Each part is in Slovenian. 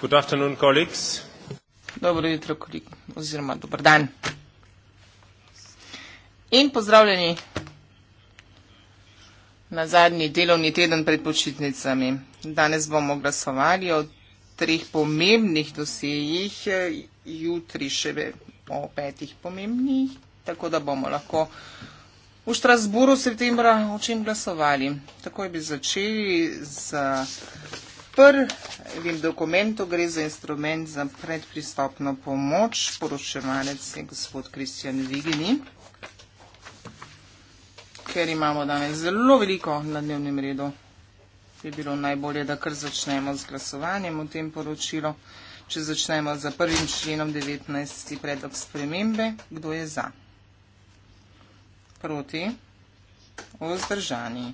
Good afternoon, colleagues. Dobro jutro, kolik, oziroma dober dan. In pozdravljeni na zadnji delovni teden pred počitnicami. Danes bomo glasovali o treh pomembnih dosejih, eh, jutri še o petih pomembnih, tako da bomo lahko V Štrasburu septembra o čem glasovali? Takoj bi začeli z prvim dokumentom, gre za instrument za predpristopno pomoč, poročevalec je gospod Kristjan Vigini. Ker imamo danes zelo veliko na dnevnem redu, bi bilo najbolje, da kar začnemo z glasovanjem o tem poročilu. Če začnemo za prvim členom 19. predlog spremembe, kdo je za? proti, vzdržani,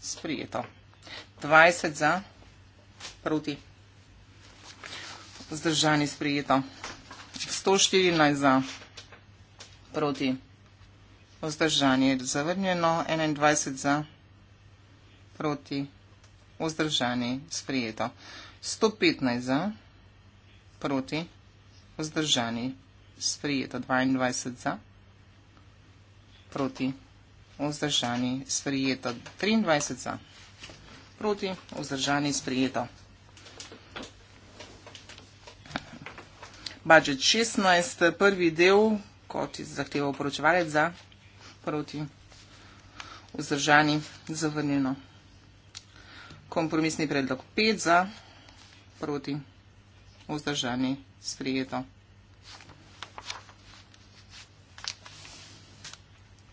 sprijeto. 20 za, proti, vzdržani, sprijeto. 114 za, proti, vzdržani, zavrnjeno. 21 za, proti, vzdržani, sprijeto. 115 za, proti, vzdržani, sprijeto. 22 za, proti proti vzdržani sprejeto. 23 za proti vzdržani sprejeto. Budget 16, prvi del, kot je zahteval poročevalec za proti vzdržani zavrnjeno. Kompromisni predlog 5 za proti vzdržani sprejeto.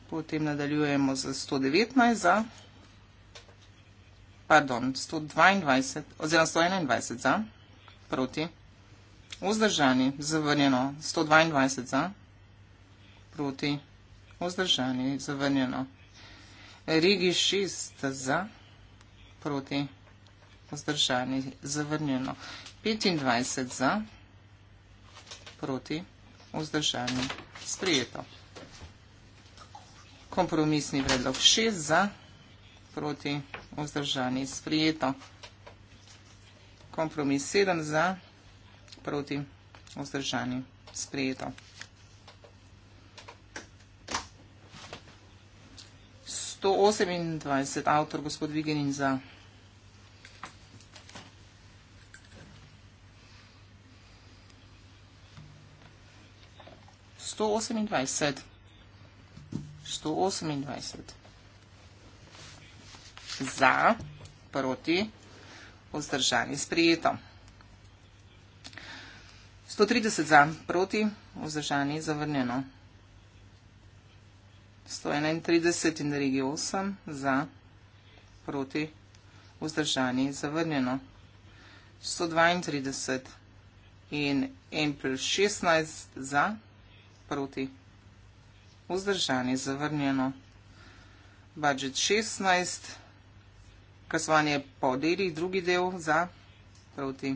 Potem nadaljujemo z 119 za, pardon, 122 oziroma 121 za, proti, vzdržani, zavrnjeno, 122 za, proti, vzdržani, zavrnjeno, Rigi 6 za, proti, vzdržani, zavrnjeno, 25 za, proti, vzdržani, sprijeto kompromisni predlog 6 za, proti vzdržani sprijeto. Kompromis 7 za, proti vzdržani sprijeto. 128 avtor, gospod Vigenin za. Сто восемь двадцать. 128. Za, proti, vzdržani, sprijeto. 130 za, proti, vzdržani, zavrnjeno. 131 in regi 8 za, proti, vzdržani, zavrnjeno. 132 in en plus 16 za, proti, vzdržani vzdržani zavrnjeno. Budget 16, kasvanje po delih, drugi del za proti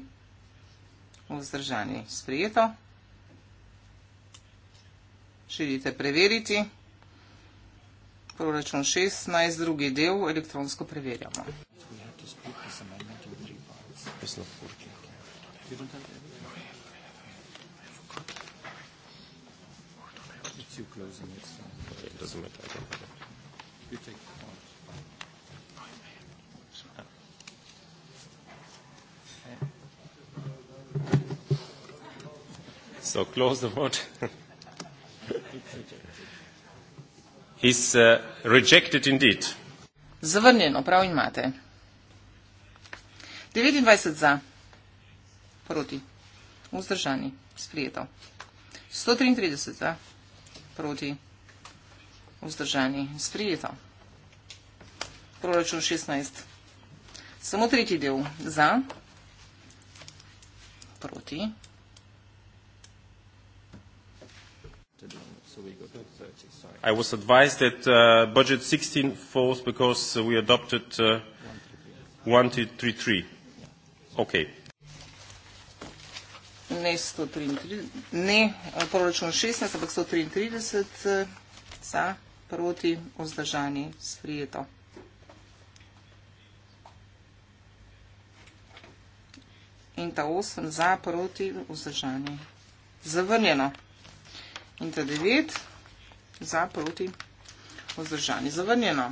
vzdržani sprijeto. Želite preveriti. Proračun 16, drugi del, elektronsko preverjamo. Ja, to spuhi samo en, to je tri pa. Veslo, kurki. Ti bom tam tudi. v klauzuli. Razumete, da je to. So close the vote. He's uh, rejected indeed. Zavrnjeno, prav imate. 29 za, proti, vzdržani, sprijeto. 133 za proti vzdržani sprijeto. Proračun 16. Samo tretji del. Za, proti. I was advised that uh, budget 16 falls because we adopted uh, 1233. Okay ne, 133, ne eh, proračun 16, ampak 133 eh, za proti vzdržani sprijeto. In ta 8 za proti vzdržani zavrnjeno. In ta 9 za proti vzdržani zavrnjeno.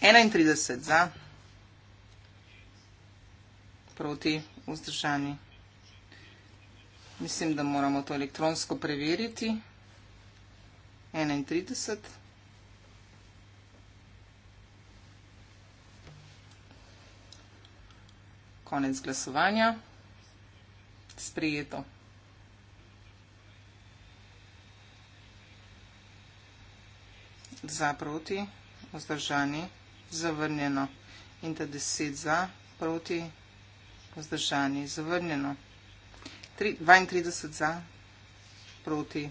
31 za proti vzdržani zavrnjeno mislim, da moramo to elektronsko preveriti. 31. Konec glasovanja. Sprijeto. Za proti, vzdržani, zavrnjeno. In ta 10 za proti, vzdržani, zavrnjeno. 32 za, proti,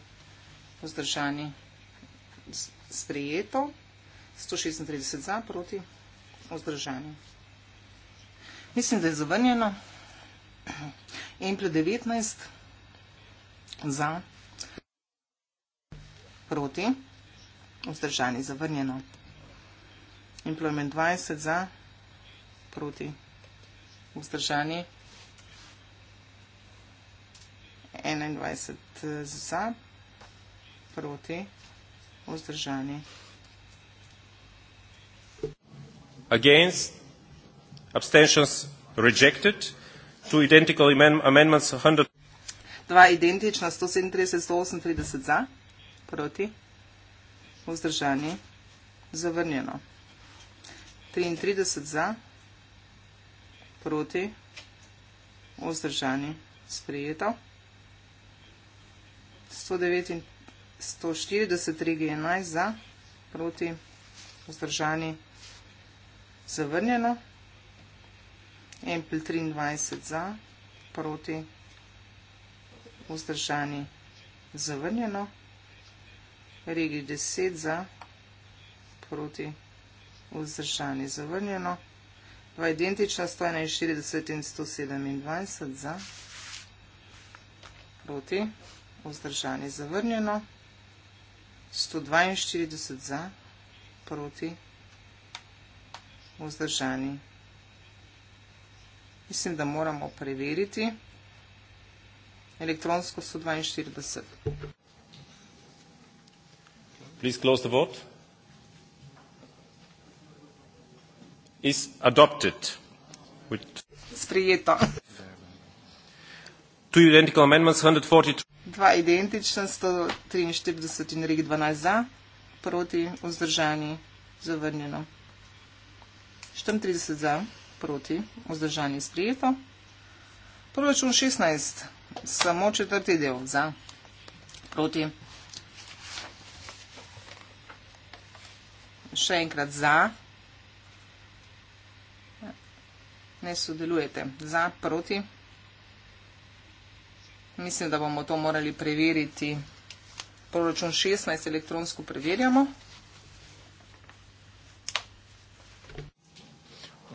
vzdržani, sprejeto. 136 za, proti, vzdržani. Mislim, da je zavrnjeno. En pred 19 za, proti, vzdržani, zavrnjeno. In plojmen 20 za, proti, vzdržani, vzdržani. 21 eh, za, proti, vzdržani. Against, abstentions rejected, two identical amendments, 100. Dva identična, 137, 138 za, proti, vzdržani, zavrnjeno. 33 za, proti, vzdržani, sprijeto. 109 in 140, 3G11 za, proti, vzdržani, zavrnjeno, Ampel 23 za, proti, vzdržani, zavrnjeno, Regi 10 za, proti, vzdržani, zavrnjeno, dva identična, 141 in 127 za, proti, vzdržani, zavrnjeno, vzdržanje zavrnjeno. 142 za, proti, vzdržani. Mislim, da moramo preveriti. Elektronsko 142. Please close the vote. Is adopted. With... Sprijeto. Two identical amendments, 142 dva identična, 143 in rek 12 za, proti, vzdržani, zavrnjeno. 34 za, proti, vzdržani, sprijeto. Proračun 16, samo četrti del za, proti. Še enkrat za. Ne sodelujete. Za, proti. Mislim, da bomo to morali preveriti. Proračun 16 elektronsko preverjamo.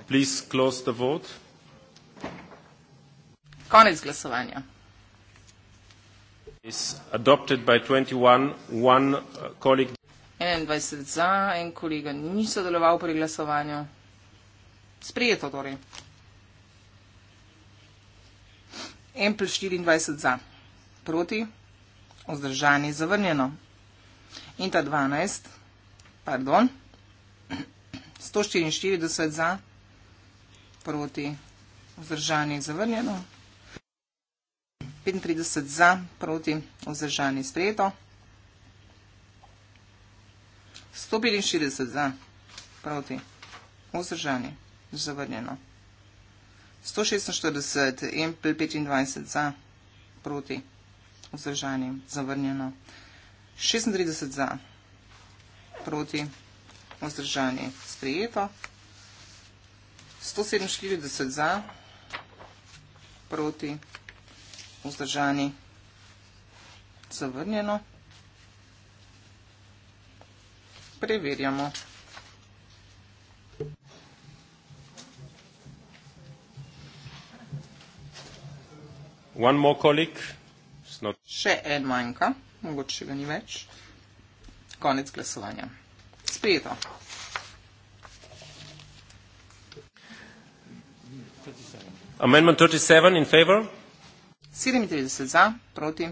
Please close the vote. Konec glasovanja. Is adopted by 21, one uh, colleague. 21 za, en kolega ni sodeloval pri glasovanju. Sprijeto torej. M plus 24 za, proti, vzdržani, zavrnjeno. In ta 12, pardon, 144 za, proti, vzdržani, zavrnjeno. 35 za, proti, vzdržani, sprejeto. 145 za, proti, vzdržani, zavrnjeno. 146 in 25 za, proti, vzdržani, zavrnjeno. 36 za, proti, vzdržani, sprejeto. 147 za, proti, vzdržani, zavrnjeno. Preverjamo. One more colleague. Not... Še en manjka, mogoče ga ni več. Konec glasovanja. Sprijeto. Amendment 37 in favor. 37 za, proti.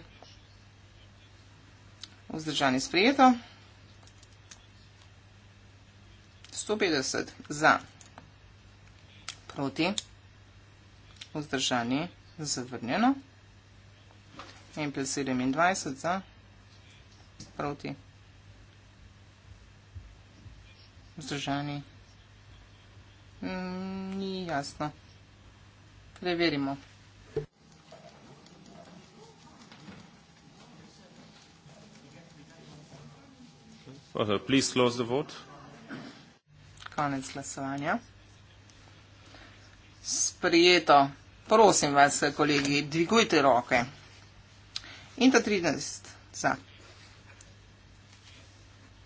Vzdržani sprijeto. 150 za, proti. Vzdržani zavrnjeno. In plus 27 za proti vzdržani. Mm, ni jasno. Preverimo. Please close the vote. Konec glasovanja. Sprijeto. Prosim vas, kolegi, dvigujte roke. In ta 13 za.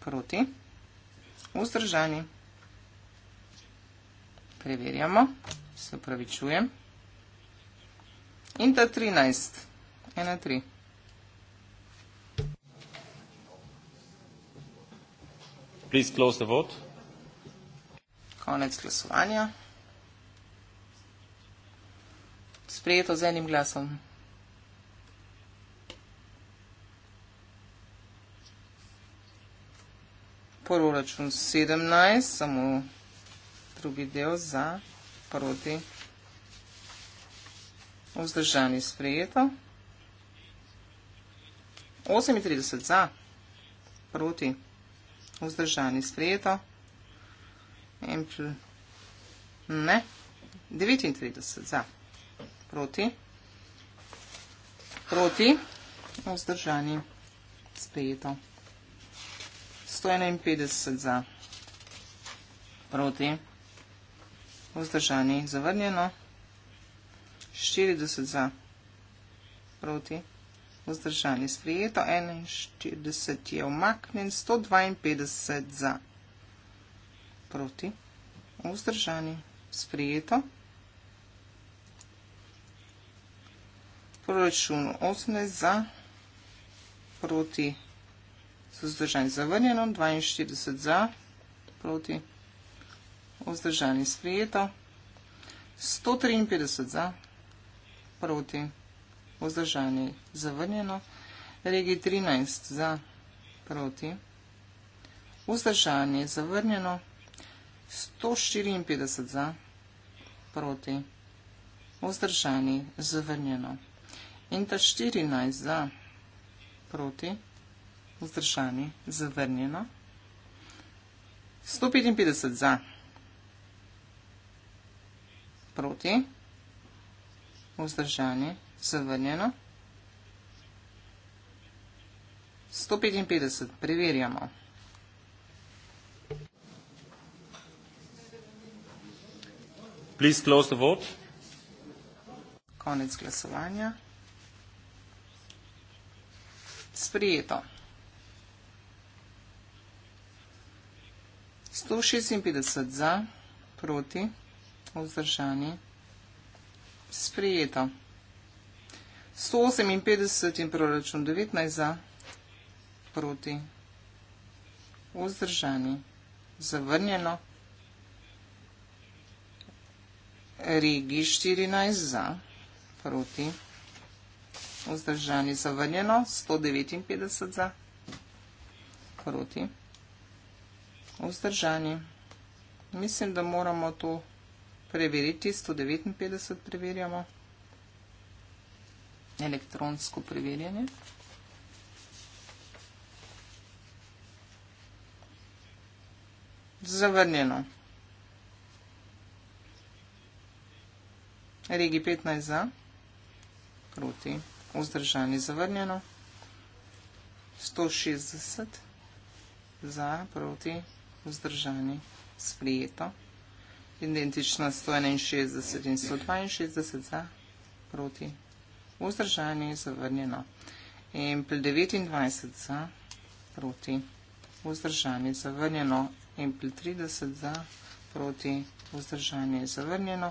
Proti. Vzdržani. Preverjamo. Se upravičujem. In ta 13. 1, 3. Prosim, zaključite glasovanje. Konec glasovanja. sprejeto z enim glasom. Prvo račun 17, samo drugi del za proti vzdržani sprejeto. 38 za proti vzdržani sprejeto. Ne, 39 za proti proti, proti, vzdržani, sprejeto. 151 za, proti, vzdržani, zavrnjeno. 40 za, proti, vzdržani, sprejeto. 41 je omaknen, 152 za, proti, vzdržani, sprejeto. proračunu 18 za, proti so zdržani zavrnjeno, 42 za, proti vzdržani sprijeto, 153 za, proti vzdržani zavrnjeno, regij 13 za, proti vzdržani zavrnjeno, 154 za, proti vzdržani zavrnjeno in ta 14 za proti, vzdržani, zavrnjeno. 155 za proti, vzdržani, zavrnjeno. 155, preverjamo. Please close the vote. Konec glasovanja sprijeto. 156 za, proti, vzdržani, sprijeto. 158 in proračun 19 za, proti, vzdržani, zavrnjeno. Regi 14 za, proti, vzdržani vzdržani, zavrnjeno, 159 za, proti, vzdržani. Mislim, da moramo to preveriti, 159 preverjamo, elektronsko preverjanje. Zavrnjeno. Regi 15 za, proti. 15 za vzdržani zavrnjeno, 160 za proti vzdržani sprijeto, identično 161 in 162 za proti vzdržani zavrnjeno in 29 za proti vzdržani zavrnjeno in 30 za proti vzdržani zavrnjeno,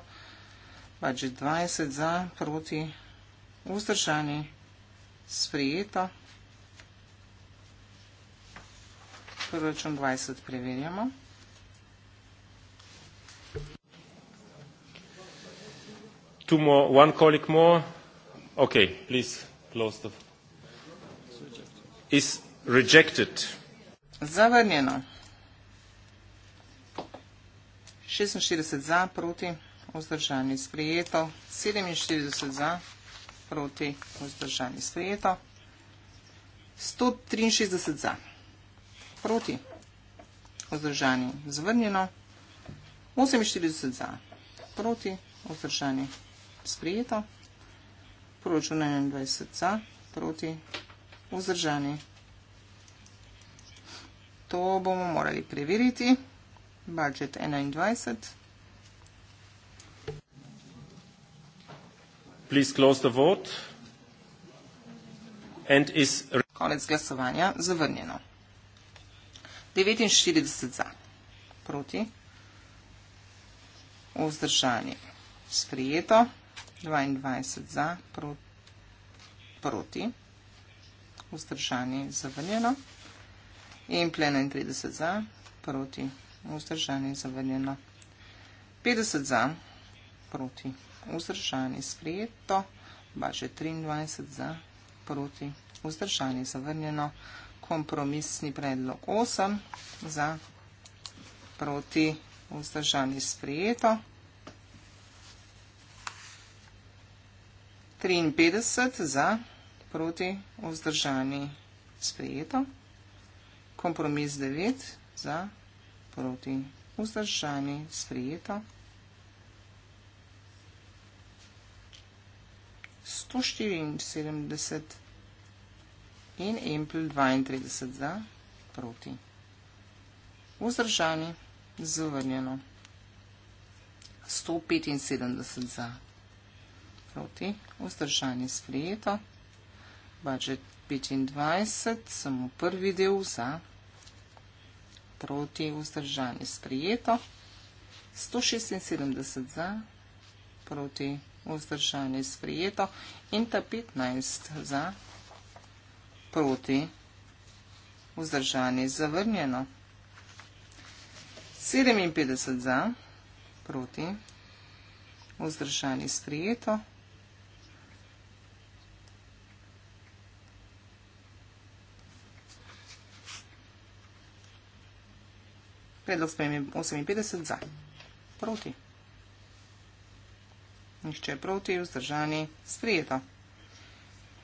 pač 20 za proti vzdržani zavrnjeno vzdržani, sprijeta. Proračun 20 preverjamo. Two more, one colleague more. Okay, please close the. Is rejected. Zavrnjeno. 46 za, proti, vzdržani, sprijeto. 47 za proti vzdržani sprejeto. 163 za, proti vzdržani zvrnjeno. 48 za, proti vzdržani sprejeto. Proču 21 za, proti vzdržani. To bomo morali preveriti. Budget 21 za. Please close the vote. And is... Konec glasovanja zavrnjeno. 49 za, proti, vzdržanje sprijeto, 22 za, pro, proti, vzdržanje zavrnjeno in plena 30 za, proti, vzdržanje zavrnjeno, 50 za, proti vzdržani sprejeto, baže 23 za proti vzdržani zavrnjeno, kompromisni predlog 8 za proti vzdržani sprejeto, 53 za proti vzdržani sprejeto, kompromis 9 za proti vzdržani sprejeto, 53 za proti vzdržani sprejeto, 174 in Empel 32 za proti. Vzdržani, zavrnjeno. 175 za proti, vzdržani sprejeto. Budget 25, samo prvi del za proti, vzdržani sprejeto. 176 za proti, vzdržani sprejeto vzdržan je sprijeto in ta 15 za proti vzdržan je zavrnjeno. 57 za proti vzdržan je sprijeto. 58 za proti vzdržan je sprijeto. Nihče proti, vzdržani, sprijeto.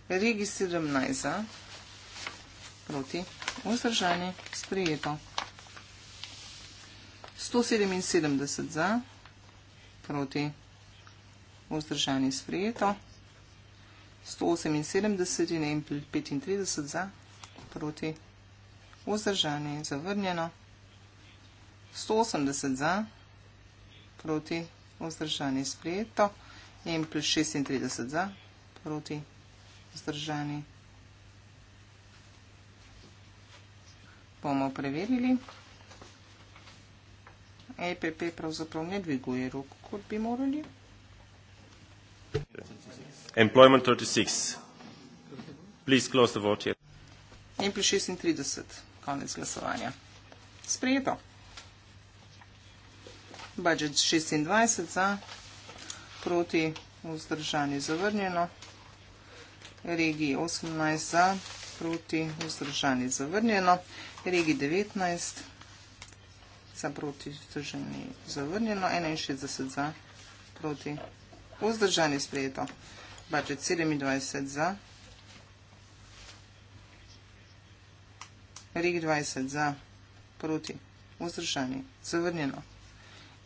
Regi 17 za, proti, vzdržani, sprijeto. 177 za, proti, vzdržani, sprijeto. 178 in 35 za, proti, vzdržani, zavrnjeno. 180 za, proti, vzdržani, sprijeto. 1 plus 36 za, proti, zdržani. Bomo preverili. EPP pravzaprav ne dviguje rok, kot bi morali. Employment 36. Prosim, zapri glasovanje. 1 plus 36, konec glasovanja. Sprejeto. Budget 26 za proti, vzdržani zavrnjeno. Regiji 18 za, proti, vzdržani zavrnjeno. Regiji 19 za, proti, vzdržani zavrnjeno. 61 za, proti, vzdržani sprejeto. Budget 27 za. Regiji 20 za, proti, vzdržani zavrnjeno.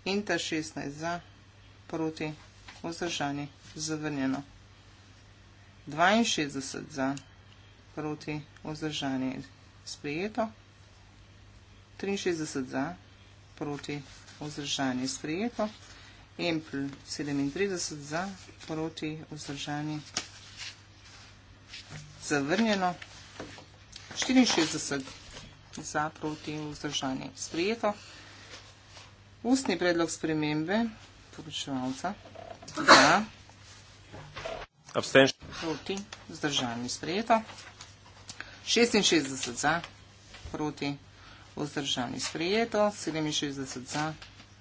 Inter 16 za, proti, vzdržani zavrnjeno vzdržani, zavrnjeno. 62 za, proti, vzdržani, sprejeto. 63 za, proti, vzdržani, sprejeto. Empl 37 za, proti, vzdržani, zavrnjeno. 64 za, proti, vzdržani, sprejeto. Ustni predlog spremembe poročevalca Za. Abstenš. Proti. Zdržani. Sprejeto. 66 za. Proti. Vzdržani. Sprejeto. 67 za.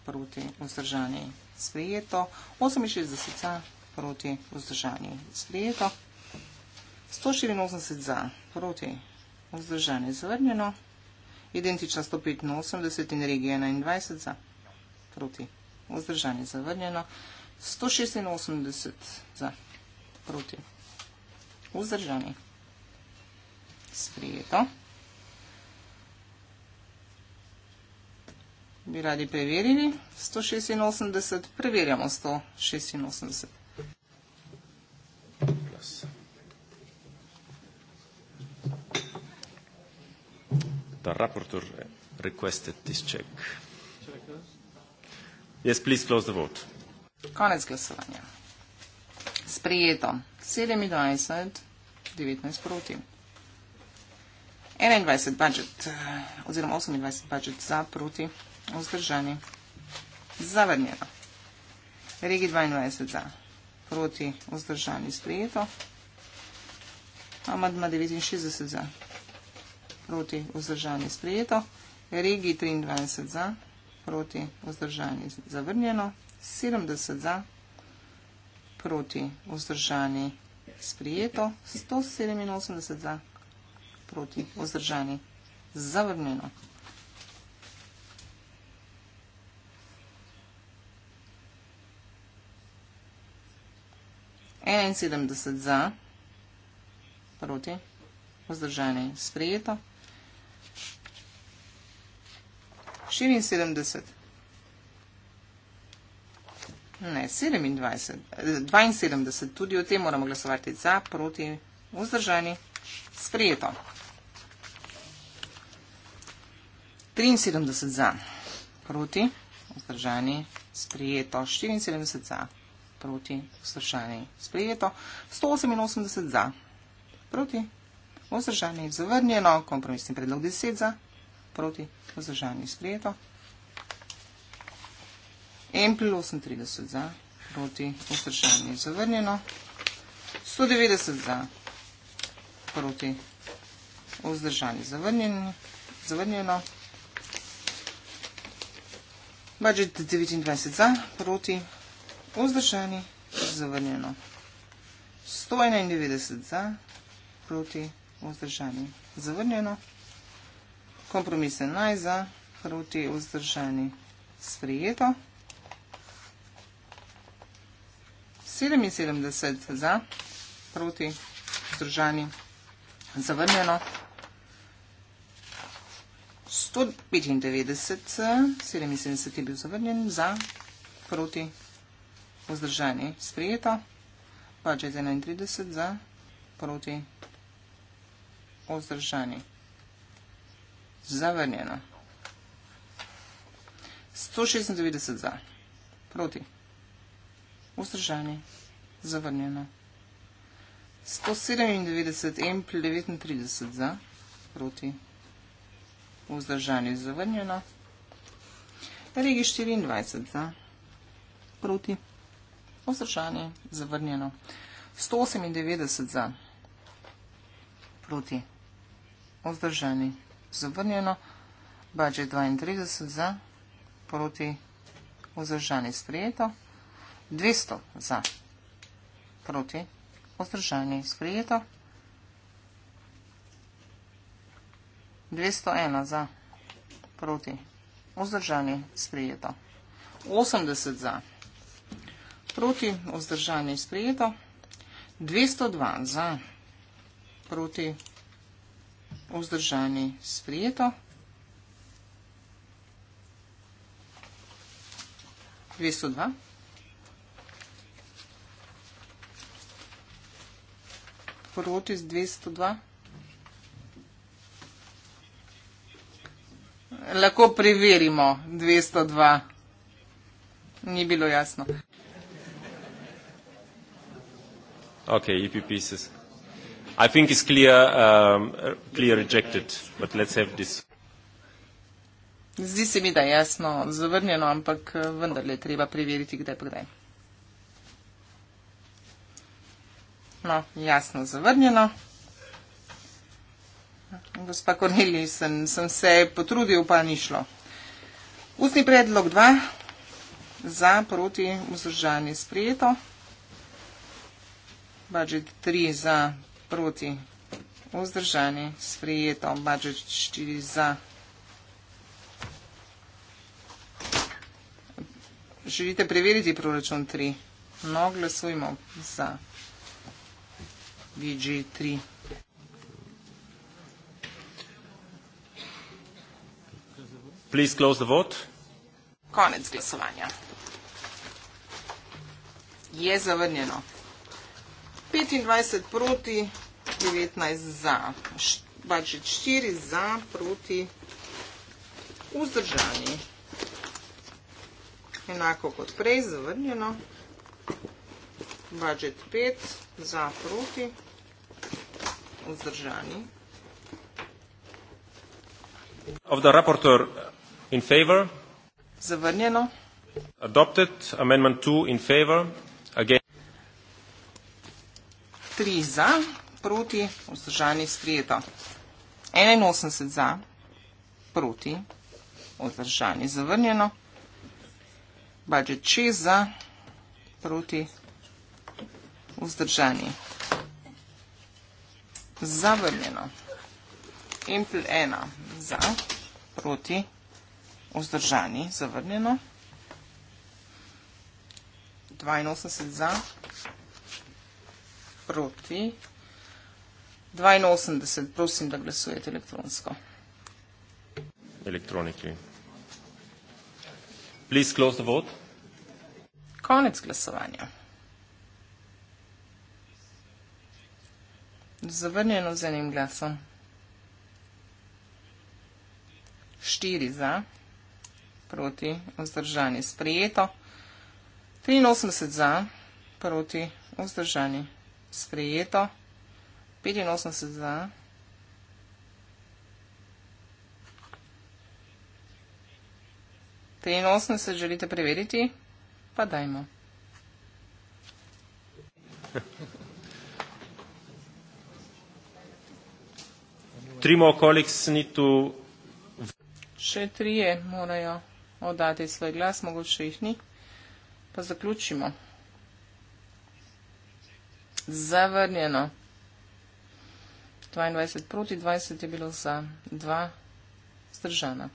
Proti. Vzdržani. Sprejeto. 68 za. Proti. Vzdržani. Sprejeto. 184 za. Proti. Vzdržani. Zavrnjeno. Identična 185 in regija 21 za. Proti. Vzdržani. Zavrnjeno. 186 za proti. Vzdržani. Sprijeto. Bi radi preverili. 186. Preverjamo 186. The rapporteur requested this check. Yes, please close the vote. Konec glasovanja. Sprijeto. 27, 19 proti. 21 budžet, eh, oziroma 28 budžet za proti, vzdržani. Zavrnjeno. Regi 22 za proti, vzdržani. Sprijeto. Amadma 69 za proti, vzdržani. Sprijeto. Regi 23 za proti, vzdržani. Zavrnjeno. 70 za, proti vzdržani sprijeto, 187 za, proti vzdržani zavrnjeno. Enaj sedemdeset za, proti, vzdržanje sprejeto. Šivin sedemdeset za. Ne, 27. 72. Tudi o tem moramo glasovati za, proti, vzdržani. Sprejeto. 73 za, proti, vzdržani. Sprejeto. 74 za, proti, vzdržani. Sprejeto. 188 za, proti, vzdržani. Zavrnjeno. Kompromisni predlog 10 za, proti, vzdržani. Sprejeto. 1 pil 38 za, proti vzdržanje zavrnjeno, 190 za, proti vzdržanje zavrnjeno, budget 29 za, proti vzdržanje zavrnjeno, 191 za, proti vzdržanje zavrnjeno, kompromis 11 za, proti vzdržanje sprijeto, 77 za, proti, vzdržani, zavrnjeno. 195, 77 je bil zavrnjen, za, proti, vzdržani, sprijeto. Pa če je 31 za, proti, vzdržani, zavrnjeno. 196 za, proti, vzdržani vzdržani, zavrnjeno. 197M39 za, proti, vzdržani, zavrnjeno. Regi 24 za, proti, vzdržani, zavrnjeno. 198 za, proti, vzdržani, zavrnjeno. Budget 32 za, proti, vzdržani, sprejeto. 200 za, proti, vzdržanje je sprijeto, 201 za, proti, vzdržanje je sprijeto, 80 za, proti, vzdržanje je sprijeto, 202 za, proti, vzdržanje je sprijeto, 202 za, Фрутис 202. Lahko preverimo 202. Ni bilo jasno. Ok, EPPs. I think it's clear, um, clear rejected, but let's have this. Zdi se mi, da je jasno zavrnjeno, ampak eh, vendarle treba preveriti, kdaj pa kdaj. No, jasno zavrnjeno. Gospa Korneli, sem, sem se potrudil, pa ni šlo. Ustni predlog 2 za proti vzdržanje sprejeto. Budžet 3 za proti vzdržanje sprejeto. Budžet 4 za. Želite preveriti proračun 3? No, glasujmo za. VG3. Please close the vote. Konec glasovanja. Je zavrnjeno. 25 proti, 19 za, budget 4 za, proti, vzdržani. Enako kot prej, zavrnjeno. Budget 5 za, proti, vzdržani vzdržani. Of the rapporteur in favor. Zavrnjeno. Adopted amendment 2 in favor. Again. 3 za, proti, vzdržani sprejeto. 81 za, proti, vzdržani zavrnjeno. Budget 6 za, proti, vzdržani zavrnjeno. Ampl 1 za, proti, vzdržani, zavrnjeno. 82 za, proti, 82, prosim, da glasujete elektronsko. Elektronikli. Please close the vote. Konec glasovanja. Zavrnjeno z enim glasom. Štiri za, proti vzdržani sprejeto. 83 za, proti vzdržani sprejeto. 85 za. Te in 80 želite preveriti, pa dajmo. tri more colleagues need to Še trije morajo oddati svoj glas, mogoče jih ni. Pa zaključimo. Zavrnjeno. 22 proti 20 je bilo za dva zdržana.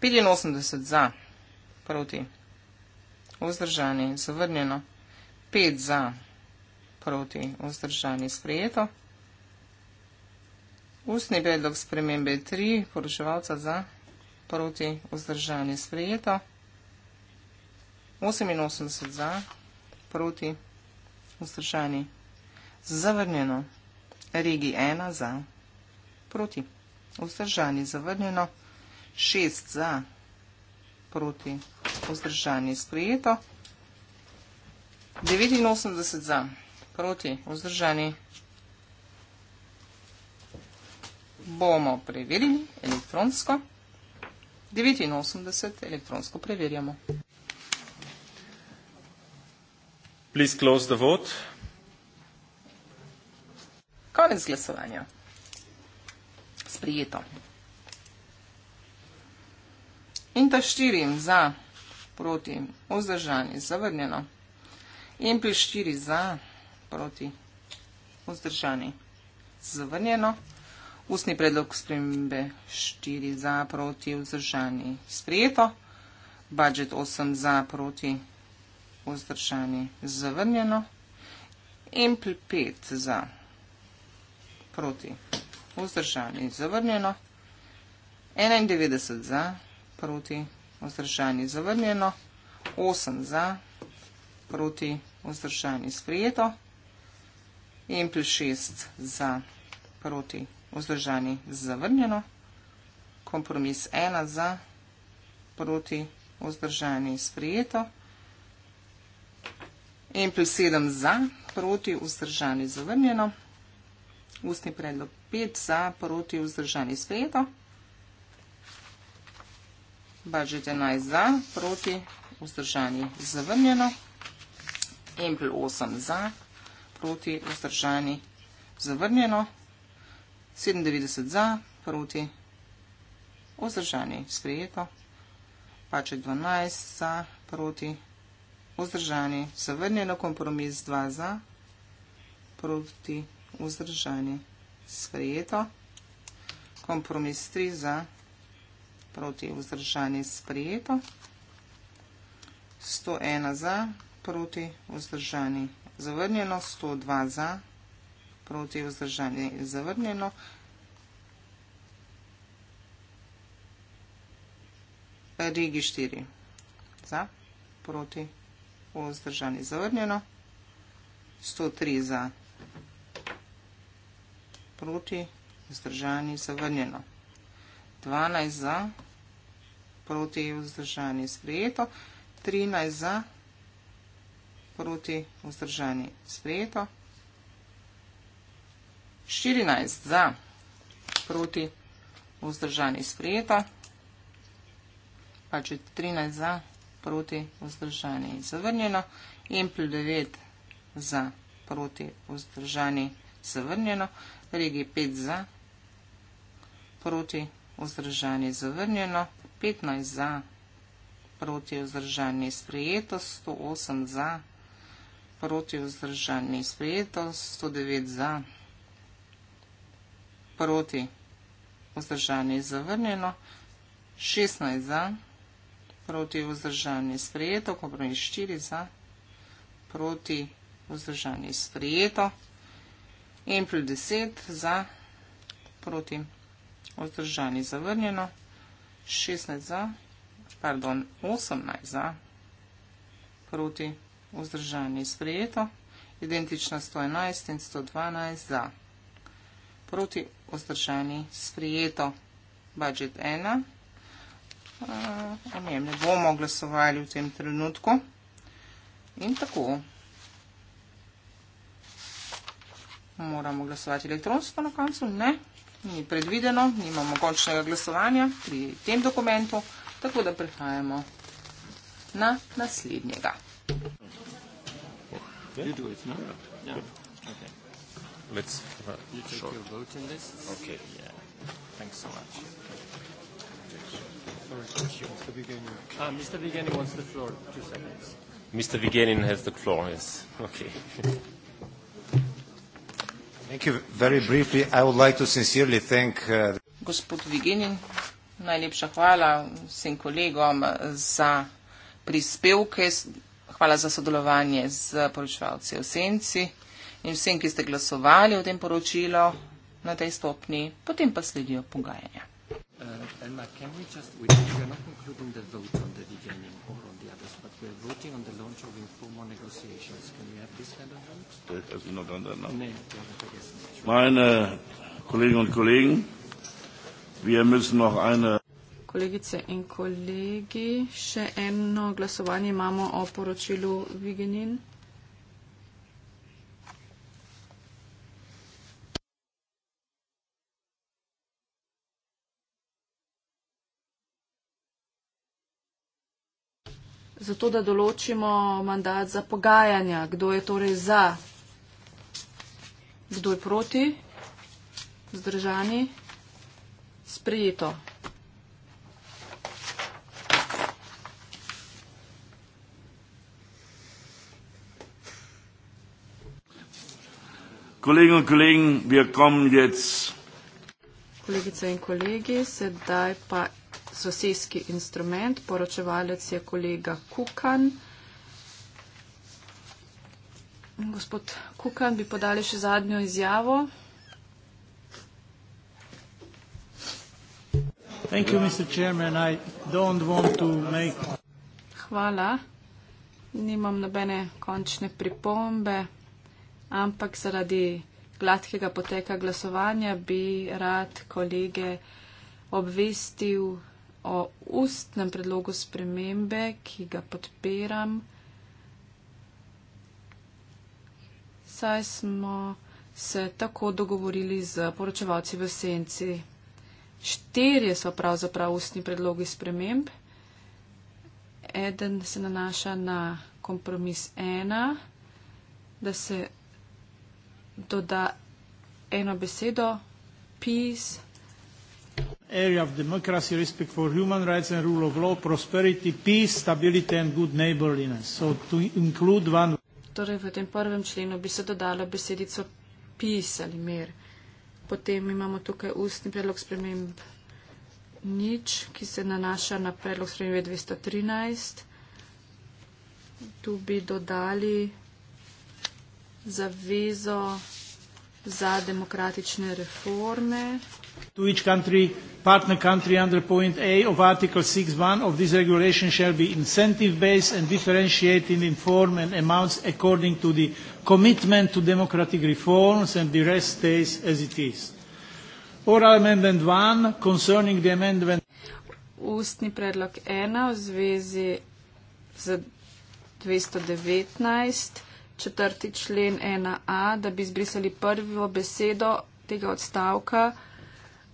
85 za proti. Vzdržani zavrnjeno. 5 za proti. Vzdržani sprejeto. Ustni predlog spremembe 3, poroševalca za, proti, vzdržanje sprejeto. 88 za, proti, vzdržanje zavrnjeno. Regi 1 za, proti, vzdržanje zavrnjeno. 6 za, proti, vzdržanje sprejeto. 89 za, proti, vzdržanje zavrnjeno bomo preverili elektronsko. 89 elektronsko preverjamo. Please close the vote. Konec glasovanja. Sprijeto. Inta štiri za, proti, vzdržani, zavrnjeno. In plus štiri za, proti, vzdržani, zavrnjeno. Ustni predlog spremembe 4 za proti vzdržani sprejeto. Budget 8 za proti vzdržani zavrnjeno. MP5 za proti vzdržani zavrnjeno. 91 za proti vzdržani zavrnjeno. 8 za proti vzdržani sprejeto. MP6 za proti vzdržani zavrnjeno vzdržani zavrnjeno, kompromis 1 za, proti vzdržani sprijeto, en plus 7 za, proti vzdržani zavrnjeno, ustni predlog 5 za, proti vzdržani sprijeto, budžet 11 za, proti vzdržani zavrnjeno, en plus 8 za, proti vzdržani zavrnjeno, 97 za, proti, vzdržani, sprejeto. Pače 12 za, proti, vzdržani, zavrnjeno kompromis 2 za, proti, vzdržani, sprejeto. Kompromis 3 za, proti, vzdržani, sprejeto. 101 za, proti, vzdržani, zavrnjeno, 102 za, proti, vzdržani, sprejeto proti vzdržanje zavrnjeno. Rigi 4 za, proti vzdržanje zavrnjeno. 103 za, proti vzdržanje zavrnjeno. 12 za, proti vzdržanje sprejeto. 13 za, proti vzdržanje sprejeto. 14 za, proti vzdržanje sprejeto. 14 za, proti vzdržani sprejeta, pa če 13 za, proti vzdržani zavrnjeno in pri 9 za, proti vzdržani zavrnjeno, regi 5 za, proti vzdržani zavrnjeno, 15 za, proti vzdržani sprejeto, 108 za, proti vzdržani sprejeto, 109 za, proti vzdržani sprejeto, proti, vzdržani zavrnjeno, 16 za, proti vzdržani sprejeto, kompromis 4 za, proti vzdržani sprejeto, en plus 10 za, proti vzdržani zavrnjeno, 16 za, pardon, 18 za, proti vzdržani sprejeto, identično 111 in 112 za, proti vzdržani sprejeto, vzdržani sprijeto. Budget 1. Uh, ne bomo glasovali v tem trenutku. In tako. Moramo glasovati elektronsko na koncu. Ne, ni predvideno, nimamo končnega glasovanja pri tem dokumentu, tako da prehajamo na naslednjega. No? Okay let's have a you take short. your vote in this? Okay, yeah. Thanks so much. Sorry, Mr. Vigenin uh, wants the floor. Two seconds. Mr. Vigenin has the floor, yes. Okay. Thank you. Very briefly, I would like to sincerely thank... Uh, Gospod Vigenin, najlepša hvala vsem kolegom za prispevke, hvala za sodelovanje z poročevalci v Senci in vsem, ki ste glasovali o tem poročilu na tej stopni, potem pa sledijo pogajanja. Kolegice in kolegi, še eno glasovanje imamo o poročilu Vigenin. zato, da določimo mandat za pogajanja, kdo je torej za, kdo je proti, zdržani, sprejeto. Kolegin in kolegin, wir kommen jetzt. Kolegice in kolegi, sedaj pa sosedski instrument, poročevalec je kolega Kukan. Gospod Kukan, bi podali še zadnjo izjavo. You, make... Hvala. Nimam nobene končne pripombe, ampak zaradi gladkega poteka glasovanja bi rad kolege obvestil o ustnem predlogu spremembe, ki ga podpiram, saj smo se tako dogovorili z poročevalci v senci. Štirje so pravzaprav ustni predlogi sprememb. Eden se nanaša na kompromis ena, da se doda eno besedo, peace area of democracy, respect for human rights and rule of law, prosperity, peace, stability and good neighborliness. So to include one. Torej v tem prvem členu bi se dodala besedico peace ali mir. Potem imamo tukaj ustni predlog sprememb nič, ki se nanaša na predlog sprememb 213. Tu bi dodali zavezo za demokratične reforme to each country, partner country under point A of Article 6.1 of this regulation shall be incentive-based and differentiated in form and amounts according to the commitment to democratic reforms and the rest stays as it is. Oral amendment 1 concerning the amendment... Ustni predlog 1 v zvezi z 219, četrti člen 1a, da bi izbrisali prvo besedo tega odstavka,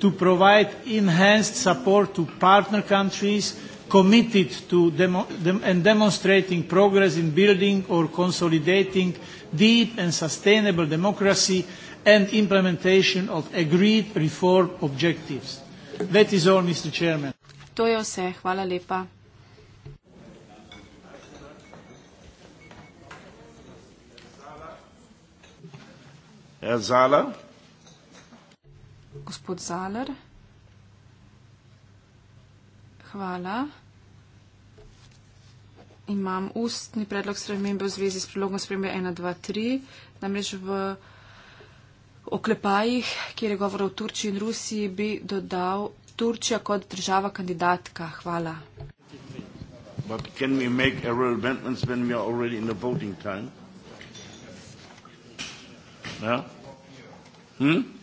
to provide enhanced support to partner countries committed to demo dem and demonstrating progress in building or consolidating deep and sustainable democracy and implementation of agreed reform objectives. That is all, Mr. Chairman. To je vse. Hvala lepa. Zala. Gospod Zaler. Hvala. Imam ustni predlog spremembe v zvezi s predlogom spremembe 1.2.3. Namreč v oklepajih, kjer je govoril o Turčiji in Rusiji, bi dodal Turčija kot država kandidatka. Hvala. But can we make a real amendments when we are already in the voting time? Yeah? No? Hmm?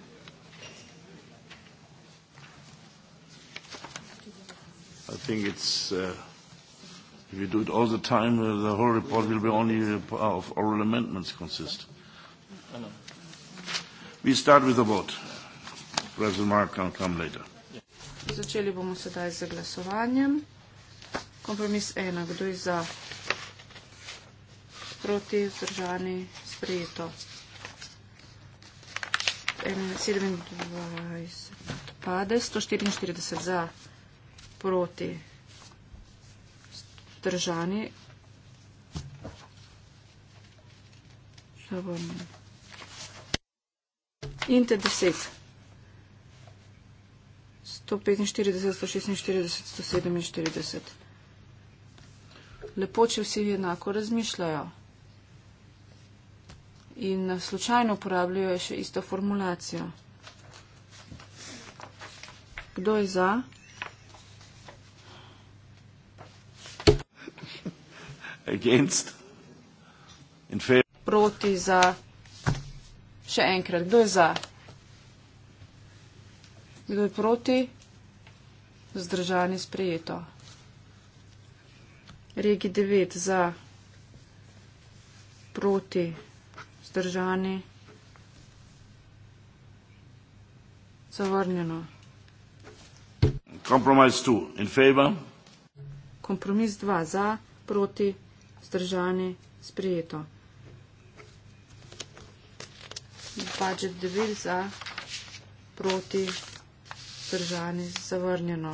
I think it's uh, if you do it all the time, uh, the whole report will be only uh, of oral amendments consist. We start with the vote. President Mark can come later. Začeli bomo sedaj z glasovanjem. Kompromis ena. Kdo je za? Proti vzdržani sprejeto. 27 odpade, 144 za proti držani. Inte 10. 145, 146, 147. Lepo, če vsi enako razmišljajo in slučajno uporabljajo še isto formulacijo. Kdo je za? against in favor. Proti za. Še enkrat, kdo je za? Kdo je proti? Zdržani sprejeto. Regi 9 za. Proti. Zdržani. Zavrnjeno. Kompromis 2 za, proti vzdržani, sprijeto. Budget devil za proti vzdržani, zavrnjeno.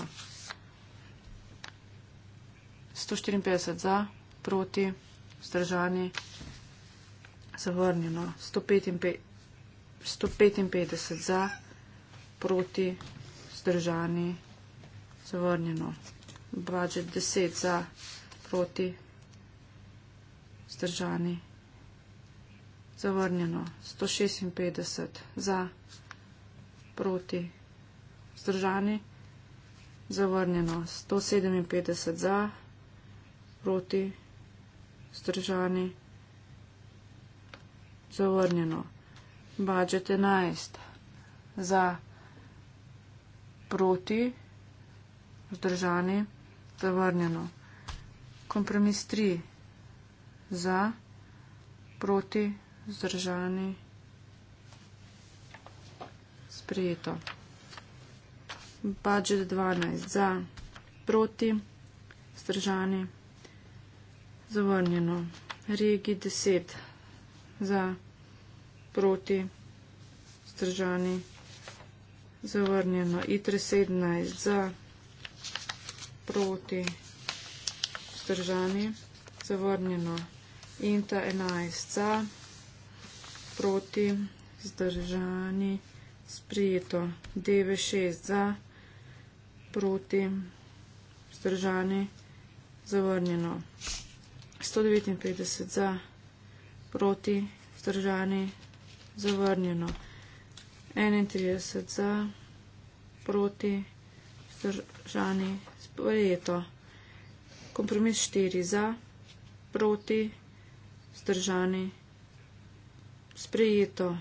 154 za proti vzdržani, zavrnjeno. 155 za proti vzdržani, zavrnjeno. Budget 10 za proti vzdržani vzdržani. Zavrnjeno 156 za, proti vzdržani. Zavrnjeno 157 za, proti vzdržani. Zavrnjeno. Bađet 11 za, proti vzdržani. Zavrnjeno. Kompromis 3 za, proti, zdržani. Sprejeto. Budget 12 za, proti, zdržani. Zavrnjeno. Regi 10 za, proti, zdržani. Zavrnjeno. ITRE 17 za, proti, zdržani. Zavrnjeno in ta 11 za, proti, zdržani, sprijeto, 96 za, proti, zdržani, zavrnjeno, 159 za, proti, zdržani, zavrnjeno, 31 za, proti, zdržani, sprijeto, kompromis 4 za, proti, zdržani, zdržani, sprejeto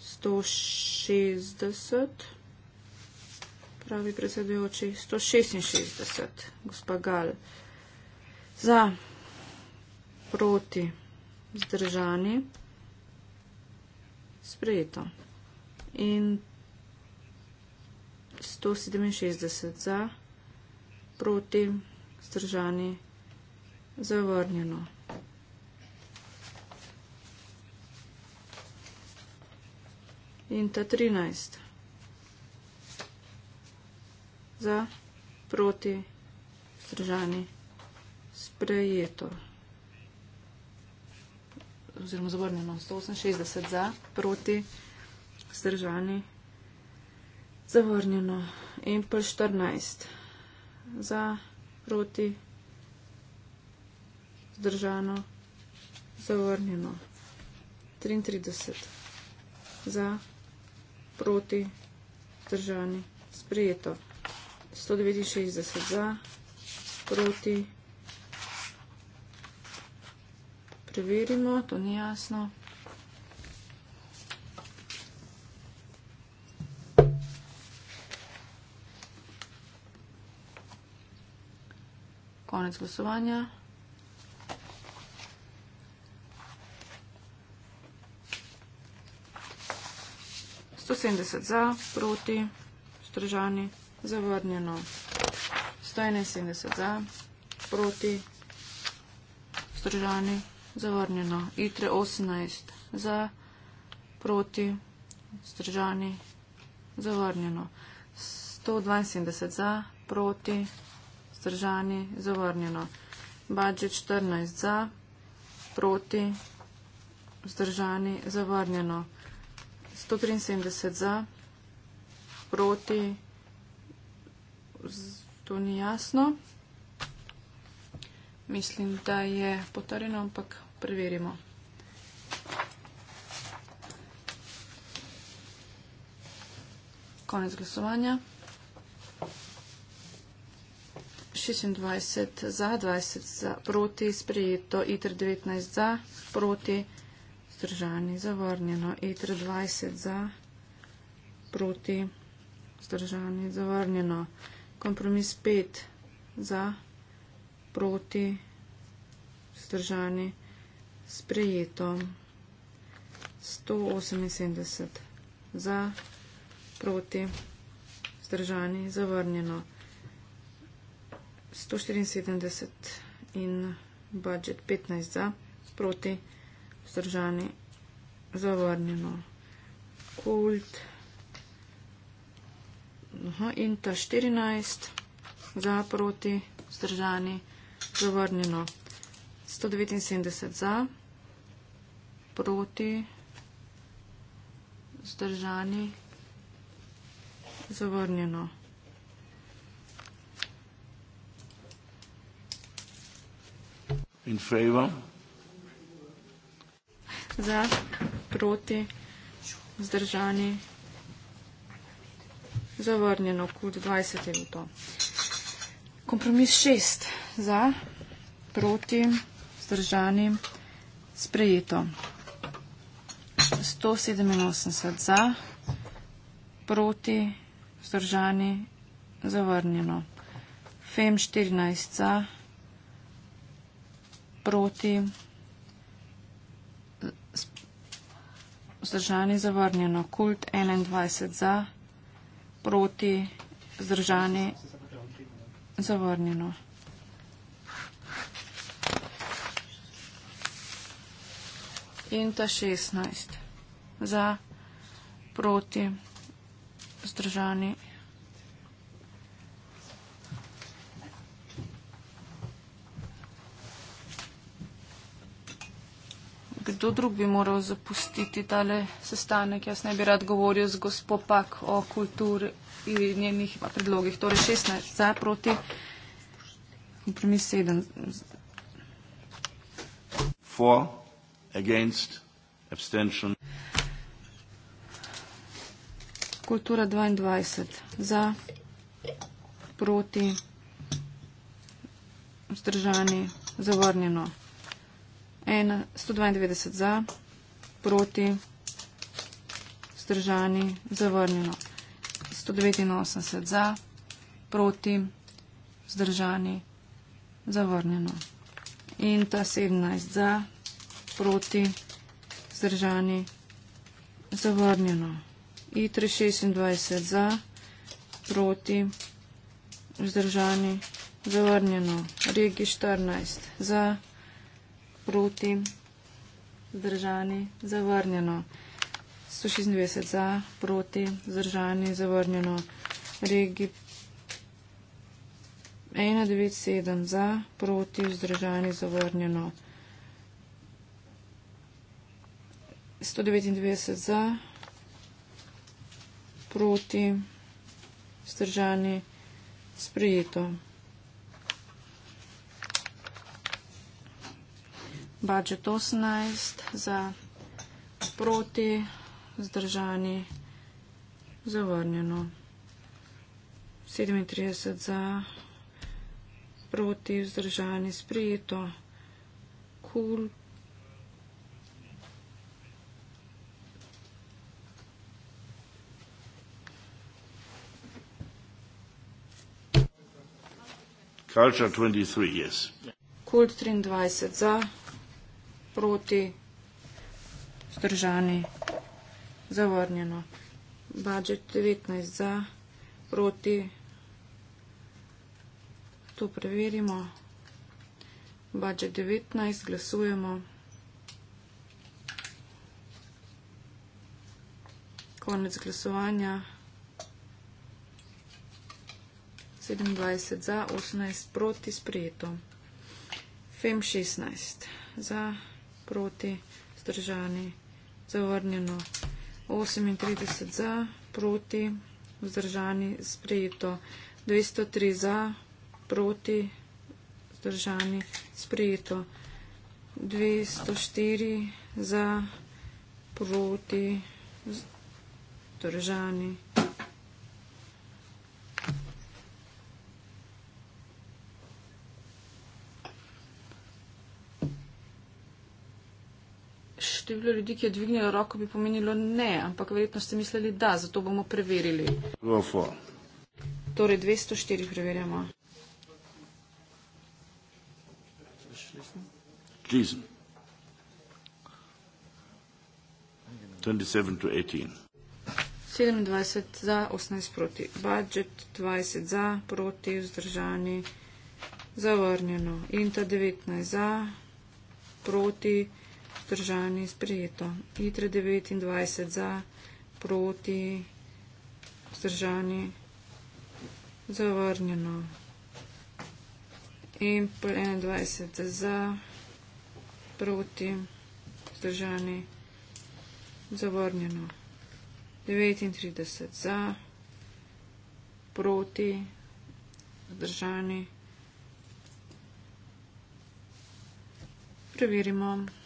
160, pravi predsedujoči, 166, gospa Gal, za, proti, zdržani, sprejeto in 167 za, proti, zdržani, sprejeto zavrnjeno. In ta 13. Za, proti, zdržani, sprejeto. Oziroma zavrnjeno 168 za, proti, zdržani, zavrnjeno. In pa 14. Za, proti, zdržani vzdržano, zavrnjeno. 33 za, proti, vzdržani, sprejeto. 169 za, proti, preverimo, to ni jasno. Konec glasovanja. 170 za, proti, stržani, zavrnjeno. 171 za, proti, stržani, zavrnjeno. ITRE 18 za, proti, stržani, zavrnjeno. 172 za, proti, stržani, zavrnjeno. Budget 14 za, proti, stržani, zavrnjeno. 173 za, proti, to ni jasno. Mislim, da je potrjeno, ampak preverimo. Konec glasovanja. 26 za, 20 za, proti, sprejeto, ITR 19 za, proti, vzdržani, zavrnjeno. Eter 20 za, proti, vzdržani, zavrnjeno. Kompromis 5 za, proti, vzdržani, sprejeto. 178 za, proti, vzdržani, zavrnjeno. 174 in budžet 15 za, proti, vzdržani vzdržani, zavrnjeno. Kult. Aha, in ta 14 za proti, vzdržani, zavrnjeno. 179 za, proti, vzdržani, zavrnjeno. In favor za, proti, vzdržani, zavrnjeno, kud 20 je to. Kompromis 6 za, proti, vzdržani, sprejeto. 187 za, proti, vzdržani, zavrnjeno. FEM 14 za, proti, vzdržani. vzdržani zavrnjeno. Kult 21 za, proti vzdržani zavrnjeno. In ta 16 za, proti vzdržani zavrnjeno. kdo drug bi moral zapustiti tale sestanek. Jaz ne bi rad govoril z gospo Pak o kulturi in njenih predlogih. Torej 16 za proti. Kompromis 7. For, against, abstention. Kultura 22. Za, proti, vzdržani, zavrnjeno ena, 192 za, proti, vzdržani, zavrnjeno. 189 za, proti, vzdržani, zavrnjeno. In ta 17 za, proti, vzdržani, zavrnjeno. I326 za, proti, vzdržani, zavrnjeno. Regi 14 za, proti, vzdržani, zavrnjeno proti, zdržani, zavrnjeno. 196 za, proti, zdržani, zavrnjeno. Regi 197 za, proti, zdržani, zavrnjeno. 199 za, proti, zdržani, sprejeto. budžet 18 za proti zdržani zavrnjeno. 37 za proti vzdržani sprijeto. Kul. Cool. Culture 23, yes. Kult 23 za. Proti. Zdržani. Zavrnjeno. Budget 19 za. Proti. To preverimo. Budget 19. Glasujemo. Konec glasovanja. 27 za, 18 proti, sprejeto. FEM 16 za proti, vzdržani, zavrnjeno. 38 za, proti, vzdržani, sprejeto. 203 za, proti, vzdržani, sprejeto. 204 za, proti, vzdržani, sprejeto. število ljudi, ki je dvignilo roko, bi pomenilo ne, ampak verjetno ste mislili da, zato bomo preverili. Lofo. Torej 204 preverjamo. Jason. 27 za, 18 proti. Budget 20 za, proti, vzdržani, zavrnjeno. Inta 19 za, proti. Vzdržani sprejeto. Itre 29 za, proti, vzdržani zavrnjeno. Impl 21 za, proti, vzdržani zavrnjeno. 39 za, proti, vzdržani. Preverimo.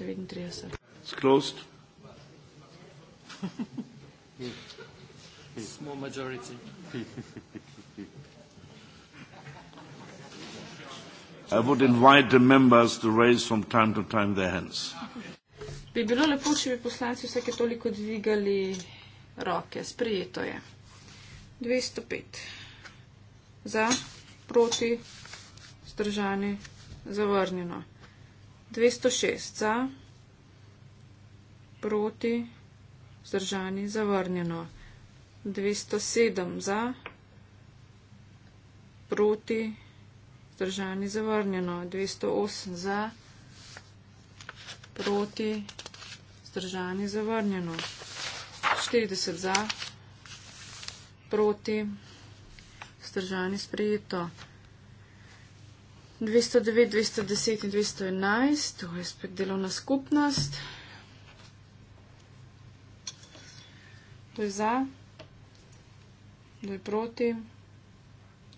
39. Sklost. Smo majority. I would invite the members to raise from time to time their hands. Bi bilo lepo, če bi poslanci vsake toliko dvigali roke. Sprejeto je. 205. Za, proti, zdržani, zavrnjeno. 206 za, proti, vzdržani, zavrnjeno. 207 za, proti, vzdržani, zavrnjeno. 208 za, proti, vzdržani, zavrnjeno. 40 za, proti, vzdržani, sprejeto. 210 in 211, to je spet delovna skupnost. Kdo je za, kdo je proti,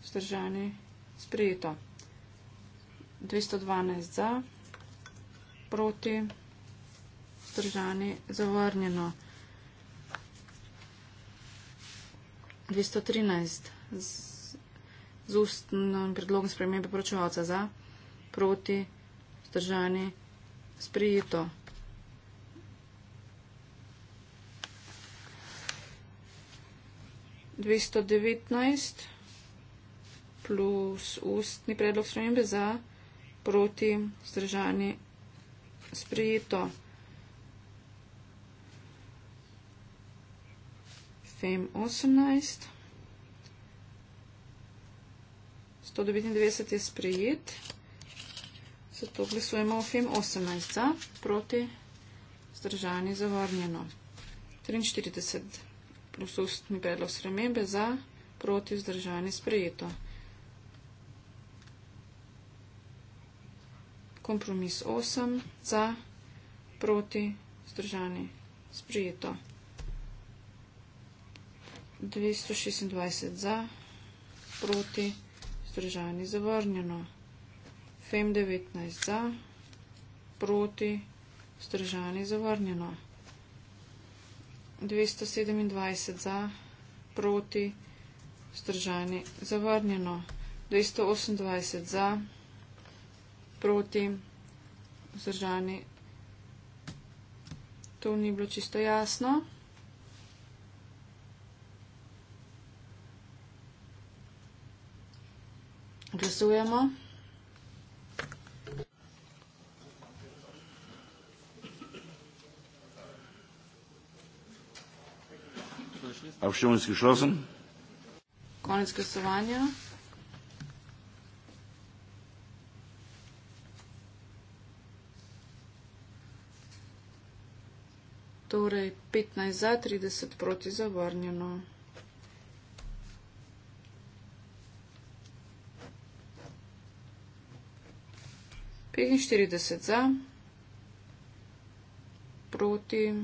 vzdržani, sprejeto. 212 za, proti, vzdržani, zavrnjeno. 213 za z ustnim predlogom spremembe poročevalca za, proti, vzdržani, sprijeto. Dvesto devetnajst plus ustni predlog spremembe za, proti, vzdržani, sprijeto. Fem osemnajst. 199 je sprejet, zato glasujemo o FEM 18 za, proti zdržanje zavarnjeno. 43 plus ustni predlog spremembe za, proti zdržanje sprejeto. Kompromis 8 za, proti zdržanje sprejeto. 226 za, proti zdržanje sprejeto. Zdržani zavrnjeno. FEM 19 za, proti, zdržani zavrnjeno. 227 za, proti, zdržani zavrnjeno. 228 za, proti, zdržani. To ni bilo čisto jasno. Glasujemo. Konec glasovanja. Torej, 15 za, 30 proti zavrnjeno. 45 za, proti,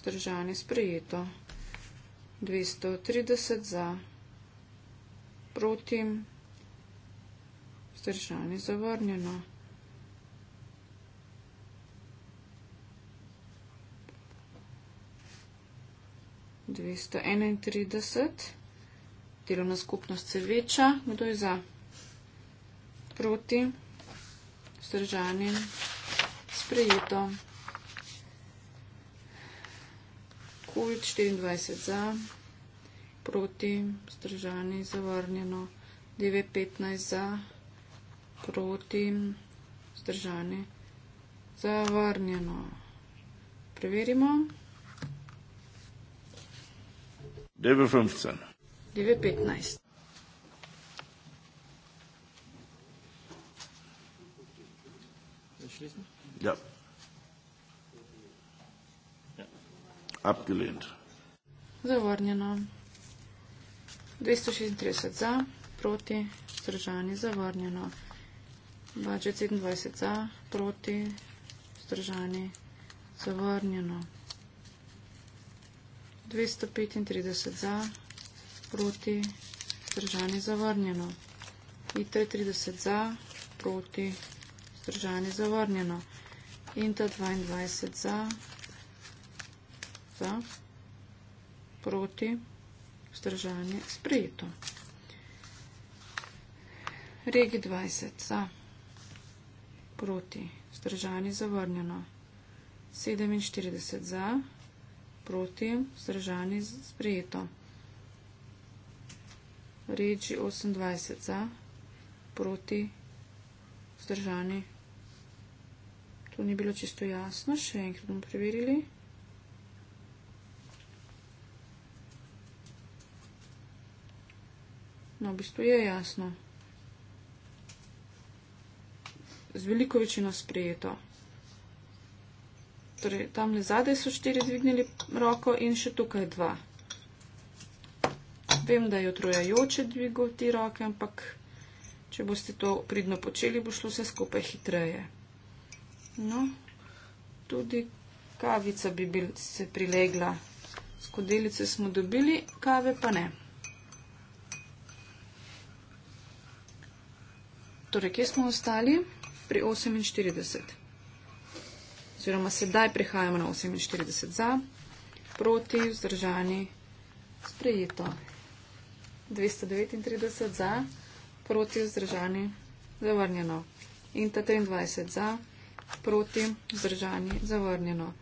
zdržani sprejeto. 230 za, proti, zdržani zavrnjeno. Dvesto enaintrideset, delovna skupnost se veča, kdo je za? Proti vzdržanim, sprejeto. Kult 24 za, proti, vzdržani, zavrnjeno. 915 za, proti, vzdržani, zavrnjeno. Preverimo. 915. Ja. ja. Abgelehnt. Zavrnjeno. 236 za, proti, vzdržani, zavrnjeno. Budget 27 za, proti, vzdržani, zavrnjeno. 235 za, proti, vzdržani, zavrnjeno. ITR 30 za, proti, vzdržani, zavrnjeno. Inta 22 za, za, proti, vzdržanje sprejeto. Regi 20 za, proti, vzdržanje zavrnjeno. 47 za, proti, vzdržanje sprejeto. Regi 28 za, proti, vzdržanje sprejeto to ni bilo čisto jasno, še enkrat bomo preverili. No, v bistvu je jasno. Z veliko večino sprejeto. Torej, tam le zadej so štiri dvignili roko in še tukaj dva. Vem, da je otrojajoče dvigov ti roke, ampak če boste to pridno počeli, bo šlo vse skupaj hitreje. No, tudi kavica bi bil, se prilegla. Skodelice smo dobili, kave pa ne. Torej, kje smo ostali? Pri 48. Oziroma, sedaj prihajamo na 48 za, proti, vzdržani, sprejeto. 239 za, proti, vzdržani, zavrnjeno. In ta 23 za, proti, vzdržani, zavrnjeno.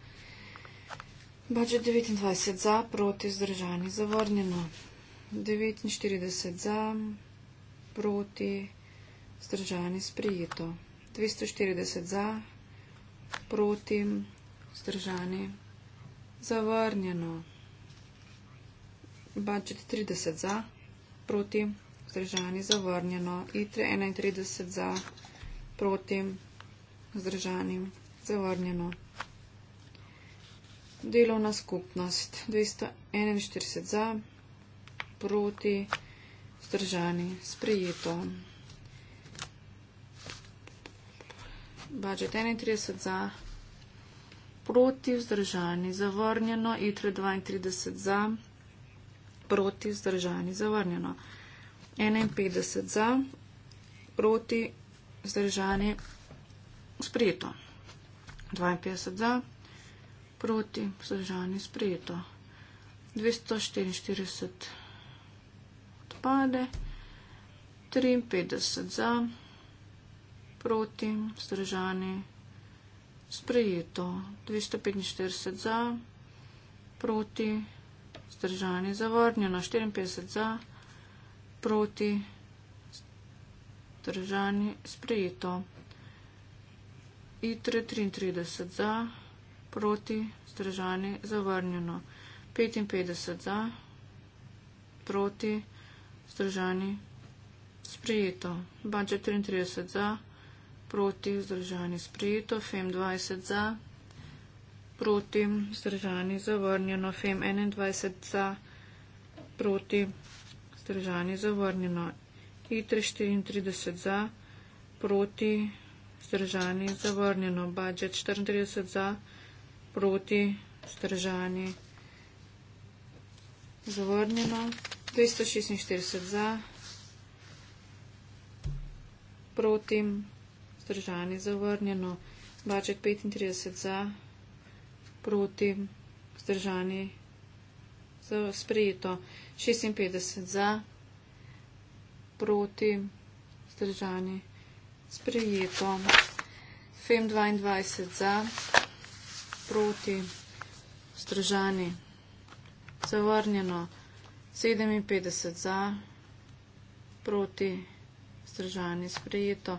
Budget 29 za, proti, vzdržani, zavrnjeno. 49 za, proti, vzdržani, sprijeto. 240 za, proti, vzdržani, zavrnjeno. Budget 30 za, proti, vzdržani, zavrnjeno. ITRE 31 za, proti, vzdržani, zavrnjeno vzdržanim, zavrnjeno. Delovna skupnost 241 za, proti, vzdržani, sprejeto. Budžet 31 za, proti, vzdržani, zavrnjeno, ITRE 32 za, proti, vzdržani, zavrnjeno. 51 za, proti, vzdržani, zavrnjeno sprejeto. 52 za, proti, vzdržani sprejeto. 244 odpade, 53 za, proti, vzdržani sprejeto. 245 za, proti, vzdržani zavrnjeno. 54 za, proti, vzdržani sprejeto. ITRE 33 za, proti, zdržani, zavrnjeno. 55 za, proti, zdržani, sprijeto. Banče 33 za, proti, zdržani, sprijeto. FEM 20 za, proti, zdržani, zavrnjeno. FEM 21 za, proti, zdržani, zavrnjeno. ITRE 34 za, proti, zdržani, zavrnjeno vzdržani, zavrnjeno. Budget 34 za, proti, vzdržani, zavrnjeno. 246 za, proti, vzdržani, zavrnjeno. Budget 35 za, proti, vzdržani, sprejeto. 56 za, proti, vzdržani, zavrnjeno sprejeto. FEM 22 za, proti, stražani, zavrnjeno. 57 za, proti, stražani, sprejeto.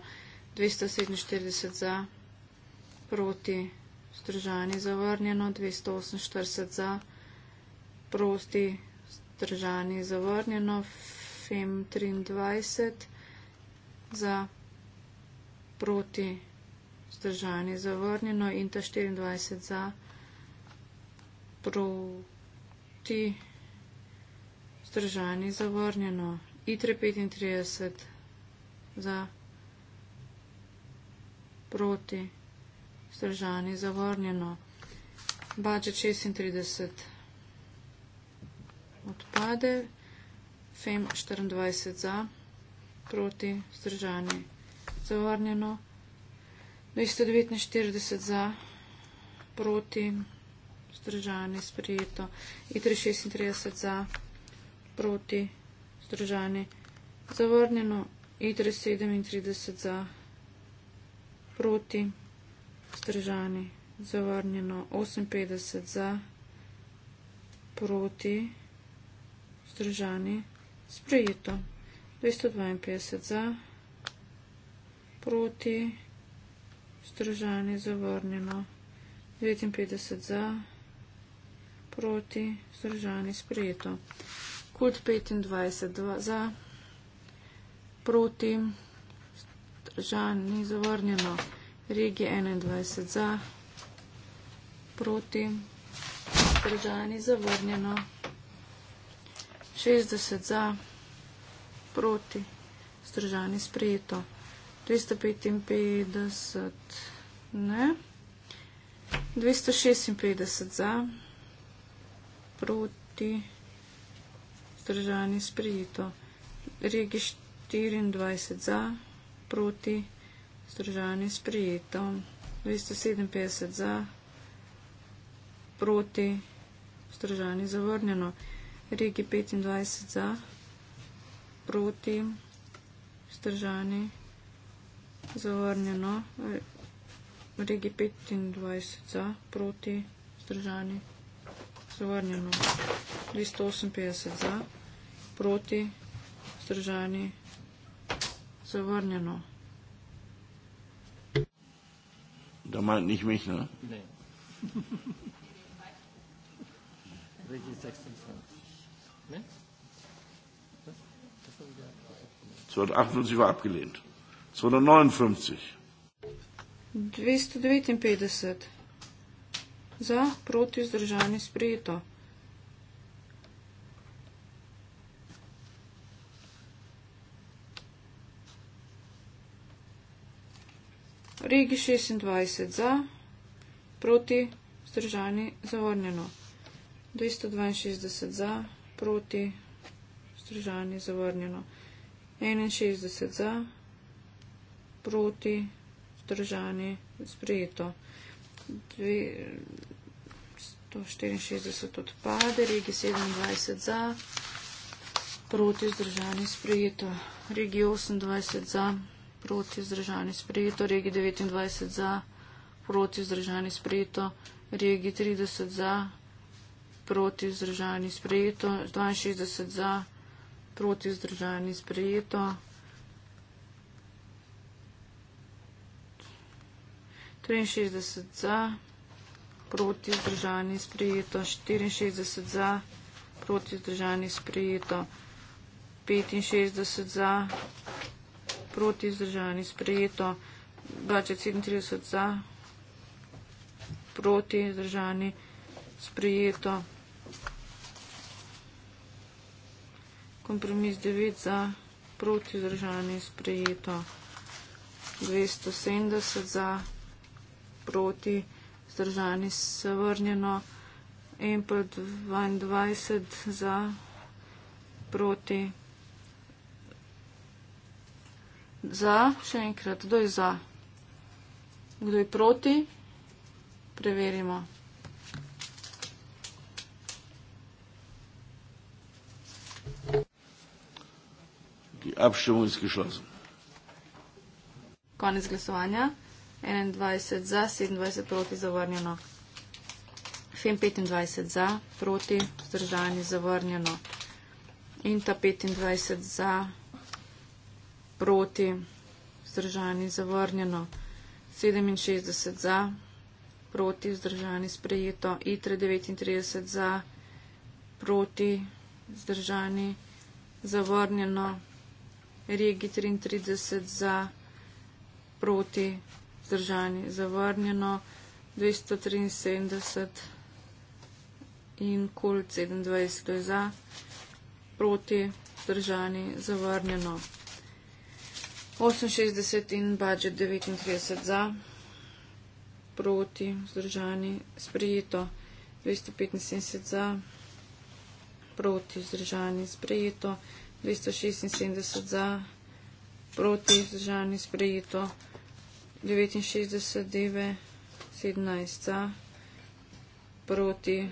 247 za, proti, stražani, zavrnjeno. 248 za, proti, stražani, zavrnjeno. FEM 23 za, proti, stražani, zavrnjeno proti, vzdržani, zavrnjeno in ta 24 za, proti, vzdržani, zavrnjeno. ITRE 35 za, proti, vzdržani, zavrnjeno. Bačeč 36 odpade, FEM 24 za, proti, vzdržani, zavrnjeno zavrnjeno. 249 za, proti, zdržani, sprejeto. I 336 za, proti, zdržani, zavrnjeno. I 337 za, proti, zdržani, zavrnjeno. 58 za, proti, zdržani, sprejeto. 252 za, proti, vzdržani zavrnjeno, 59 za, proti, vzdržani sprejeto. Kult 25 za, proti, vzdržani zavrnjeno, regi 21 za, proti, vzdržani zavrnjeno, 60 za, proti, vzdržani sprejeto. 355 ne, 256 za, proti, zdržani sprejeto. Regi 24 za, proti, zdržani sprejeto. 257 za, proti, zdržani zavrnjeno. Regi 25 za, proti, zdržani zavrnjeno zavrnjeno. Regi 25 za, proti, zdržani, zavrnjeno. List 58 za, proti, zdržani, zavrnjeno. Da ima njih mehna? Ne. Es wird 98 abgelehnt. 259. 259. Za, proti, zdržani, sprejeto. Regi 26 za, proti, zdržani, zavrnjeno. 262 za, proti, zdržani, zavrnjeno. 61 za, proti, vzdržani, sprejeto. 164 odpade, regi 27 za, proti, vzdržani, sprejeto. Regi 28 za, proti, vzdržani, sprejeto. Regi 29 za, proti, vzdržani, sprejeto. Regi 30 za, proti, vzdržani, sprejeto. 62 za, proti, vzdržani, sprejeto. 63 za, proti zdržani sprejeto, 64 za, proti zdržani sprejeto, 65 za, proti zdržani sprejeto, 237 za, proti zdržani sprejeto, kompromis 9 za, proti zdržani sprejeto, 270 za, proti, zdržani se vrnjeno, in pa 22 za proti. Za, še enkrat, kdo je za? Kdo je proti? Preverimo. Konec glasovanja. 21 za, 27 proti zavrnjeno. FEM 25 za, proti vzdržanje zavrnjeno. In ta 25 za, proti vzdržanje zavrnjeno. 67 za, proti vzdržanje sprejeto. ITRE 39 za, proti vzdržanje zavrnjeno. REGI 33 za, proti vzdržanje vzdržani, zavrnjeno 273 in kult 27 je za, proti vzdržani, zavrnjeno 68 in budžet 39 za, proti vzdržani, sprejeto 275 za, proti vzdržani, sprejeto 276 za, proti vzdržani, sprejeto 69, 9, 17 proti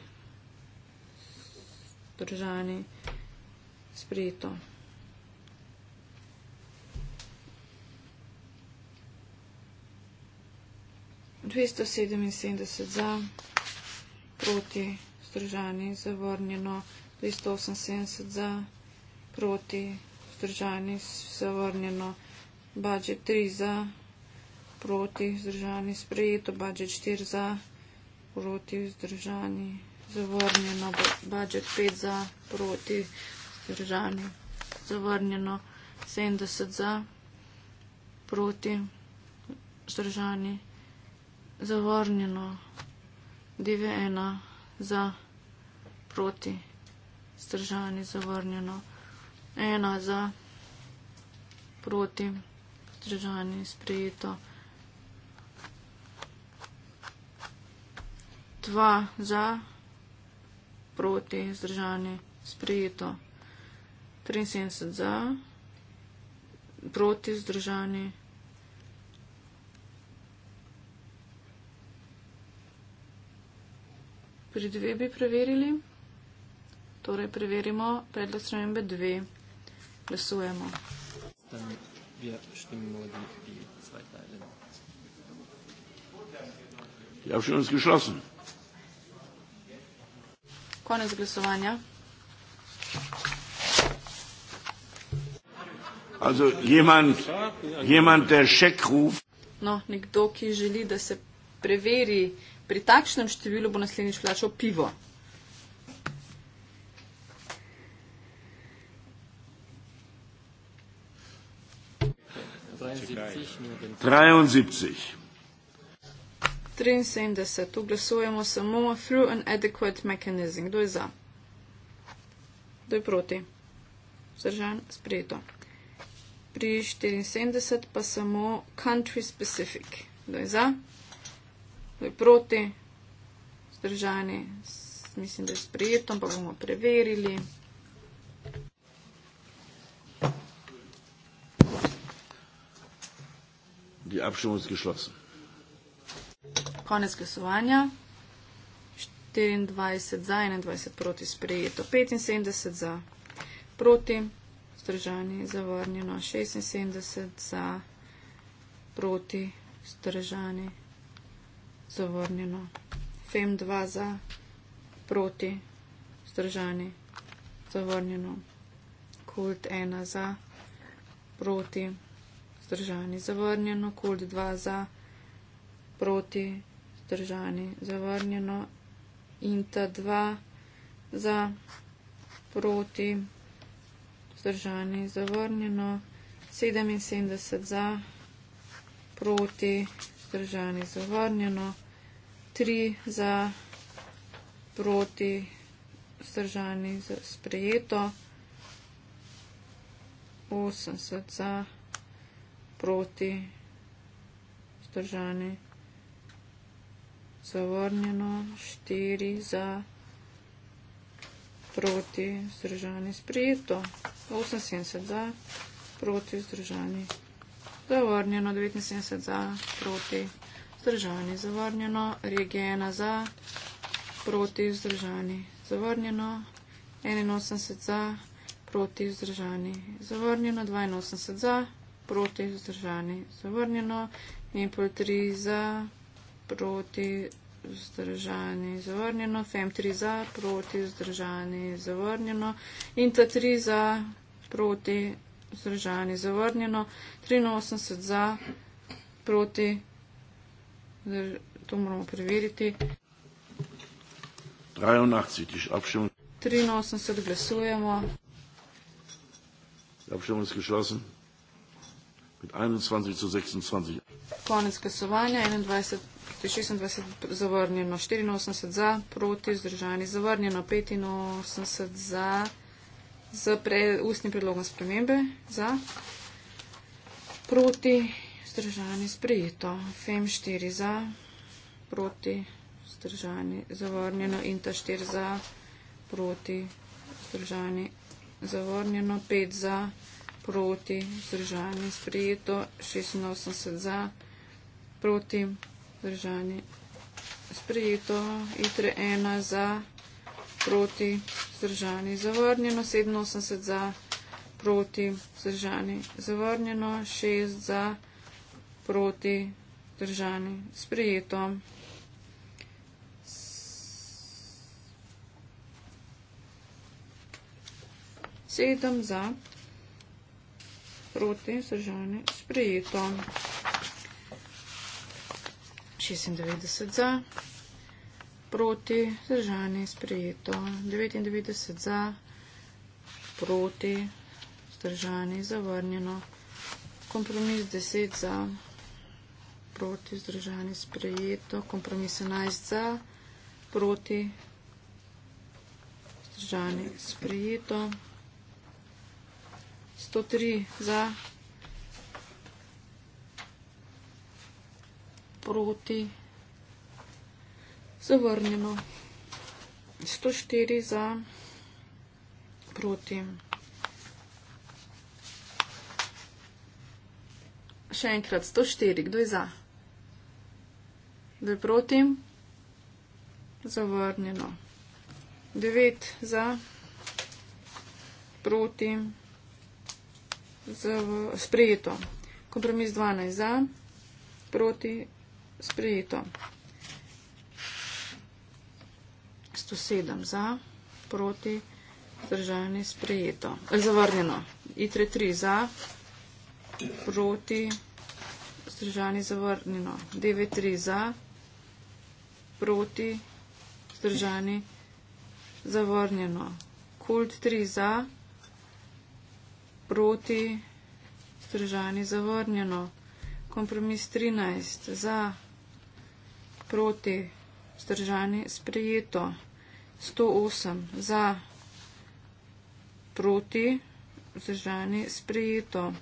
držani sprejeto. Dvesto sedeminsedemdeset za, proti vzdržani, zavrnjeno. Dvesto oseminsedemdeset za, proti vzdržani, zavrnjeno. Bače tri za proti vzdržani, sprejeto, budžet 4 za, proti vzdržani, zavrnjeno, budžet 5 za, proti vzdržani, zavrnjeno, 70 za, proti vzdržani, zavrnjeno, 91 za, proti vzdržani, zavrnjeno, 1 za, proti vzdržani, sprejeto. 2 za, proti, zdržani, sprejeto. 73 za, proti, zdržani. Pri dve bi preverili, torej preverimo predlog spremembe dve. Glasujemo. Ja, schon ist geschlossen. Konec glasovanja. Also, jemand, jemand, der Scheck ruft. No, nekdo, ki želi, da se preveri pri takšnem številu, bo naslednjič plačal pivo. Dreiundsiebzig. 73. Tu glasujemo samo through an adequate mechanism. Kdo je za? Kdo je proti? Zdržan, sprejeto. Pri 74 pa samo country specific. Kdo je za? Kdo je proti? Zdržani, mislim, da je sprejeto, pa bomo preverili. Die Abstimmung ist geschlossen konec glasovanja. 24 za, 21 proti, sprejeto 75 za, proti, zdržani, zavrnjeno 76 za, proti, zdržani, zavrnjeno. FEM 2 za, proti, zdržani, zavrnjeno. KULT 1 za, proti, zdržani, zavrnjeno. KULT 2 za, proti, zdržani vzdržani, zavrnjeno in ta dva za proti vzdržani, zavrnjeno 77 za proti vzdržani, zavrnjeno 3 za proti vzdržani, sprejeto 80 za proti vzdržani zavrnjeno, štiri za, proti, zdržani, sprijeto, 78 za, proti, zdržani, zavrnjeno, 79 za, proti, zdržani, zavrnjeno, regija ena za, proti, zdržani, zavrnjeno, 81 za, proti, zdržani, zavrnjeno, 82 za, proti, zdržani, zavrnjeno, in pol tri za, proti, vzdržani, zavrnjeno, fem 3 za, proti, vzdržani, zavrnjeno in ta 3 za, proti, vzdržani, zavrnjeno, 83 za, proti, zdrž... to moramo preveriti. 83 glasujemo. Konec glasovanja 21 proti 26 zavrnjeno, 84 za, proti vzdržani zavrnjeno, 85 za, z pre, ustnim predlogom spremembe za, proti vzdržani sprejeto, FEM 4 za, proti vzdržani zavrnjeno in ta 4 za, proti vzdržani zavrnjeno, 5 za, proti vzdržani sprejeto, 86 za, proti držanje. Sprejeto, itre 1 za, proti, zdržani, zavrnjeno, 87 za, proti, zdržani, zavrnjeno, 6 za, proti, zdržani, sprejeto. Sedem za, proti, zdržani, sprejeto. 96 za, proti, zdržani, sprejeto, 99 za, proti, zdržani, zavrnjeno, kompromis 10 za, proti, zdržani, sprejeto, kompromis 11 za, proti, zdržani, sprejeto, 103 za, proti, proti. Zavrnjeno. 104 za proti. Še enkrat, 104, kdo je za? Kdo je proti? Zavrnjeno. 9 za proti. Zav... Sprejeto. Kompromis 12 za proti sprejeto. 107 za, proti, zdržanje sprejeto. Eh, zavrnjeno. ITRE 3 za, proti, zdržanje zavrnjeno. DV 3 za, proti, zdržanje zavrnjeno. KULT 3 za, proti, zdržanje zavrnjeno. Kompromis 13 za, proti, proti, vzdržani, sprejeto, 108 za, proti, vzdržani, sprejeto.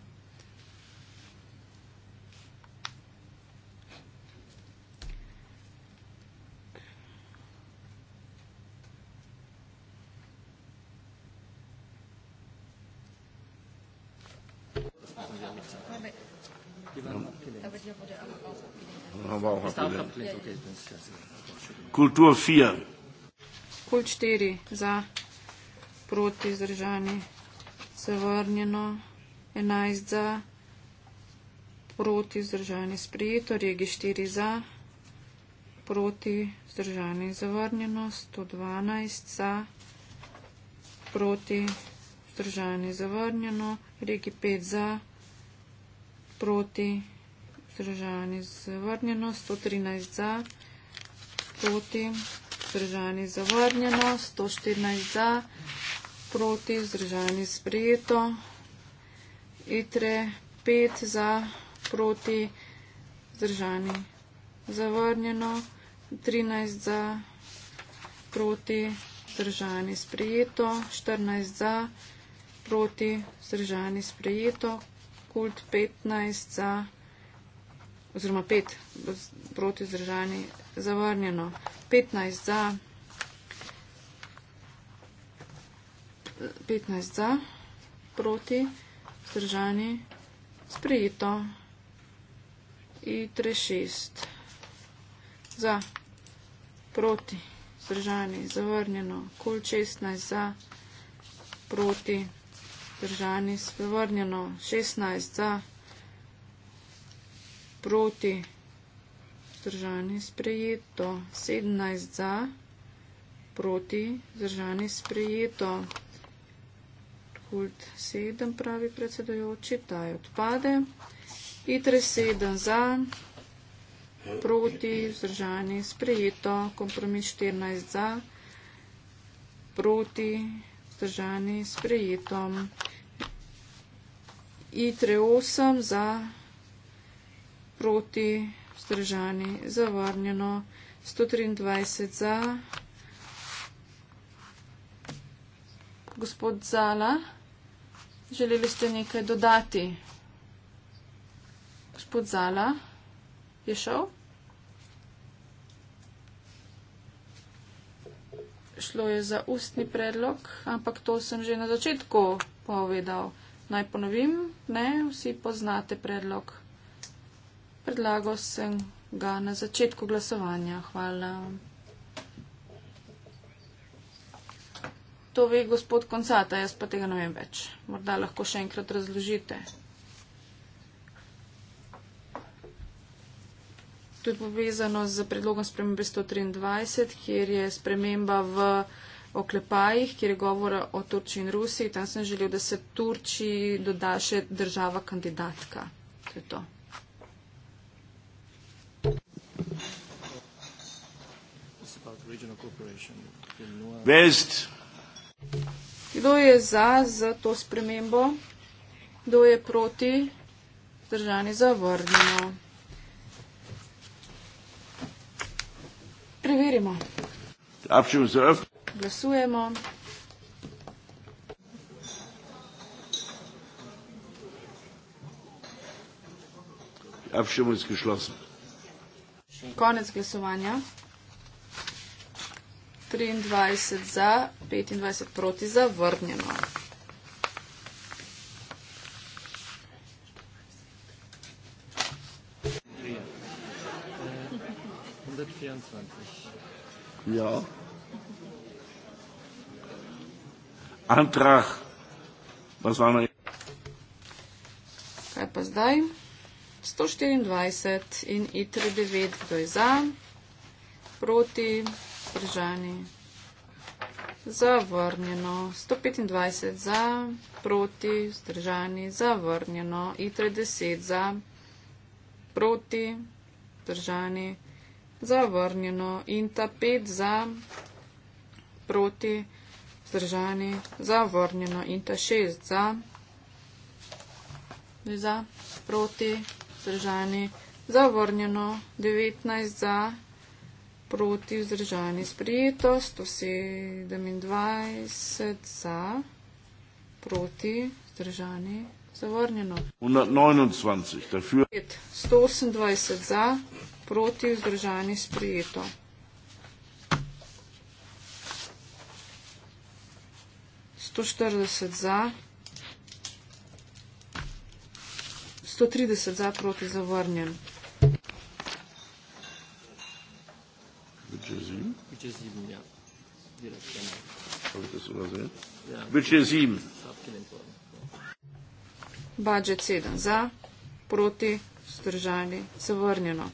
Gracias. No, Kultur 4. Kult 4 za proti zdržani zavrnjeno, 11 za proti zdržani sprijeto, regi 4 za proti zdržani zavrnjeno, 112 za proti zdržani zavrnjeno, regi 5 za proti zdržani zavrnjeno. Združevanje zavrnjeno, 113 za, proti, združevanje zavrnjeno, 114 za, proti, združevanje sprejeto, itre, 5 za, proti, združevanje zavrnjeno, 13 za, proti, združevanje sprejeto, 14 za, proti, združevanje sprejeto, kult 15 za, proti, oziroma 5 proti zdržani, zavrnjeno. 15 za, 15 za, proti zdržani, sprejeto. I 36 za, proti zdržani, zavrnjeno. Kul 16 za, proti zdržani, zavrnjeno. 16 za, proti zdržani proti, zdržani sprejeto, 17 za, proti, zdržani sprejeto. Kult 7 pravi predsedojoči, ta je odpade. Itre 7 za, proti, zdržani sprejeto, kompromis 14 za, proti, zdržani sprejeto. Itre 8 za, proti, vzdržani, zavrnjeno, 123 za. Gospod Zala, želeli ste nekaj dodati? Gospod Zala, je šel? Šlo je za ustni predlog, ampak to sem že na začetku povedal. Naj ponovim, ne, vsi poznate predlog. Predlagal sem ga na začetku glasovanja. Hvala. To ve gospod Koncata, jaz pa tega ne vem več. Morda lahko še enkrat razložite. To je povezano z predlogom spremembe 123, kjer je sprememba v oklepajih, kjer je govora o Turčiji in Rusiji. Tam sem želel, da se Turčiji doda še država kandidatka. To je to. Best. Kdo je za, za to spremembo? Kdo je proti? Zdržani zavrnimo. Preverimo. Glasujemo. Konec glasovanja. 23 za, 25 proti za, vrnjeno. Ja. Antrag. Was war noch? Kaj pa zdaj? 124 in I39 do izan. Proti vzdržani. Zavrnjeno. 125 za, proti, vzdržani, zavrnjeno. Itre 10 za, proti, vzdržani, zavrnjeno. Inta 5 za, proti, vzdržani, zavrnjeno. Inta 6 za, za, proti, vzdržani, zavrnjeno. 19 za, proti vzdržani sprijeto 127 za proti vzdržani zavrnjeno. 129 dafür. 128 za proti vzdržani sprijeto. sto štirideset za sto trideset za proti zavrnjen Ja. Budget 7, ja. Direkt, genau. Habe ich das übersehen? Ja. Budget 7. Abgelehnt worden. Budget 7, za, proti, vzdržani, zavrnjeno.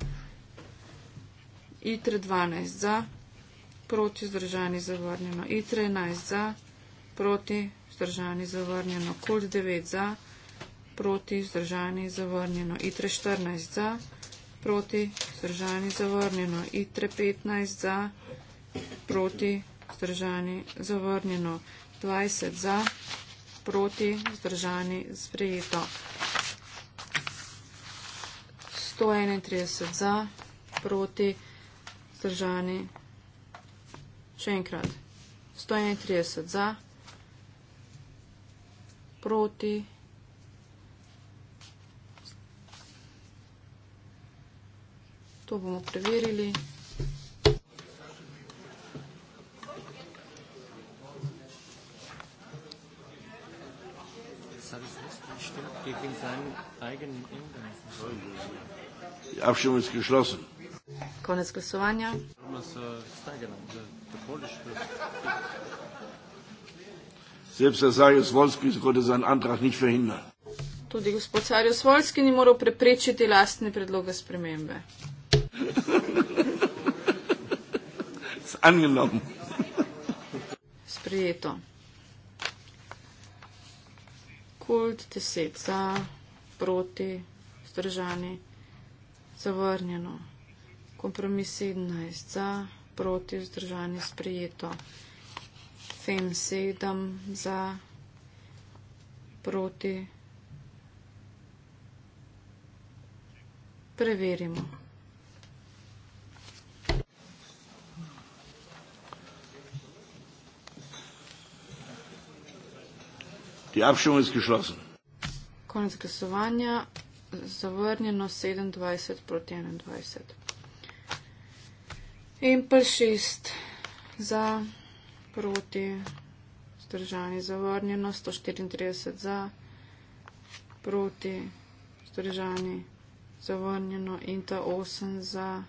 ITRE 12, za, proti, vzdržani, zavrnjeno. ITRE 11, za, proti, vzdržani, zavrnjeno. KULT 9, za, proti, vzdržani, zavrnjeno. ITRE 14, za, proti, vzdržani, zavrnjeno. ITRE 15, za, proti, vzdržani, zavrnjeno proti, zdržani, zavrnjeno. 20 za, proti, zdržani, sprejeto. 131 za, proti, zdržani. Še enkrat. 131 za, proti. To bomo preverili. Abstimmung ist geschlossen. Äh, Selbst der Sarius Wolski konnte seinen Antrag nicht verhindern. Tudi gospod Sarius Wolski ni moral preprečiti lastne predloge spremembe. Sprejeto kult, deset za, proti, vzdržani, zavrnjeno. Kompromis 17 za, proti, vzdržani, sprijeto. Fem 7 za, proti. Preverimo. Die Abstimmung ist geschlossen. Konec glasovanja, zavrnjeno 27 proti 21. In pa 6 za, proti, zdržani zavrnjeno, 134 za, proti, zdržani zavrnjeno in ta 8 za,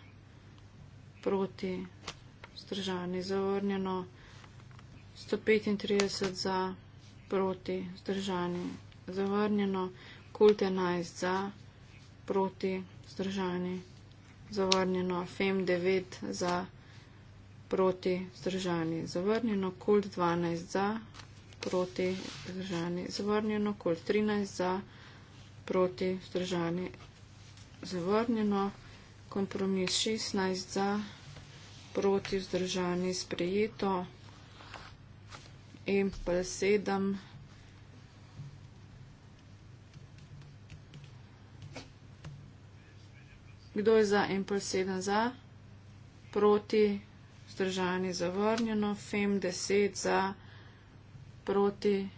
proti, zdržani zavrnjeno, 135 za proti, vzdržani. Zavrnjeno, kult 11 za, proti, vzdržani. Zavrnjeno, fem 9 za, proti, vzdržani. Zavrnjeno, kult 12 za, proti, vzdržani. Zavrnjeno, kult 13 za, proti, vzdržani. Zavrnjeno, kompromis 16 za, proti, vzdržani, sprejeto in pa sedem. Kdo je za in pa sedem za? Proti, zdržani, zavrnjeno, fem deset za, proti,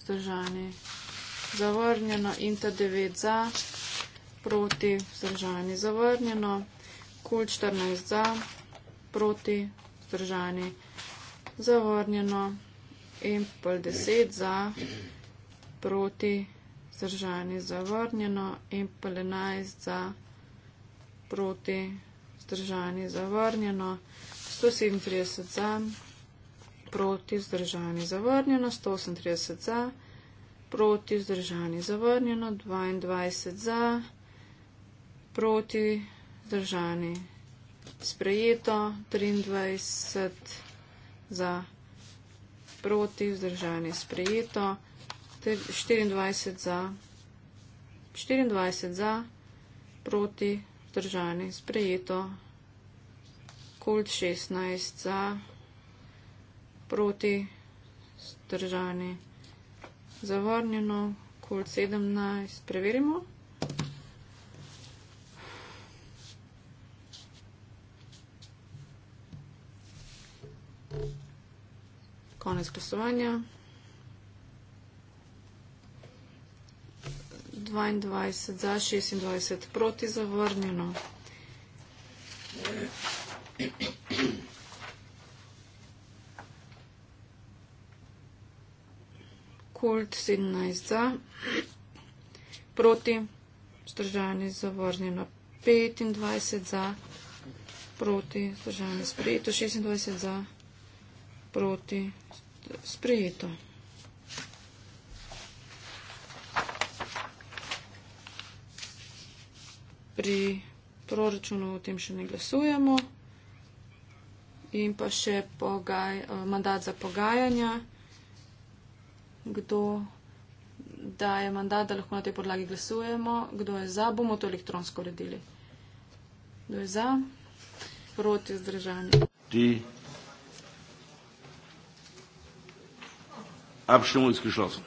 zdržani, zavrnjeno, inta devet za, proti, zdržani, zavrnjeno, kul štirinajst za, proti, zdržani, zavrnjeno in pol deset za, proti, zdržani zavrnjeno in pol enajst za, proti, zdržani zavrnjeno, 137 za, proti, zdržani zavrnjeno, 138 za, proti, zdržani zavrnjeno, 22 za, proti, zdržani sprejeto, 23 za proti, vzdržanje sprejeto, 24 za, 24 za, proti, vzdržanje sprejeto, kult 16 za, proti, vzdržanje zavrnjeno, kult 17, preverimo. Konec glasovanja. 22 za, 26 proti, zavrnjeno. Kult 17 za, proti, vzdržani, zavrnjeno. 25 za, proti, vzdržani, sprejeto. 26 za, proti, sprejeto. Pri proračunu o tem še ne glasujemo. In pa še pogaj, eh, mandat za pogajanja. Kdo daje mandat, da lahko na tej podlagi glasujemo? Kdo je za? Bomo to elektronsko uredili. Kdo je za? Proti zdržanju. Abstimmung ist geschlossen.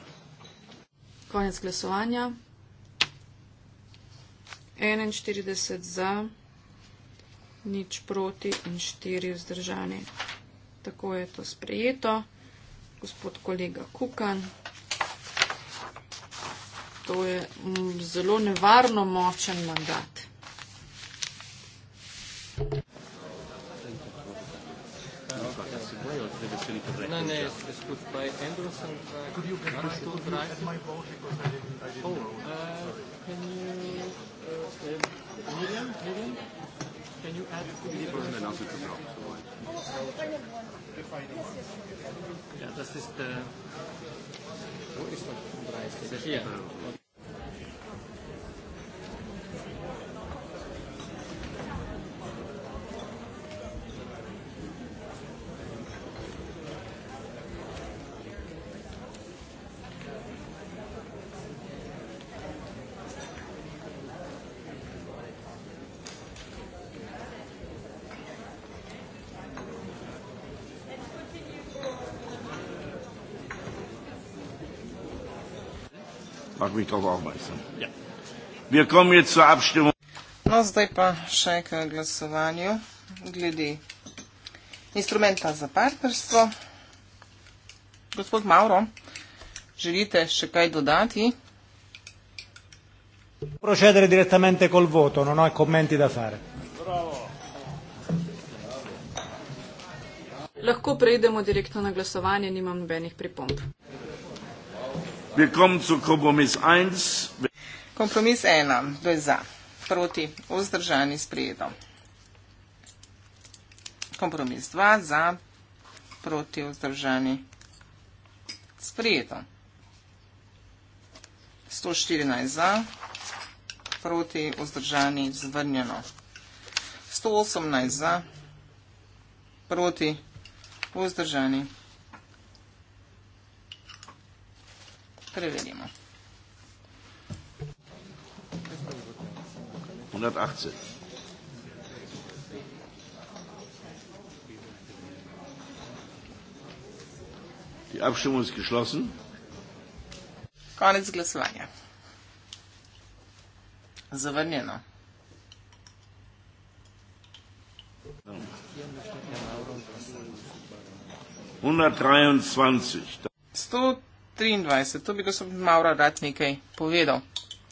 Konec glasovanja. 41 za, nič proti in 4 vzdržani. Tako je to sprejeto. Gospod kolega Kukan, to je zelo nevarno močen mandat. is put by Anderson. Uh, could you can push could you at my boat because I didn't, I didn't oh, know. Uh, can you, uh, uh, Miriam, Miriam, can you add to the person? Oh, I have one. Yeah, this is the, what is the price? Is it here? mache mich darauf aufmerksam. Ja. Wir kommen jetzt zur Abstimmung. No, zdaj pa še k glasovanju glede instrumenta za partnerstvo. Gospod Mauro, želite še kaj dodati? Procedere direttamente col voto, non ho commenti da fare. Lahko prejdemo direktno na glasovanje, nimam nobenih pripomb. Kompromis ena, kdo je za, proti, vzdržani, sprejeto. Kompromis dva, za, proti, vzdržani, sprejeto. 114 za, proti, vzdržani, zvrnjeno. 118 za, proti, vzdržani, sprejeto. preverimo. 180. Die Abstimmung ist geschlossen. Konec glasovanja. Zavrnjeno. Sto 123, to bi ga sem Mavra rad nekaj povedal.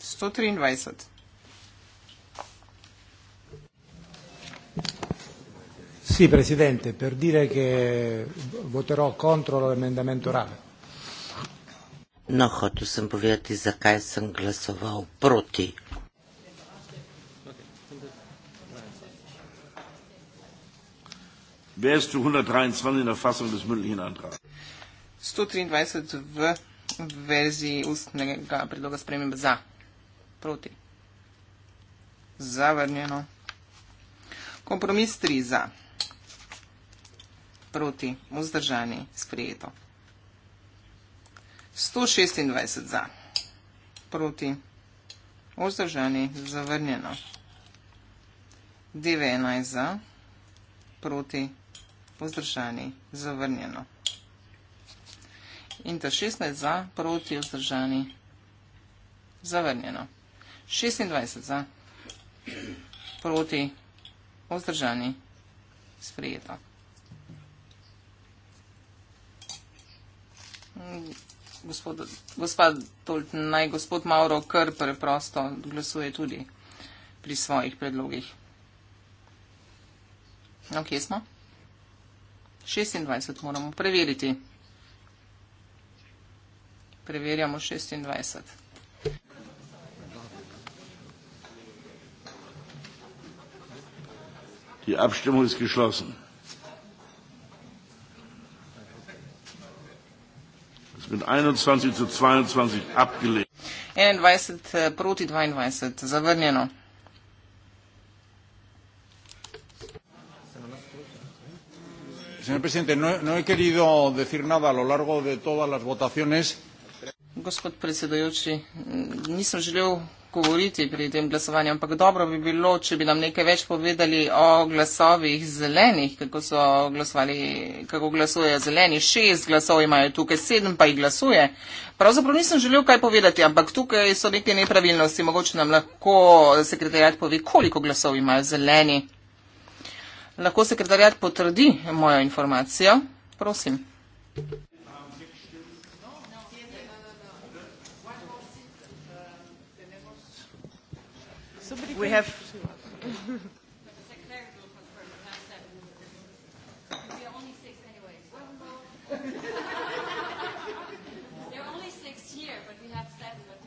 123. Sì, Presidente, per dire che voterò contro l'emendamento orale. No, hotel sem povedati, zakaj sem glasoval proti. Wer ist zu 123 in der Fassung des mündlichen Antrags? 123 v verziji ustnega predloga spremembe za. Proti. Zavrnjeno. Kompromis 3 za. Proti. Vzdržani. Sprijeto. 126 za. Proti. Vzdržani. Zavrnjeno. 9.11 za. Proti. Vzdržani. Zavrnjeno. 9.12 in da 16 za, proti vzdržani, zavrnjeno. 26 za, proti vzdržani, sprejeto. Gospod, gospod, tol, naj gospod Mauro kar preprosto glasuje tudi pri svojih predlogih. No, kje smo? 26 moramo preveriti preverjamo 26. Die Abstimmung ist geschlossen. Es wird 21 zu 22 abgelehnt. 21 eh, proti 22, zavrnjeno. Señor presidente, no, no he querido decir nada a lo largo de todas las votaciones. Gospod predsedojoči, nisem želel govoriti pri tem glasovanju, ampak dobro bi bilo, če bi nam nekaj več povedali o glasovih zelenih, kako so glasovali, kako glasujejo zeleni. Šest glasov imajo tukaj, sedem pa jih glasuje. Pravzaprav nisem želel kaj povedati, ampak tukaj so neke nepravilnosti. Mogoče nam lahko sekretarjat pove, koliko glasov imajo zeleni. Lahko sekretarjat potrdi mojo informacijo. Prosim. We have.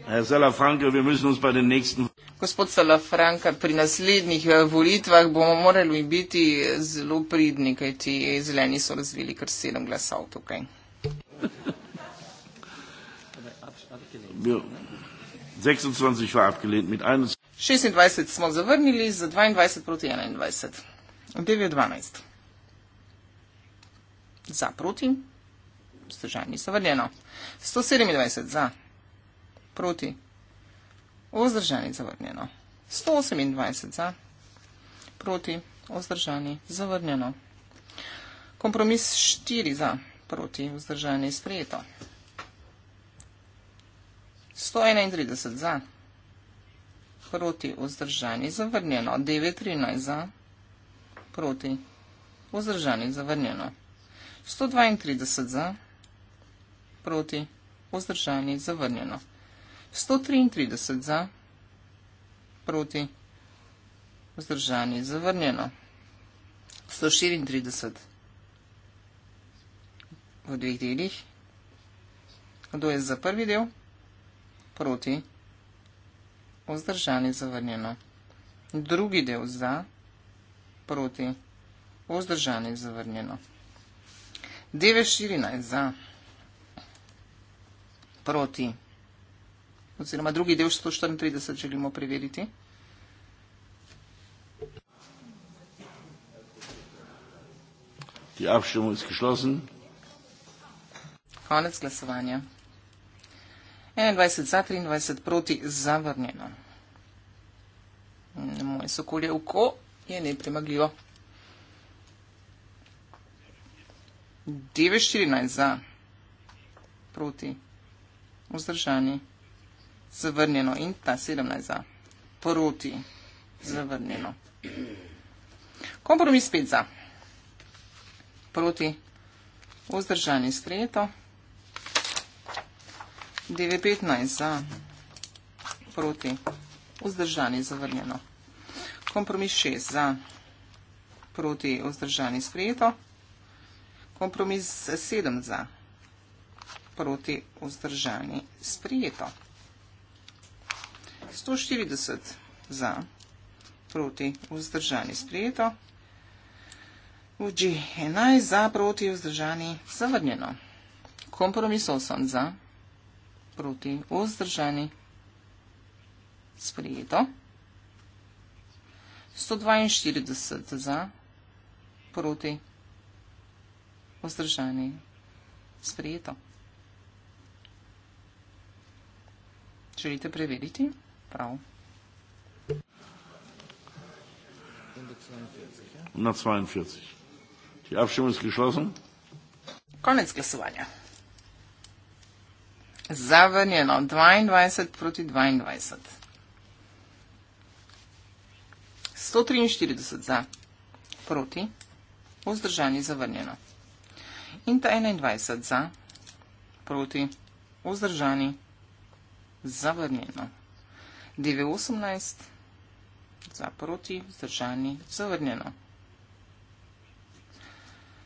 Herr Salafranca, wir müssen uns bei den nächsten. Gospod Salafranca, pri naslednjih eh, volitvah bomo morali biti zelo pridni, kaj ti zeleni so razvili kar sedem glasov tukaj. Okay. 26 war abgelehnt mit 21. 26 smo zavrnili z 22 proti 21. 9 12. Za proti. Vzdržanje zavrnjeno. 127 za proti. Vzdržanje zavrnjeno. 128 za proti. Vzdržanje zavrnjeno. Kompromis 4 za proti. Vzdržanje sprejeto. 131 za proti. Proti vzdržani zavrnjeno. 9.13 za proti vzdržani zavrnjeno. 132 za proti vzdržani zavrnjeno. 133 za proti vzdržani zavrnjeno. 134 v dveh delih. Kdo je za prvi del? Proti vzdržani zavrnjeno vzdržani zavrnjeno. Drugi del za, proti, vzdržani zavrnjeno. Deve 14 za, proti, oziroma drugi del 134 želimo preveriti. Die Abstimmung ist geschlossen. Konec glasovanja. 21 za, 23 proti, zavrnjeno. Moje sokolje oko je nepremagljivo. 9, 14 za, proti, vzdržani, zavrnjeno. In ta 17 za, proti, zavrnjeno. Kompromis 5 za, proti, vzdržani, sprejeto. 9.15 za proti. Vzdržani zavrnjeno. Kompromis 6 za proti. Vzdržani sprejeto. Kompromis 7 za proti. Vzdržani sprejeto. 140 za proti. Vzdržani sprejeto. UG 11 za proti. Vzdržani zavrnjeno. Kompromis 8 za proti proti vzdržani, sprejeto, 142 za, proti vzdržani, sprejeto. Želite preveriti? Prav. Na 42. Ti avšemo izkrišla sem? Konec glasovanja. Zavrnjeno 22 proti 22. 143 za, proti, vzdržani zavrnjeno. In ta 21 za, proti, vzdržani zavrnjeno. 918 za, proti, vzdržani zavrnjeno.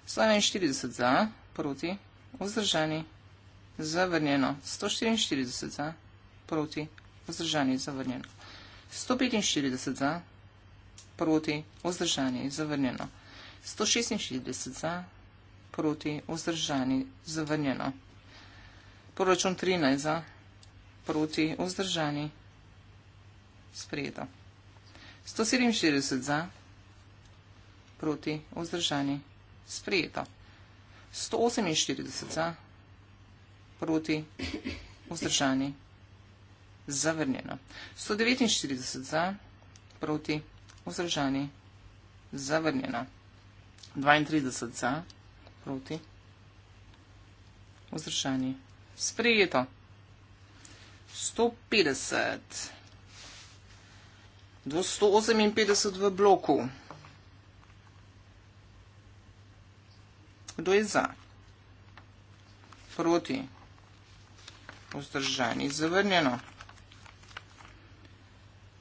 141 za, proti, vzdržani zavrnjeno zavrnjeno. 144 za, proti, vzdržanje, zavrnjeno. 145 za, proti, vzdržanje, zavrnjeno. 146 za, proti, vzdržanje, zavrnjeno. Poračun 13 za, proti, vzdržanje, sprejeto. 147 za, proti, vzdržanje, sprejeto. 148 za, proti, vzdržanje, sprejeto proti vzdržani. Zavrnjeno. 149 za, proti vzdržani. Zavrnjeno. 32 za, proti vzdržani. Sprejeto. 150 do 158 v bloku. Kdo je za? Proti vzdržani, zavrnjeno.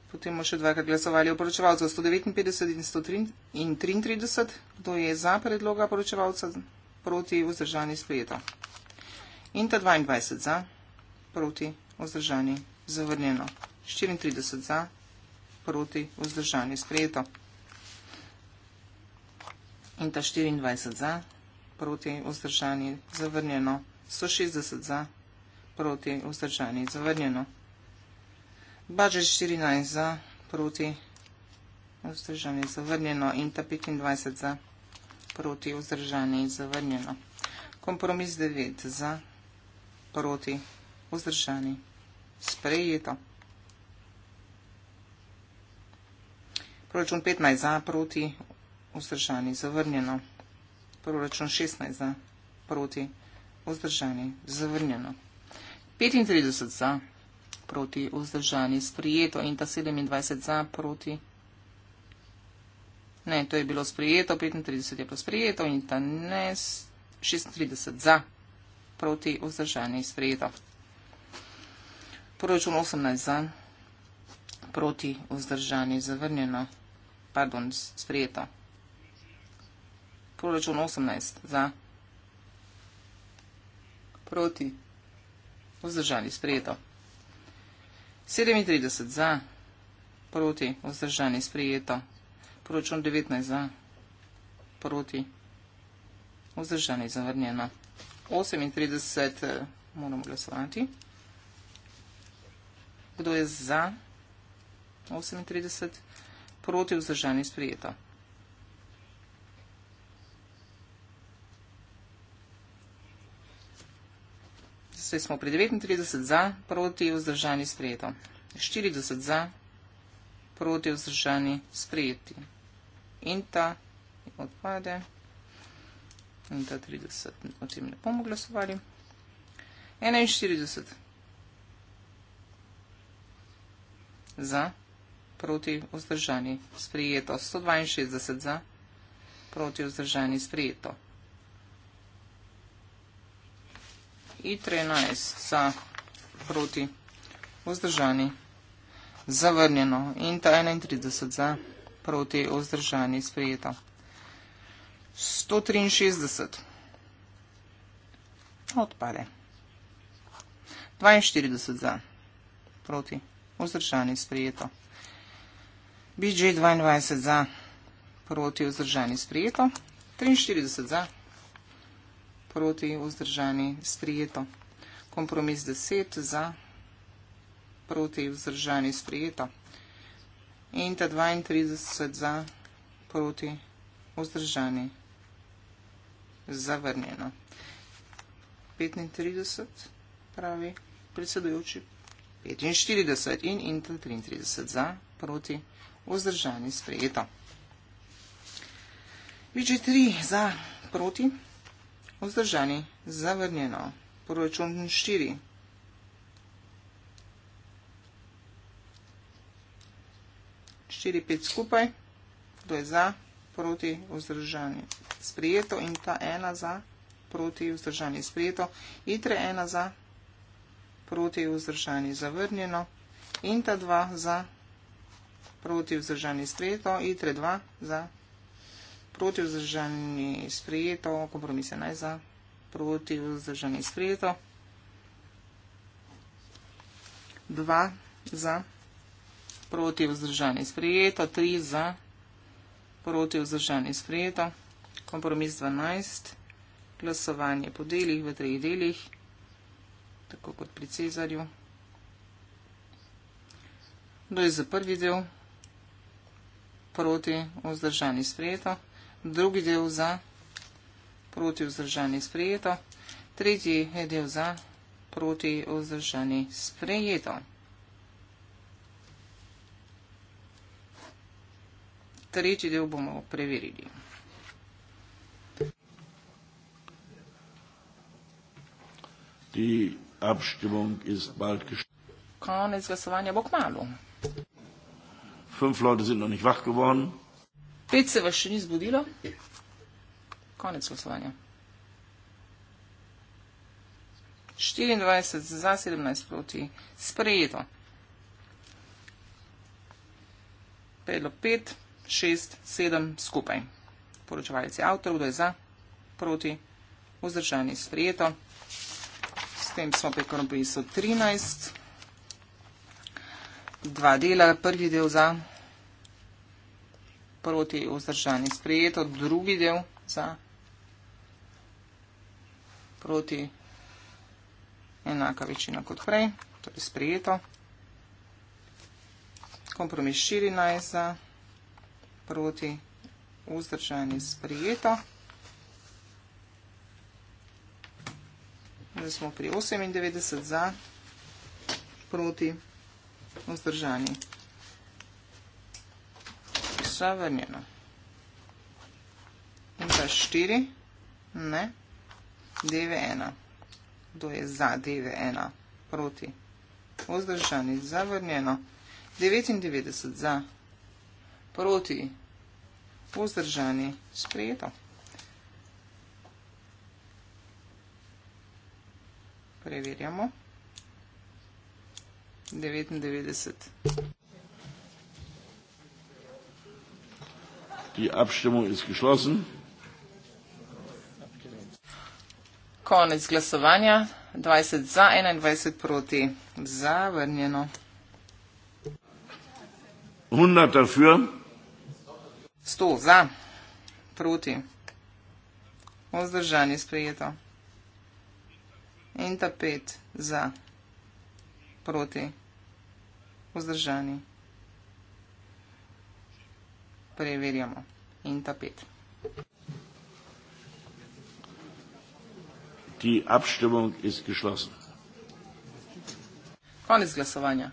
Potem bomo še dvakrat glasovali o poročevalcu 159 in 133. Kdo je za predloga poročevalca proti vzdržani sprejeto? In ta 22 za proti vzdržani zavrnjeno. 34 za proti vzdržani sprejeto. In ta 24 za proti vzdržani zavrnjeno. 160 za proti, vzdržani, zavrnjeno. Bažič 14 za, proti, vzdržani, zavrnjeno in ta 25 za, proti, vzdržani, zavrnjeno. Kompromis 9 za, proti, vzdržani, sprejeto. Proračun 15 za, proti, vzdržani, zavrnjeno. Proračun 16 za, proti, vzdržani, zavrnjeno. 35 za, proti vzdržani, sprijeto in ta 27 za, proti. Ne, to je bilo sprijeto, 35 je bilo sprijeto in ta ne, 36 za, proti vzdržani, sprijeto. Poročun 18 za, proti vzdržani, zavrnjeno, pardon, sprijeto. Proračun 18 za proti vzdržani sprejeto. 37 za, proti, vzdržani sprejeto. Poročun 19 za, proti, vzdržani zavrnjeno. 38 eh, moramo glasovati. Kdo je za? 38 proti, vzdržani sprejeto. Sej smo pri 39 za, proti vzdržani sprejeto. 40 za, proti vzdržani sprejeti. In ta odpade. In ta 30, o tem ne bomo glasovali. 41 za, proti vzdržani sprejeto. 162 za, proti vzdržani sprejeto. i 13 za proti vzdržani zavrnjeno in ta 31 za proti vzdržani sprejeto. 163 odpade. 42 za proti vzdržani sprejeto. BJ 22 za proti vzdržani sprejeto. 43 za proti vzdržani sprejeto proti, vzdržani sprijeto. Kompromis 10 za, proti, vzdržani sprijeto. In ta 32 za, proti, vzdržani zavrnjeno. 35 pravi predsedujoči. 45 in Intel 33 za, proti, vzdržani sprijeto. VG3 za, proti, vzdržani sprijeto. Vzdržani. Zavrnjeno. Poročun 4. Štiri, pet skupaj. To je za, proti, vzdržani. Sprijeto in ta ena za, proti, vzdržani. Sprijeto. Itre ena za, proti, vzdržani. Zavrnjeno. In ta dva za, proti, vzdržani. Sprijeto. Itre dva za, proti vzdržani sprejeto, kompromise naj za proti vzdržani sprejeto. Dva za proti vzdržani sprejeto, tri za proti vzdržani sprejeto, kompromis 12, glasovanje po delih v treh delih, tako kot pri Cezarju. Kdo je za prvi del? Proti vzdržani sprejeto drugi del za proti vzdržani sprejeto, tretji del za proti vzdržani sprejeto. Tretji del bomo preverili. Die Abstimmung ist bald geschlossen. Konec glasovanja bo k malu. Fünf Leute sind noch nicht wach geworden. Pet se vas še ni zbudilo. Konec glasovanja. 24 za 17 proti sprejeto. Predlog 5, 6, 7 skupaj. Poročevalec je avtor, kdo je za, proti, vzdržani sprejeto. S tem smo pri kompromisu 13. Dva dela, prvi del za, proti vzdržani sprejeto, drugi del za proti enaka večina kot prej, torej sprejeto, kompromis 14 za proti vzdržani sprejeto, zdaj smo pri 98 za proti vzdržani sprejeto zavrnjeno. In pa štiri, ne, dv1. Kdo je za dv1? Proti. Vzdržani, zavrnjeno. 99 za, proti, vzdržani, sprejeto. Preverjamo. 99. Die Abstimmung ist geschlossen. Konec glasovanja, 20 za, 21 proti. Zavrnjeno. 100 dafür. 100 za, proti. Ozdržanje sprejeto. In ta 5 za, proti. Ozdržanje preverjamo. In ta pet. Ti abštevung iz gešlosen. Konec glasovanja.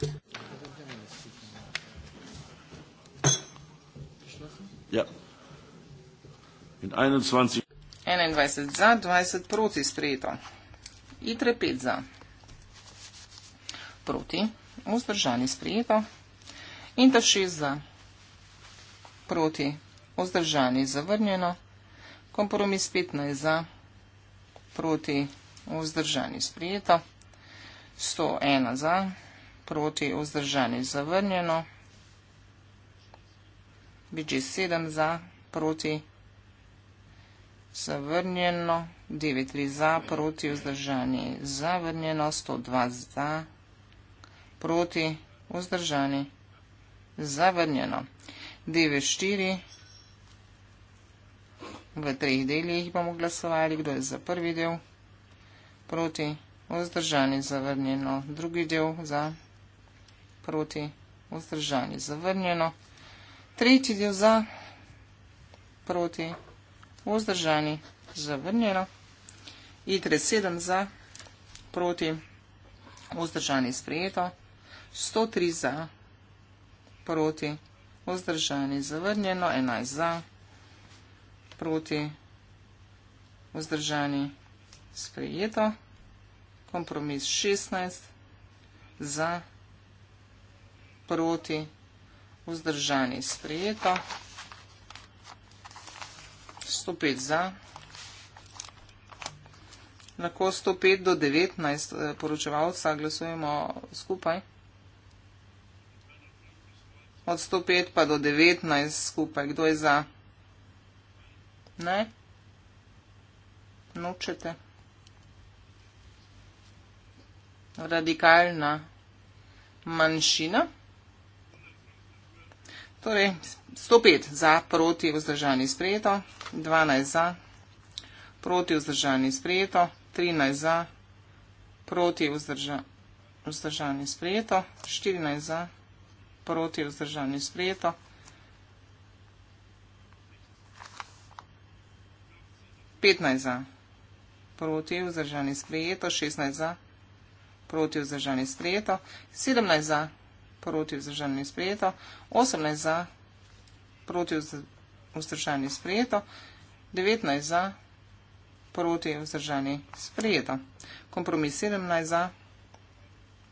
Ja. In 21. 21 za, 20 proti sprejeto. Itre 5 za. Proti. Vzdržani sprejeto. In ta 6 za proti, vzdržani, zavrnjeno, kompromis 15 za, proti, vzdržani, sprijeto, 101 za, proti, vzdržani, zavrnjeno, BG7 za, proti, zavrnjeno, 9-3 za, proti, vzdržani, zavrnjeno, 102 za, proti, vzdržani, zavrnjeno. DV4. V treh delih bomo glasovali, kdo je za prvi del, proti, vzdržani, zavrnjeno, drugi del za, proti, vzdržani, zavrnjeno, tretji del za, proti, vzdržani, zavrnjeno, ITR7 za, proti, vzdržani, sprejeto, 103 za, proti, vzdržani, vzdržani, zavrnjeno, 11 za, proti, vzdržani, sprejeto, kompromis 16, za, proti, vzdržani, sprejeto, 105 za, lahko 105 do 19 eh, poročevalca glasujemo skupaj, od 105 pa do 19 skupaj, kdo je za? Ne? Nočete? Radikalna manjšina. Torej, 105 za, proti, vzdržani, sprejeto, 12 za, proti, vzdržani, sprejeto, 13 za, proti, vzdržani, sprejeto, 14 za, proti vzdržanju sprejeto. Petnaest za proti vzdržanju sprejeto, šestnaest za proti vzdržanju sprejeto, sedemnaest za proti vzdržanju sprejeto, osemnaest za proti vzdržanju sprejeto, devetnaest za proti vzdržanju sprejeto, kompromis sedemnaest za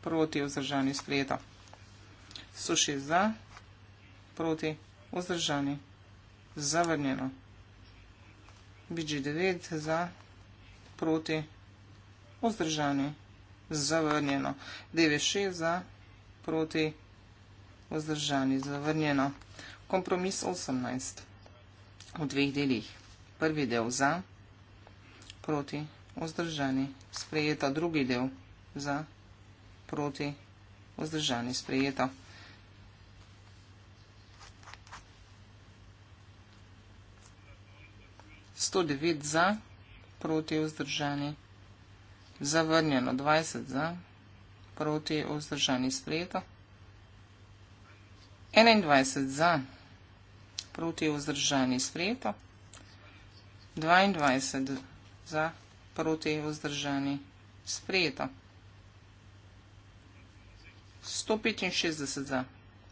proti vzdržanju sprejeto so šest za, proti, vzdržani, zavrnjeno. BG9 za, proti, vzdržani, zavrnjeno. DV6 za, proti, vzdržani, zavrnjeno. Kompromis 18 v dveh delih. Prvi del za, proti, vzdržani, sprejeto. Drugi del za, proti, vzdržani, sprejeto. 109 za, proti vzdržani. Zavrnjeno 20 za, proti vzdržani sprejeto. 21 za, proti vzdržani sprejeto. 22 za, proti vzdržani sprejeto. 165 za,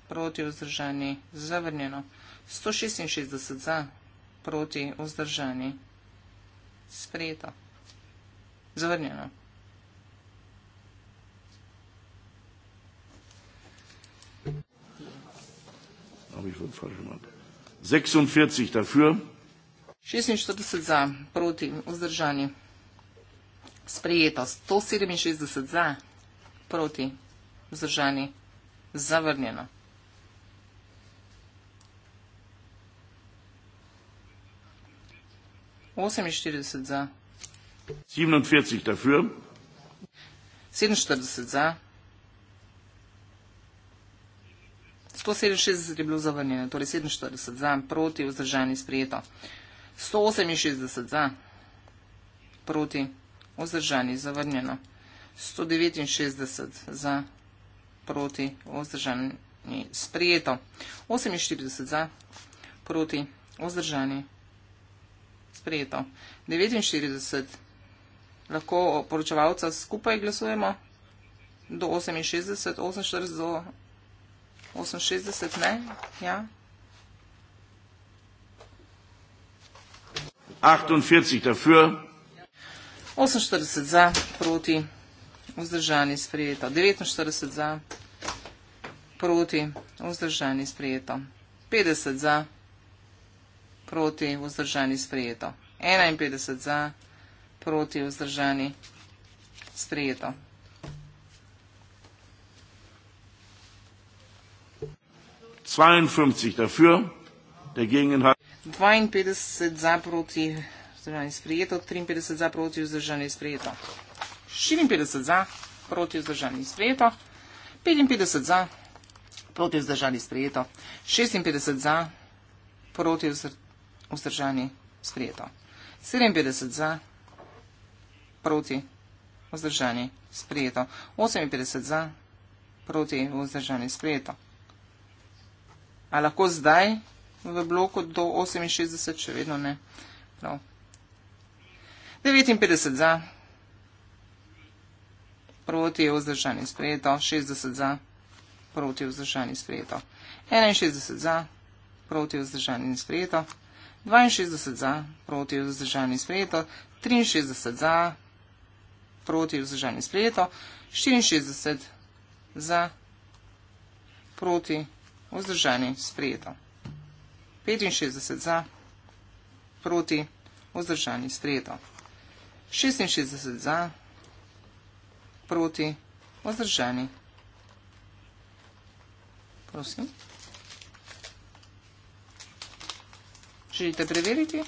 proti vzdržani zavrnjeno. 166 za, proti vzdržani sprejeto proti vzdržani. Sprejeto. Zavrnjeno. Habe ich wohl falsch gemacht. 46 dafür. 46 za, proti, vzdržani. Sprejeto. 167 za, proti, vzdržani. Zavrnjeno. 48 za. 47 dafür. 47 za. 167 je bilo zavrnjeno, torej 47 za, proti, vzdržani, sprijeto. 168 za, proti, vzdržani, zavrnjeno. 169 za, proti, vzdržani, sprijeto. 48 za, proti, vzdržani, sprejeto. 49 lahko poročevalca skupaj glasujemo, do 68, 48 do 68 ne. Ja. 48 dafür. 48 za, proti, vzdržani, sprejeto. 49 za, proti, vzdržani, sprejeto. 50 za proti, vzdržani, sprejeto. 51 za, proti, vzdržani, sprejeto. Dvainpetdeset za proti vzdržanje sprejeto, triinpetdeset za proti vzdržanje sprejeto, štiriinpetdeset za proti vzdržanje sprejeto, petinpetdeset za proti vzdržanje sprejeto, šestinpetdeset za proti vzdržanje sprejeto vzdržani, sprijeto. 57 za, proti, vzdržani, sprijeto. 58 za, proti, vzdržani, sprijeto. A lahko zdaj v bloku do 68, še vedno ne. Prav. 59 za, proti, vzdržani, sprijeto. 60 za, proti, vzdržani, sprijeto. 61 za, proti, vzdržani, sprijeto. 62 za, proti vzdržani sprejeto, 63 za, proti vzdržani sprejeto, 64 za, proti vzdržani sprejeto, 65 za, proti vzdržani sprejeto, 66 za, proti vzdržani sprejeto. Prosim. Želite preveriti?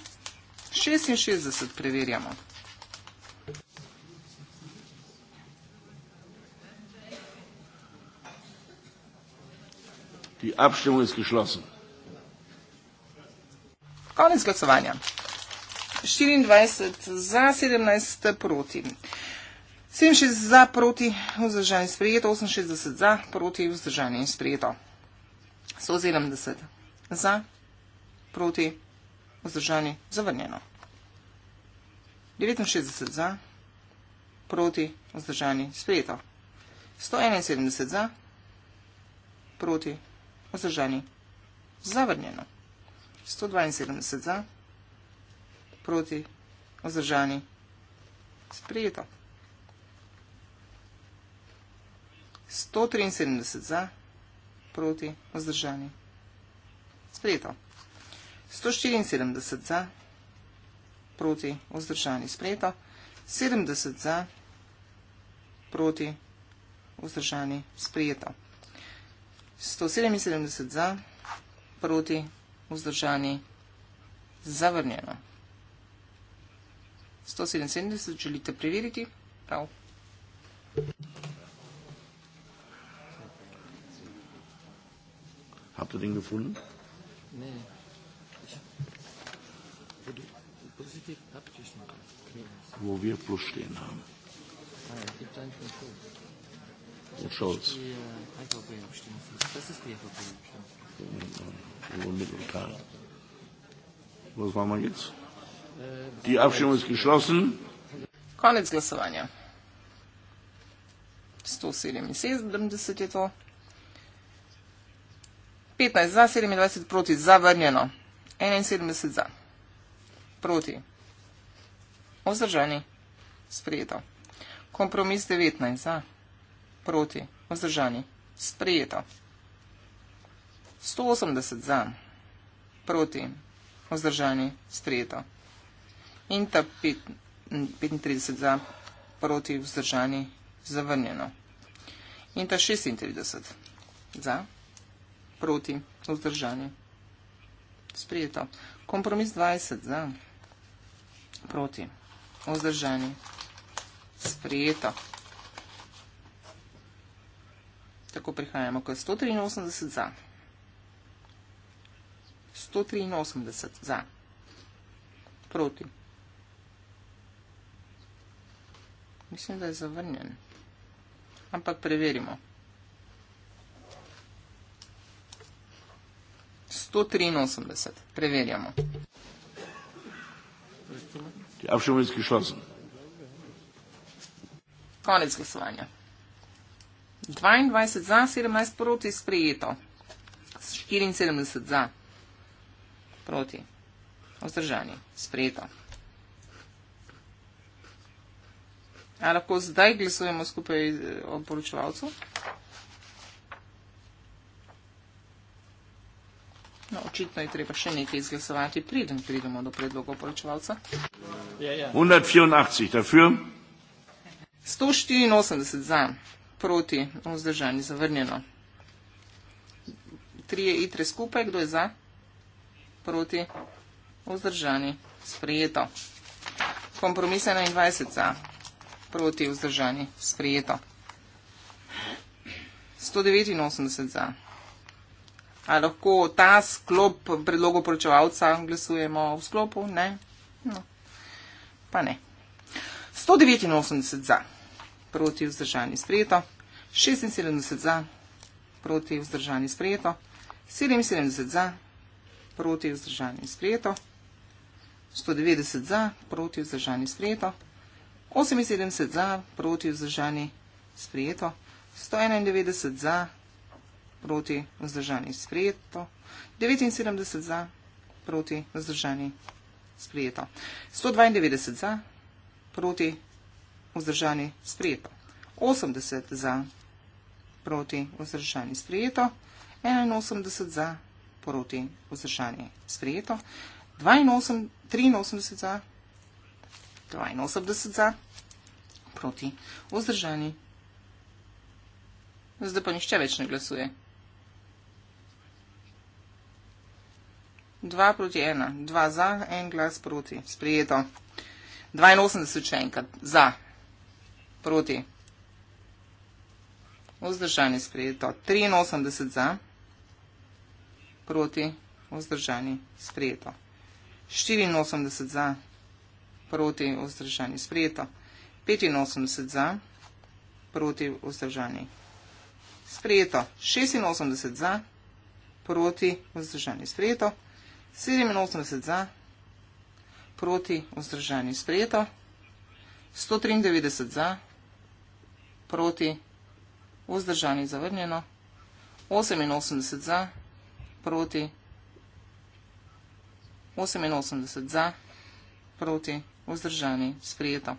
66 preverjamo. Ti abštemo izkišlosen. Konec glasovanja. 24 za, 17 proti. 67 za, proti, vzdržanje sprejeto, 68 za, proti, vzdržanje sprejeto. 170 za, proti, vzdržanje sprejeto vzdržani, zavrnjeno. 69 za, proti, vzdržani, sprejeto. 171 za, proti, vzdržani, zavrnjeno. 172 za, proti, vzdržani, sprejeto. 173 za, proti, vzdržani, sprejeto. 174 za, proti vzdržani sprejeto, 70 za, proti vzdržani sprejeto, 177 za, proti vzdržani zavrnjeno. 177 želite preveriti, prav. Habt ihr den gefunden? Nee. Wo wir Plus stehen haben. Und Scholz. Das ist die EVP-Abstimmung. Was machen wir jetzt? Die Abstimmung ist geschlossen. Konec glasovanja. 177 je to. 15 za, 27 proti, zavrnjeno. 71 za. Proti. Vzdržani. Sprejeto. Kompromis 19. Za. Proti. Vzdržani. Sprejeto. 180 za. Proti. Vzdržani. Sprejeto. In ta 35 za. Proti. Vzdržani. Zavrnjeno. In ta 36 za. Proti. Vzdržani. Sprejeto. Kompromis 20 za. Proti. Vzdržani. Sprijeto. Tako prihajamo k 183 za. 183 za. Proti. Mislim, da je zavrnjen. Ampak preverimo. 183. Preverjamo. Preverjamo. Die Abstimmung ist geschlossen. Konec glasovanja. 22 za, 17 proti sprejeto. 74 za, proti, ozdržani, sprejeto. A lahko zdaj glasujemo skupaj eh, o poročevalcu? No, očitno je treba še nekaj izglasovati, preden pridemo do predloga poročevalca. 184 ja, ja. dafür. 184 za, proti, vzdržani, zavrnjeno. Trije itre skupaj, kdo je za, proti, vzdržani, sprejeto. Kompromis 21 za, proti, vzdržani, sprejeto. 189 za. Ali lahko ta sklop predlogov poročevalca glasujemo v sklopu? Ne. No. Pa ne. 189 za, proti vzdržani sprejeto, 76 za, proti vzdržani sprejeto, 77 za, proti vzdržani sprejeto, 190 za, proti vzdržani sprejeto, 78 za, proti vzdržani sprejeto, 191 za, proti vzdržani sprejeto, 79 za proti vzdržani sprejeto, 192 za proti vzdržani sprejeto, 80 za proti vzdržani sprejeto, 81 za proti vzdržani sprejeto, 83 za, 82 za proti vzdržani. Zdaj pa nišče več ne glasuje. 2 proti 1, 2 za, 1 glas proti, sprijeto. 82 še enkrat, za, proti, vzdržani, sprijeto. 83 za, proti, vzdržani, sprijeto. 84 za, proti, vzdržani, sprijeto. 85 za, proti, vzdržani, sprijeto. 86 za, proti, vzdržani, sprijeto. 87 za, proti vzdržanje sprejeto, 193 za, proti vzdržanje zavrnjeno, 88 za, proti 88 za, proti vzdržanje sprejeto,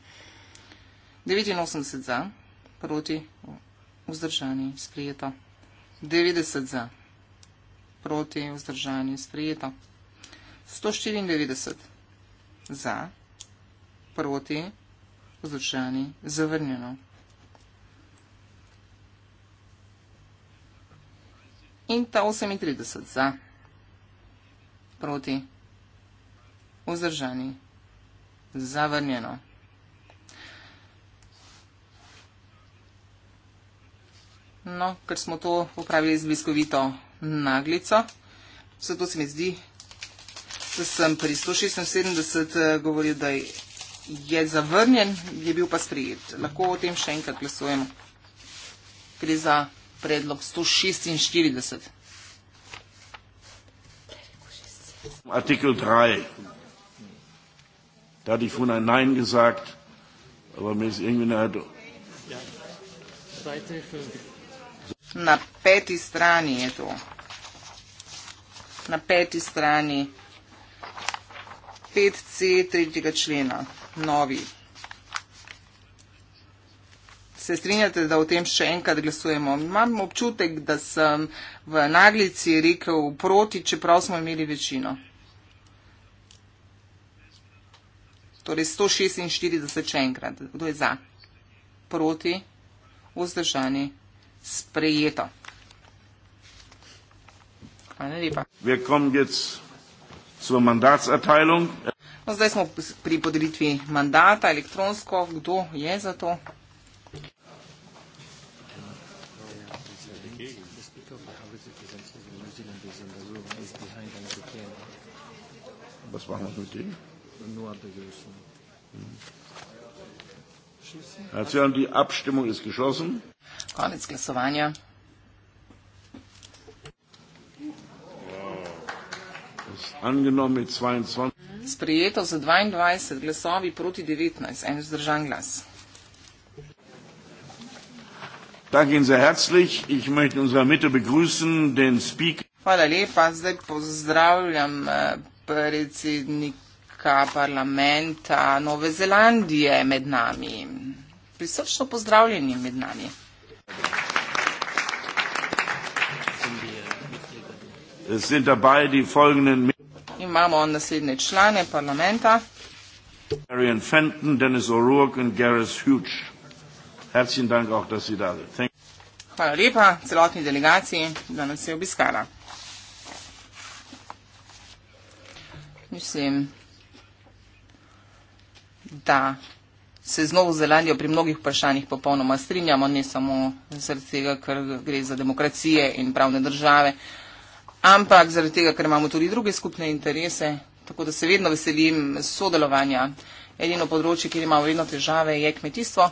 89 za, proti vzdržanje sprejeto, 90 za, proti vzdržanje sprejeto. 194 za, proti, vzdržani, zavrnjeno. In ta 38 za, proti, vzdržani, zavrnjeno. No, ker smo to upravili z bliskovito naglico, zato se mi zdi, sem pri 176 eh, govoril, da je zavrnjen, je bil pa sprejet. Lahko o tem še enkrat glasujem. Gre za predlog 146. Artikel 3. Da hatte ich von ein Nein gesagt, aber mir ist irgendwie eine ja, Erdung. Na peti strani je to. Na peti strani. 5c tretjega člena, novi. Se strinjate, da o tem še enkrat glasujemo? Imam občutek, da sem v naglici rekel proti, čeprav smo imeli večino. Torej 146 še enkrat. Kdo je za? Proti? Vzdržani? Sprejeto. Hvala lepa svojo mandatserteilung. No, zdaj smo pri podelitvi mandata elektronsko. Kdo je za to? Konec glasovanja. Sprejeto z 22 glasovi proti 19, en vzdržan glas. Hvala lepa, zdaj pozdravljam eh, predsednika parlamenta Nove Zelandije med nami. Prisrčno pozdravljeni med nami. Hvala. sind dabei die folgenden Imamo naslednje člane parlamenta. Marion Fenton, Dennis O'Rourke und Gareth Hughes. Herzlichen Dank auch, dass Sie da sind. Thank Hvala lepa celotni delegaciji, da nas je obiskala. Mislim, da se z Novo Zelandijo pri mnogih vprašanjih popolnoma strinjamo, ne samo zaradi tega, ker gre za demokracije in pravne države ampak zaradi tega, ker imamo tudi druge skupne interese, tako da se vedno veselim sodelovanja. Edino področje, kjer imamo vedno težave, je kmetijstvo,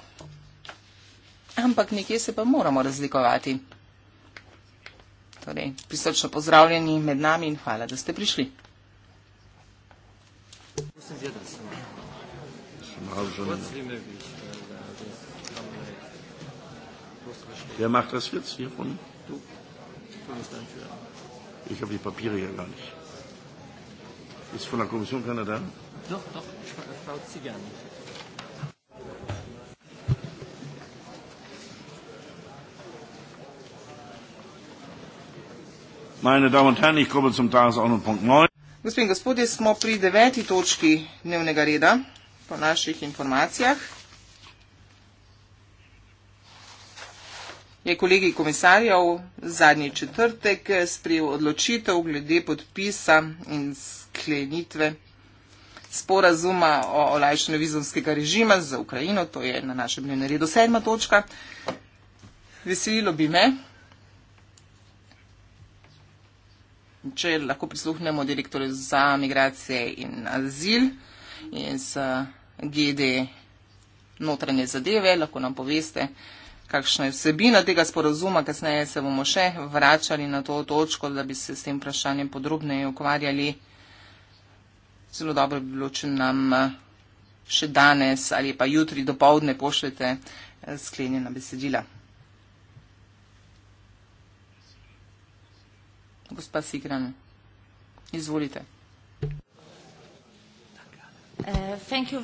ampak nekje se pa moramo razlikovati. Torej, prisrčno pozdravljeni med nami in hvala, da ste prišli. Wer macht das jetzt hier von? Du. Du bist ein Führer. Ich habe die Papiere ja gar nicht. Ist von der Kommission keiner da? Doch, doch, Frau Zigern. Meine Damen und Herren, ich komme zum Tagesordnungspunkt 9. Gospod in gospodje, smo pri deveti točki dnevnega reda po naših informacijah. je kolegi komisarjev zadnji četrtek sprejel odločitev glede podpisa in sklenitve sporazuma o olajšanju vizumskega režima za Ukrajino, to je na našem dnevnem redu sedma točka. Veselilo bi me, če lahko prisluhnemo direktorju za migracije in azil iz eh, GD notranje zadeve, lahko nam poveste, kakšna je vsebina tega sporozuma, kasneje se bomo še vračali na to točko, da bi se s tem vprašanjem podrobneje ukvarjali. Zelo dobro bi bilo, če nam eh, še danes ali pa jutri do povdne pošljete eh, sklenjena besedila. Gospa Sigran, izvolite. Uh, uh,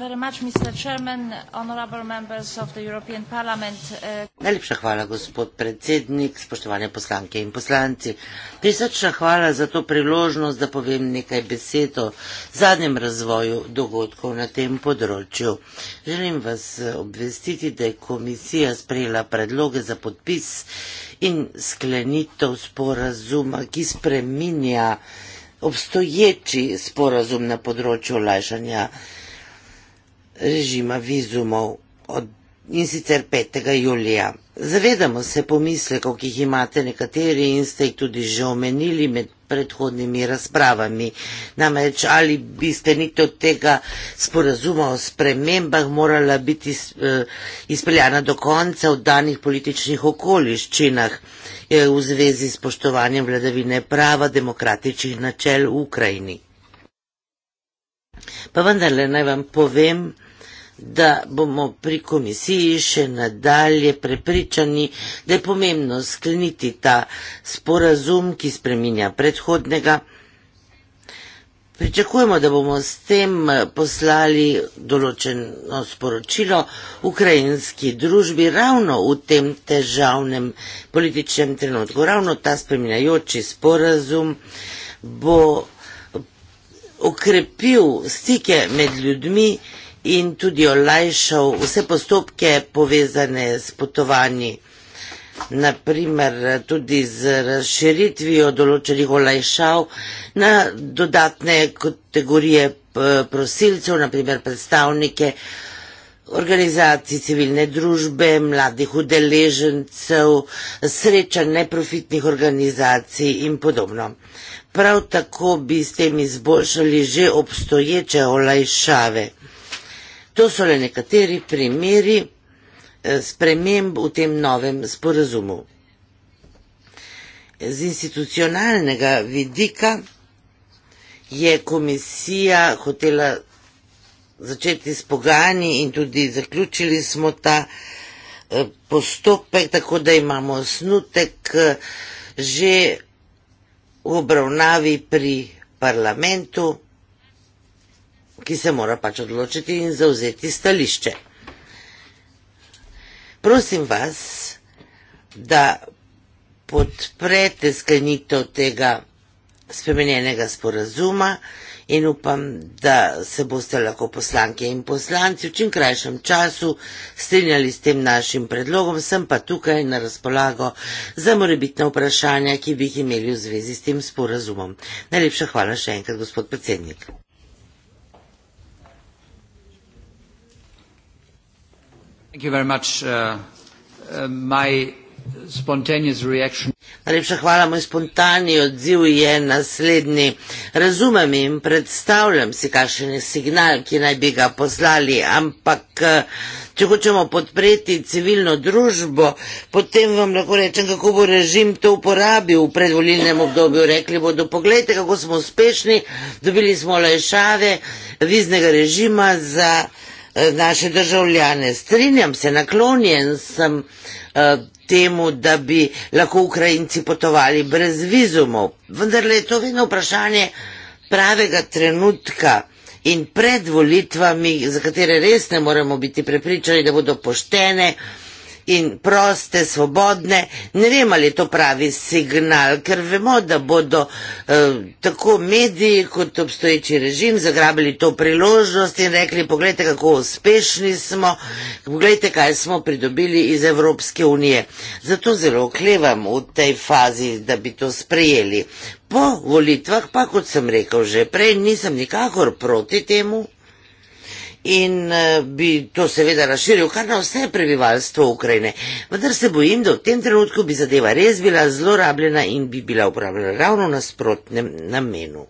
Najlepša hvala, gospod predsednik, spoštovane poslanke in poslanci. Prisrčna hvala za to priložnost, da povem nekaj besed o zadnjem razvoju dogodkov na tem področju. Želim vas eh, obvestiti, da je komisija sprejela predloge za podpis in sklenitev sporazuma, ki spreminja obstoječi sporazum na področju olajšanja režima vizumov od in sicer 5. julija. Zavedamo se pomislekov, ki jih imate nekateri in ste jih tudi že omenili med predhodnimi razpravami. Namreč, ali bi sklenitev tega sporazuma o spremembah morala biti eh, izpeljana do konca v danih političnih okoliščinah v zvezi s poštovanjem vladavine prava demokratičnih načel v Ukrajini. Pa vendarle naj vam povem, da bomo pri komisiji še nadalje prepričani, da je pomembno skleniti ta sporazum, ki spreminja predhodnega. Pričakujemo, da bomo s tem poslali določeno sporočilo ukrajinski družbi ravno v tem težavnem političnem trenutku. Ravno ta spreminjajoči sporazum bo okrepil stike med ljudmi, in tudi olajšal vse postopke povezane s potovanji, naprimer tudi z razširitvijo določenih olajšav na dodatne kategorije eh, prosilcev, naprimer predstavnike organizacij civilne družbe, mladih udeležencev, srečan neprofitnih organizacij in podobno. Prav tako bi s tem izboljšali že obstoječe olajšave. To so le nekateri primeri eh, sprememb v tem novem sporazumu. Z institucionalnega vidika je komisija hotela začeti s pogajanji in tudi zaključili smo ta eh, postopek, tako da imamo snutek eh, že v obravnavi pri parlamentu ki se mora pač odločiti in zauzeti stališče. Prosim vas, da podprete sklenitev tega spremenjenega sporazuma in upam, da se boste lahko poslanke in poslanci v čim krajšem času strinjali s tem našim predlogom, sem pa tukaj na razpolago za morebitna vprašanja, ki bi jih imeli v zvezi s tem sporazumom. Najlepša hvala še enkrat, gospod predsednik. Uh, uh, Najlepša hvala. Moj spontani odziv je naslednji. Razumem in predstavljam si, kakšen je signal, ki naj bi ga poslali, ampak uh, če hočemo podpreti civilno družbo, potem vam lahko rečem, kako bo režim to uporabil v predvolilnem obdobju. Rekli bodo, pogledajte, kako smo uspešni, dobili smo lajšave viznega režima za. Eh, naše državljane. Strinjam se, naklonjen sem eh, temu, da bi lahko Ukrajinci potovali brez vizumov. Vendar le je to vedno vprašanje pravega trenutka in pred volitvami, za katere res ne moremo biti prepričani, da bodo poštene, uh, in proste, svobodne. Ne vem, ali je to pravi signal, ker vemo, da bodo eh, tako mediji kot obstoječi režim zagrabili to priložnost in rekli, pogledajte, kako uspešni smo, pogledajte, kaj smo pridobili iz Evropske unije. Zato zelo oklevam v tej fazi, da bi to sprejeli. Po volitvah pa, kot sem rekel že prej, nisem nikakor proti temu, in eh, bi to seveda razširil kar na vse prebivalstvo Ukrajine. Vendar se bojim, da v tem trenutku bi zadeva res bila zlorabljena in bi bila uporabljena ravno na sprotnem namenu.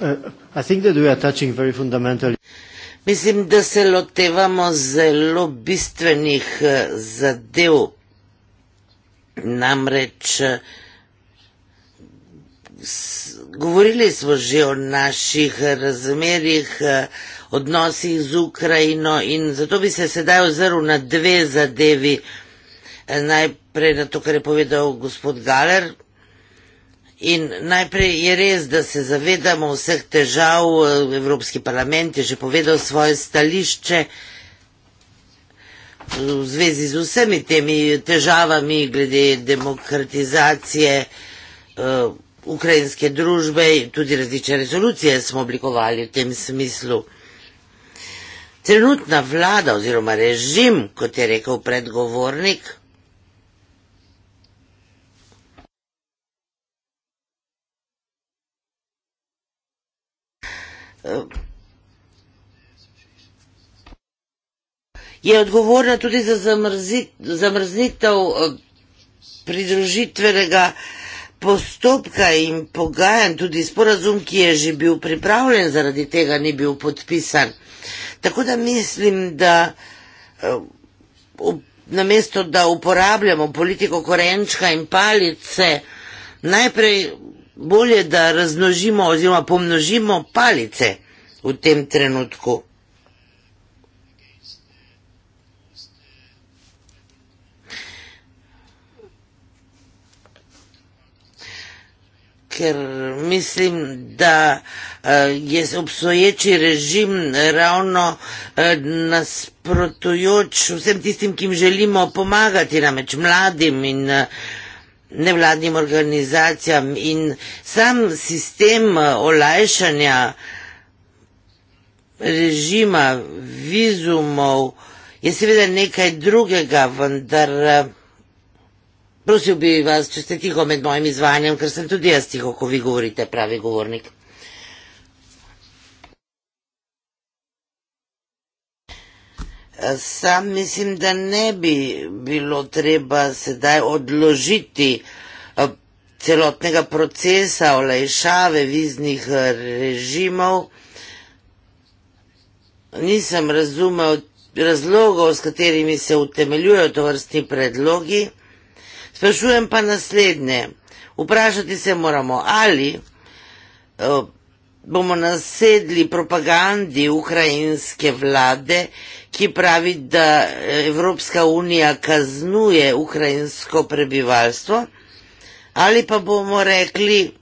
Uh, Mislim, da se lotevamo zelo bistvenih eh, zadev. Namreč uh, govorili smo že o naših eh, razmerjih, eh, odnosih z Ukrajino in zato bi se sedaj ozrl na dve zadevi. Eh, najprej na to, kar je povedal gospod Galer. In najprej je res, da se zavedamo vseh težav. Evropski parlament je že povedal svoje stališče v zvezi z vsemi temi težavami glede demokratizacije. Uh, ukrajinske družbe, tudi različne rezolucije smo oblikovali v tem smislu. Trenutna vlada oziroma režim, kot je rekel predgovornik, je odgovorna tudi za zamrznitev eh, pridružitvenega postopka in pogajanj, tudi sporazum, ki je že bil pripravljen, zaradi tega ni bil podpisan. Tako da mislim, da eh, namesto, da uporabljamo politiko korenčka in palice, najprej bolje, da raznožimo oziroma pomnožimo palice v tem trenutku. ker mislim, da eh, je obstoječi režim ravno eh, nasprotujoč vsem tistim, ki jim želimo pomagati, namreč mladim in eh, nevladnim organizacijam. In sam sistem olajšanja režima, vizumov, je seveda nekaj drugega, vendar. Prosil bi vas, če ste tiho med mojim izvajanjem, ker sem tudi jaz tiho, ko vi govorite, pravi govornik. Sam mislim, da ne bi bilo treba sedaj odložiti eh, celotnega procesa olajšave viznih eh, režimov. Nisem razumel razlogov, s katerimi se utemeljujo to vrstni predlogi. Sprašujem pa naslednje. Vprašati se moramo, ali eh, bomo nasedli propagandi ukrajinske vlade, ki pravi, da Evropska unija kaznuje ukrajinsko prebivalstvo, ali pa bomo rekli,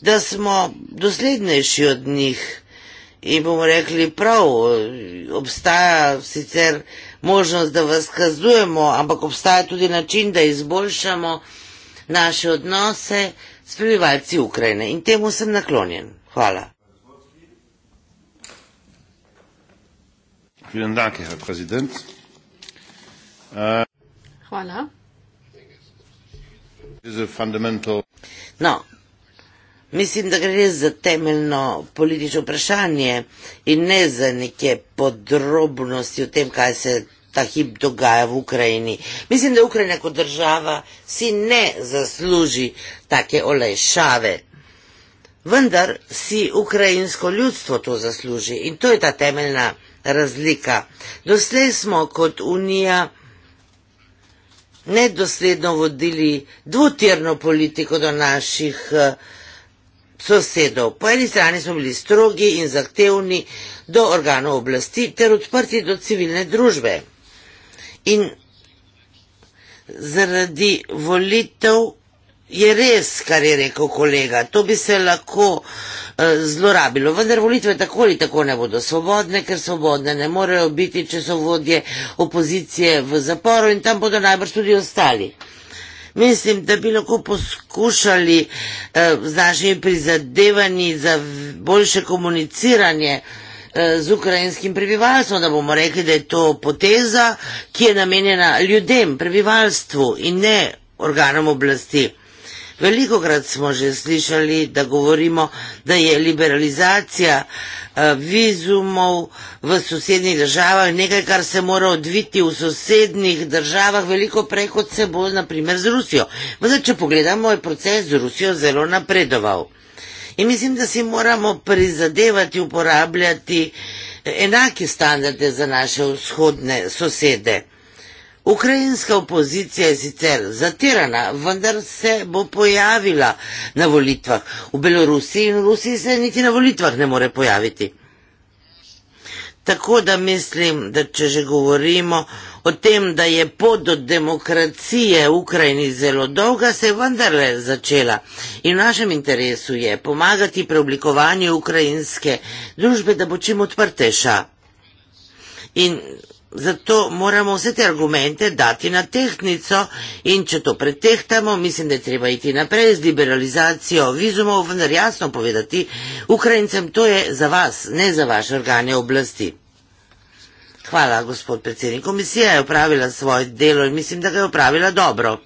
da smo doslednejši od njih in bomo rekli, prav, obstaja sicer vsega, možnost, da vas kazujemo, ampak obstaja tudi način, da izboljšamo naše odnose s prebivalci Ukrajine. In temu sem naklonjen. Hvala. Hvala. No, Mislim, da gre res za temeljno politično vprašanje in ne za neke podrobnosti o tem, kaj se ta hip dogaja v Ukrajini. Mislim, da Ukrajina kot država si ne zasluži take olajšave. Vendar si ukrajinsko ljudstvo to zasluži in to je ta temeljna razlika. Doslej smo kot Unija nedosledno vodili dvotirno politiko do naših uh, sosedov. Po eni strani smo bili strogi in zahtevni do organov oblasti ter odprti do civilne družbe. In zaradi volitev je res, kar je rekel kolega, to bi se lahko eh, zlorabilo, vendar volitve tako ali tako ne bodo svobodne, ker svobodne ne morejo biti, če so vodje opozicije v zaporu in tam bodo najbrž tudi ostali. Mislim, da bi lahko poskušali eh, z našimi prizadevanji za boljše komuniciranje eh, z ukrajinskim prebivalstvom, da bomo rekli, da je to poteza, ki je namenjena ljudem, prebivalstvu in ne organom oblasti. Velikokrat smo že slišali, da govorimo, da je liberalizacija eh, vizumov v sosednjih državah nekaj, kar se mora odviti v sosednjih državah veliko prej, kot se bo naprimer z Rusijo. Vzaj, če pogledamo, je proces z Rusijo zelo napredoval. In mislim, da si moramo prizadevati uporabljati eh, enake standarde za naše vzhodne sosede. Ukrajinska opozicija je sicer zatirana, vendar se bo pojavila na volitvah v Belorusiji in v Rusiji se niti na volitvah ne more pojaviti. Tako da mislim, da če že govorimo o tem, da je pot do demokracije v Ukrajini zelo dolga, se je vendarle začela. In v našem interesu je pomagati preoblikovanju ukrajinske družbe, da bo čim odprtejša. In Zato moramo vse te argumente dati na tehtnico in če to pretehtamo, mislim, da je treba iti naprej z liberalizacijo vizumov, vendar jasno povedati Ukrajincem, to je za vas, ne za vaše organe oblasti. Hvala, gospod predsednik. Komisija je upravila svoje delo in mislim, da ga je upravila dobro.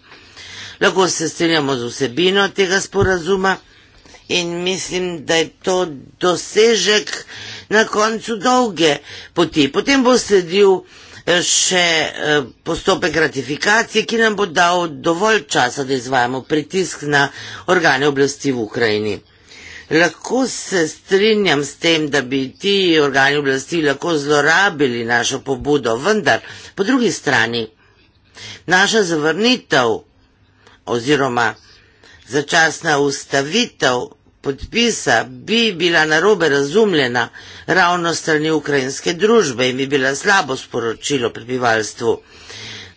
Lahko se strinjamo z vsebino tega sporazuma in mislim, da je to dosežek na koncu dolge poti. Potem bo sledil eh, še eh, postopek ratifikacije, ki nam bo dal dovolj časa, da izvajamo pritisk na organe oblasti v Ukrajini. Lahko se strinjam s tem, da bi ti organi oblasti lahko zlorabili našo pobudo, vendar po drugi strani naša zavrnitev oziroma začasna ustavitev podpisa bi bila narobe razumljena ravno strani ukrajinske družbe in bi bila slabo sporočilo prebivalstvu.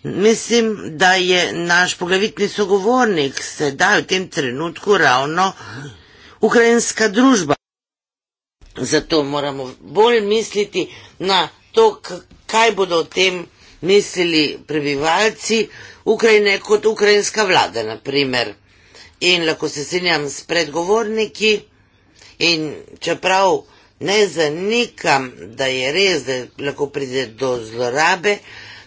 Mislim, da je naš poglavitni sogovornik sedaj v tem trenutku ravno ukrajinska družba. Zato moramo bolj misliti na to, kaj bodo o tem mislili prebivalci Ukrajine kot ukrajinska vlada, na primer in lahko se srinjam s predgovorniki in čeprav ne zanikam, da je res, da lahko pride do zlorabe,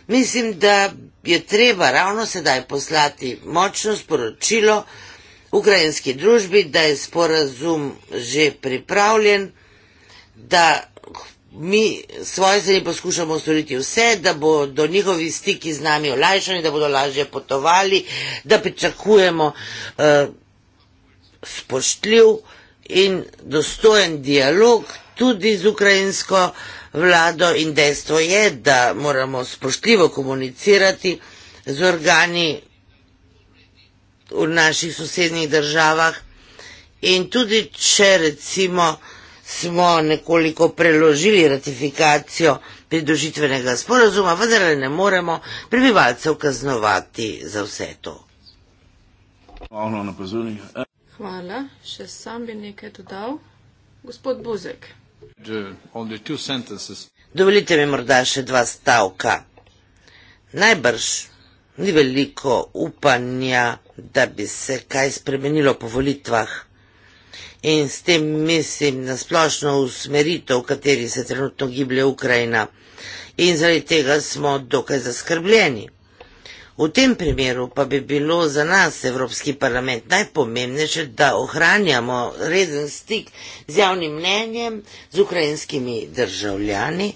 mislim, da je treba ravno sedaj poslati močno sporočilo ukrajinski družbi, da je sporazum že pripravljen, da Mi svoje strani poskušamo storiti vse, da bodo njihovi stiki z nami olajšani, da bodo lažje potovali, da pričakujemo uh, spoštljiv in dostojen dialog tudi z ukrajinsko vlado in dejstvo je, da moramo spoštljivo komunicirati z organi v naših sosednjih državah in tudi če recimo smo nekoliko preložili ratifikacijo pridružitvenega sporazuma, vendar ne moremo prebivalcev kaznovati za vse to. Hvala, še sam bi nekaj dodal. Gospod Buzek. Dovolite mi morda še dva stavka. Najbrž ni veliko upanja, da bi se kaj spremenilo po volitvah in s tem mislim na splošno usmeritev, v kateri se trenutno giblje Ukrajina. In zaradi tega smo dokaj zaskrbljeni. V tem primeru pa bi bilo za nas, Evropski parlament, najpomembnejše, da ohranjamo reden stik z javnim mnenjem, z ukrajinskimi državljani,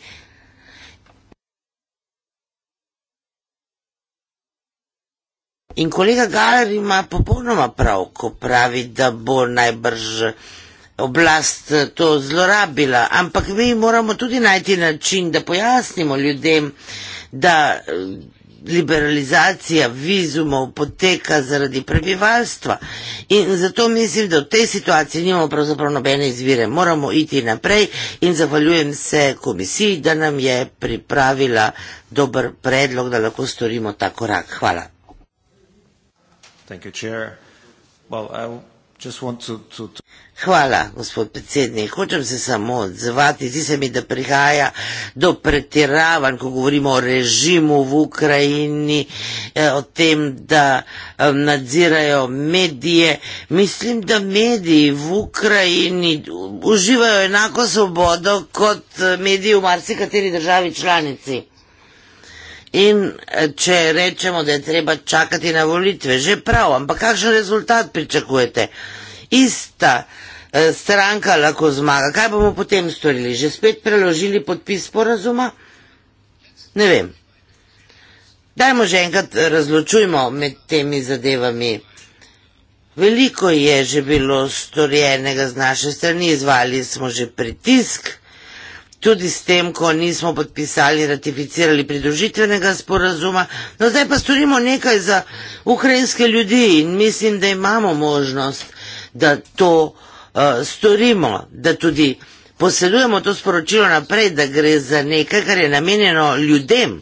In kolega Galer ima popolnoma prav, ko pravi, da bo najbrž oblast eh, to zlorabila, ampak mi moramo tudi najti način, da pojasnimo ljudem, da eh, liberalizacija vizumov poteka zaradi prebivalstva. In zato mislim, da v tej situaciji nimamo pravzaprav nobene izvire. Moramo iti naprej in zahvaljujem se komisiji, da nam je pripravila dober predlog, da lahko storimo ta korak. Hvala. Thank you, chair. Well, I just want to, to, to... Hvala, gospod predsednik. Hočem se samo odzvati. Zdi se mi, da prihaja do pretiravanj, ko govorimo o režimu v Ukrajini, eh, o tem, da eh, nadzirajo medije. Mislim, da mediji v Ukrajini uživajo enako svobodo kot eh, mediji v marsikateri državi članici. In eh, če rečemo, da je treba čakati na volitve, že prav, ampak kakšen rezultat pričakujete? Ista eh, stranka lahko zmaga. Kaj bomo potem storili? Že spet preložili podpis sporazuma? Ne vem. Dajmo že enkrat razločujmo med temi zadevami. Veliko je že bilo storjenega z naše strani, izvali smo že pritisk tudi s tem, ko nismo podpisali, ratificirali pridružitvenega sporazuma. No zdaj pa storimo nekaj za ukrajinske ljudi in mislim, da imamo možnost, da to uh, storimo, da tudi posedujemo to sporočilo naprej, da gre za nekaj, kar je namenjeno ljudem.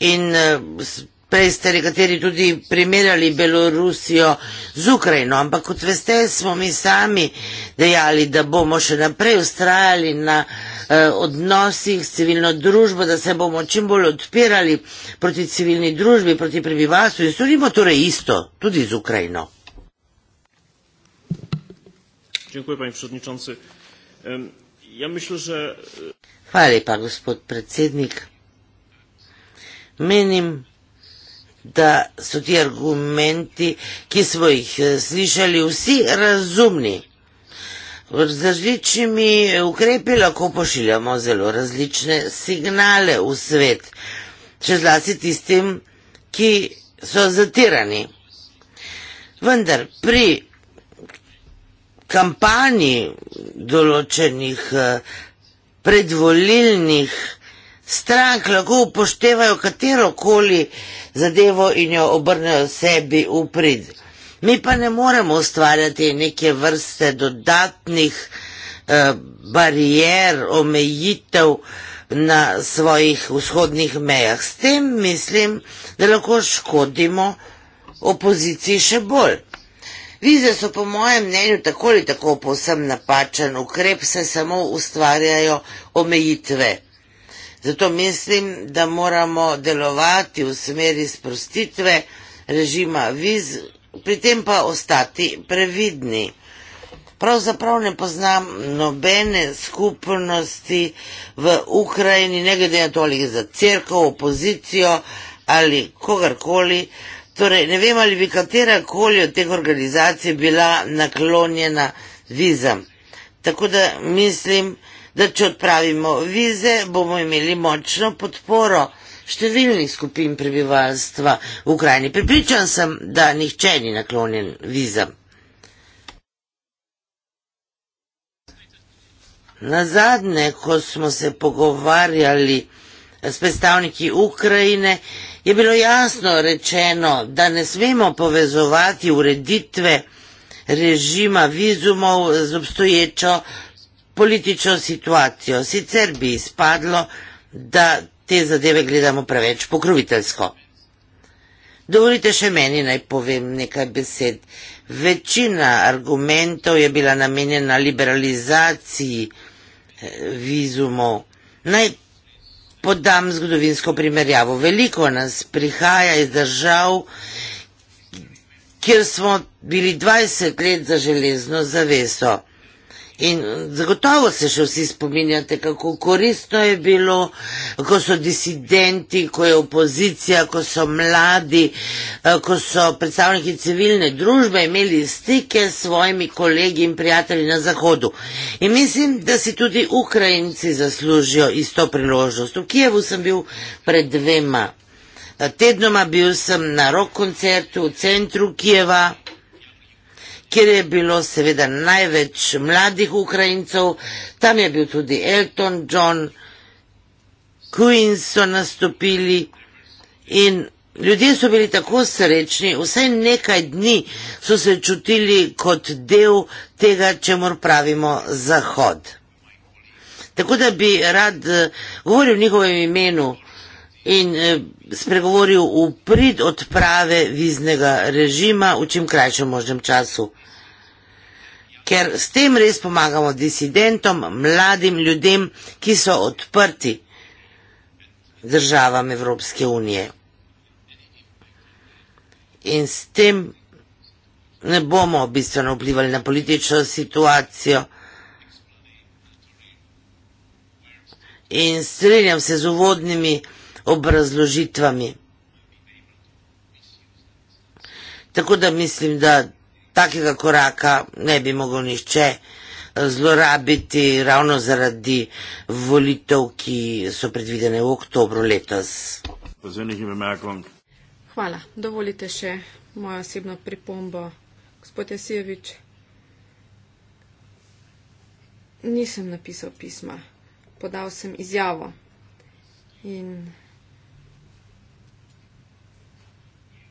In uh, prej ste nekateri tudi primerjali Belorusijo z Ukrajino, ampak kot veste, smo mi sami dejali, da bomo še naprej ustrajali na Eh, odnosih s civilno družbo, da se bomo čim bolj odpirali proti civilni družbi, proti prebivalstvu in storimo torej isto tudi z Ukrajino. Ja e, Hvala lepa, gospod predsednik. Menim, da so ti argumenti, ki smo jih eh, slišali, vsi razumni. Z različnimi ukrepi lahko pošiljamo zelo različne signale v svet, še zlasti tistim, ki so zatirani. Vendar pri kampanji določenih eh, predvolilnih strank lahko upoštevajo katero koli zadevo in jo obrnejo sebi v prid. Mi pa ne moremo ustvarjati neke vrste dodatnih eh, barijer, omejitev na svojih vzhodnih mejah. S tem mislim, da lahko škodimo opoziciji še bolj. Vize so po mojem mnenju tako ali tako povsem napačen ukrep, se samo ustvarjajo omejitve. Zato mislim, da moramo delovati v smeri sprostitve režima viz pri tem pa ostati previdni. Pravzaprav ne poznam nobene skupnosti v Ukrajini, ne glede na to, ali je za crkvo, opozicijo ali kogarkoli. Torej, ne vem, ali bi katera koli od teh organizacij bila naklonjena vizam. Tako da mislim, da če odpravimo vize, bomo imeli močno podporo številnih skupin prebivalstva v Ukrajini. Pripričan sem, da nihče ni naklonjen vizam. Na zadnje, ko smo se pogovarjali s predstavniki Ukrajine, je bilo jasno rečeno, da ne smemo povezovati ureditve režima vizumov z obstoječo politično situacijo. Sicer bi izpadlo, da te zadeve gledamo preveč pokroviteljsko. Dovolite še meni naj povem nekaj besed. Večina argumentov je bila namenjena liberalizaciji eh, vizumov. Naj podam zgodovinsko primerjavo. Veliko nas prihaja iz držav, kjer smo bili 20 let za železno zaveso. In zagotovo se še vsi spominjate, kako koristno je bilo, ko so disidenti, ko je opozicija, ko so mladi, eh, ko so predstavniki civilne družbe imeli stike s svojimi kolegi in prijatelji na Zahodu. In mislim, da si tudi Ukrajinci zaslužijo isto priložnost. V Kijevu sem bil pred dvema eh, tednoma, bil sem na rok koncertu v centru Kijeva kjer je bilo seveda največ mladih Ukrajincev, tam je bil tudi Elton John, Queen so nastopili in ljudje so bili tako srečni, vsaj nekaj dni so se čutili kot del tega, če mor pravimo, Zahod. Tako da bi rad eh, govoril v njihovem imenu in eh, spregovoril v prid odprave viznega režima v čim krajšem možnem času ker s tem res pomagamo disidentom, mladim ljudem, ki so odprti državam Evropske unije. In s tem ne bomo bistveno vplivali na politično situacijo. In strinjam se z uvodnimi obrazložitvami. Tako da mislim, da takega koraka ne bi mogel nišče eh, zlorabiti ravno zaradi volitev, ki so predvidene v oktobru letos. Hvala. Dovolite še mojo osebno pripombo. Gospod Jasijevič, nisem napisal pisma, podal sem izjavo in,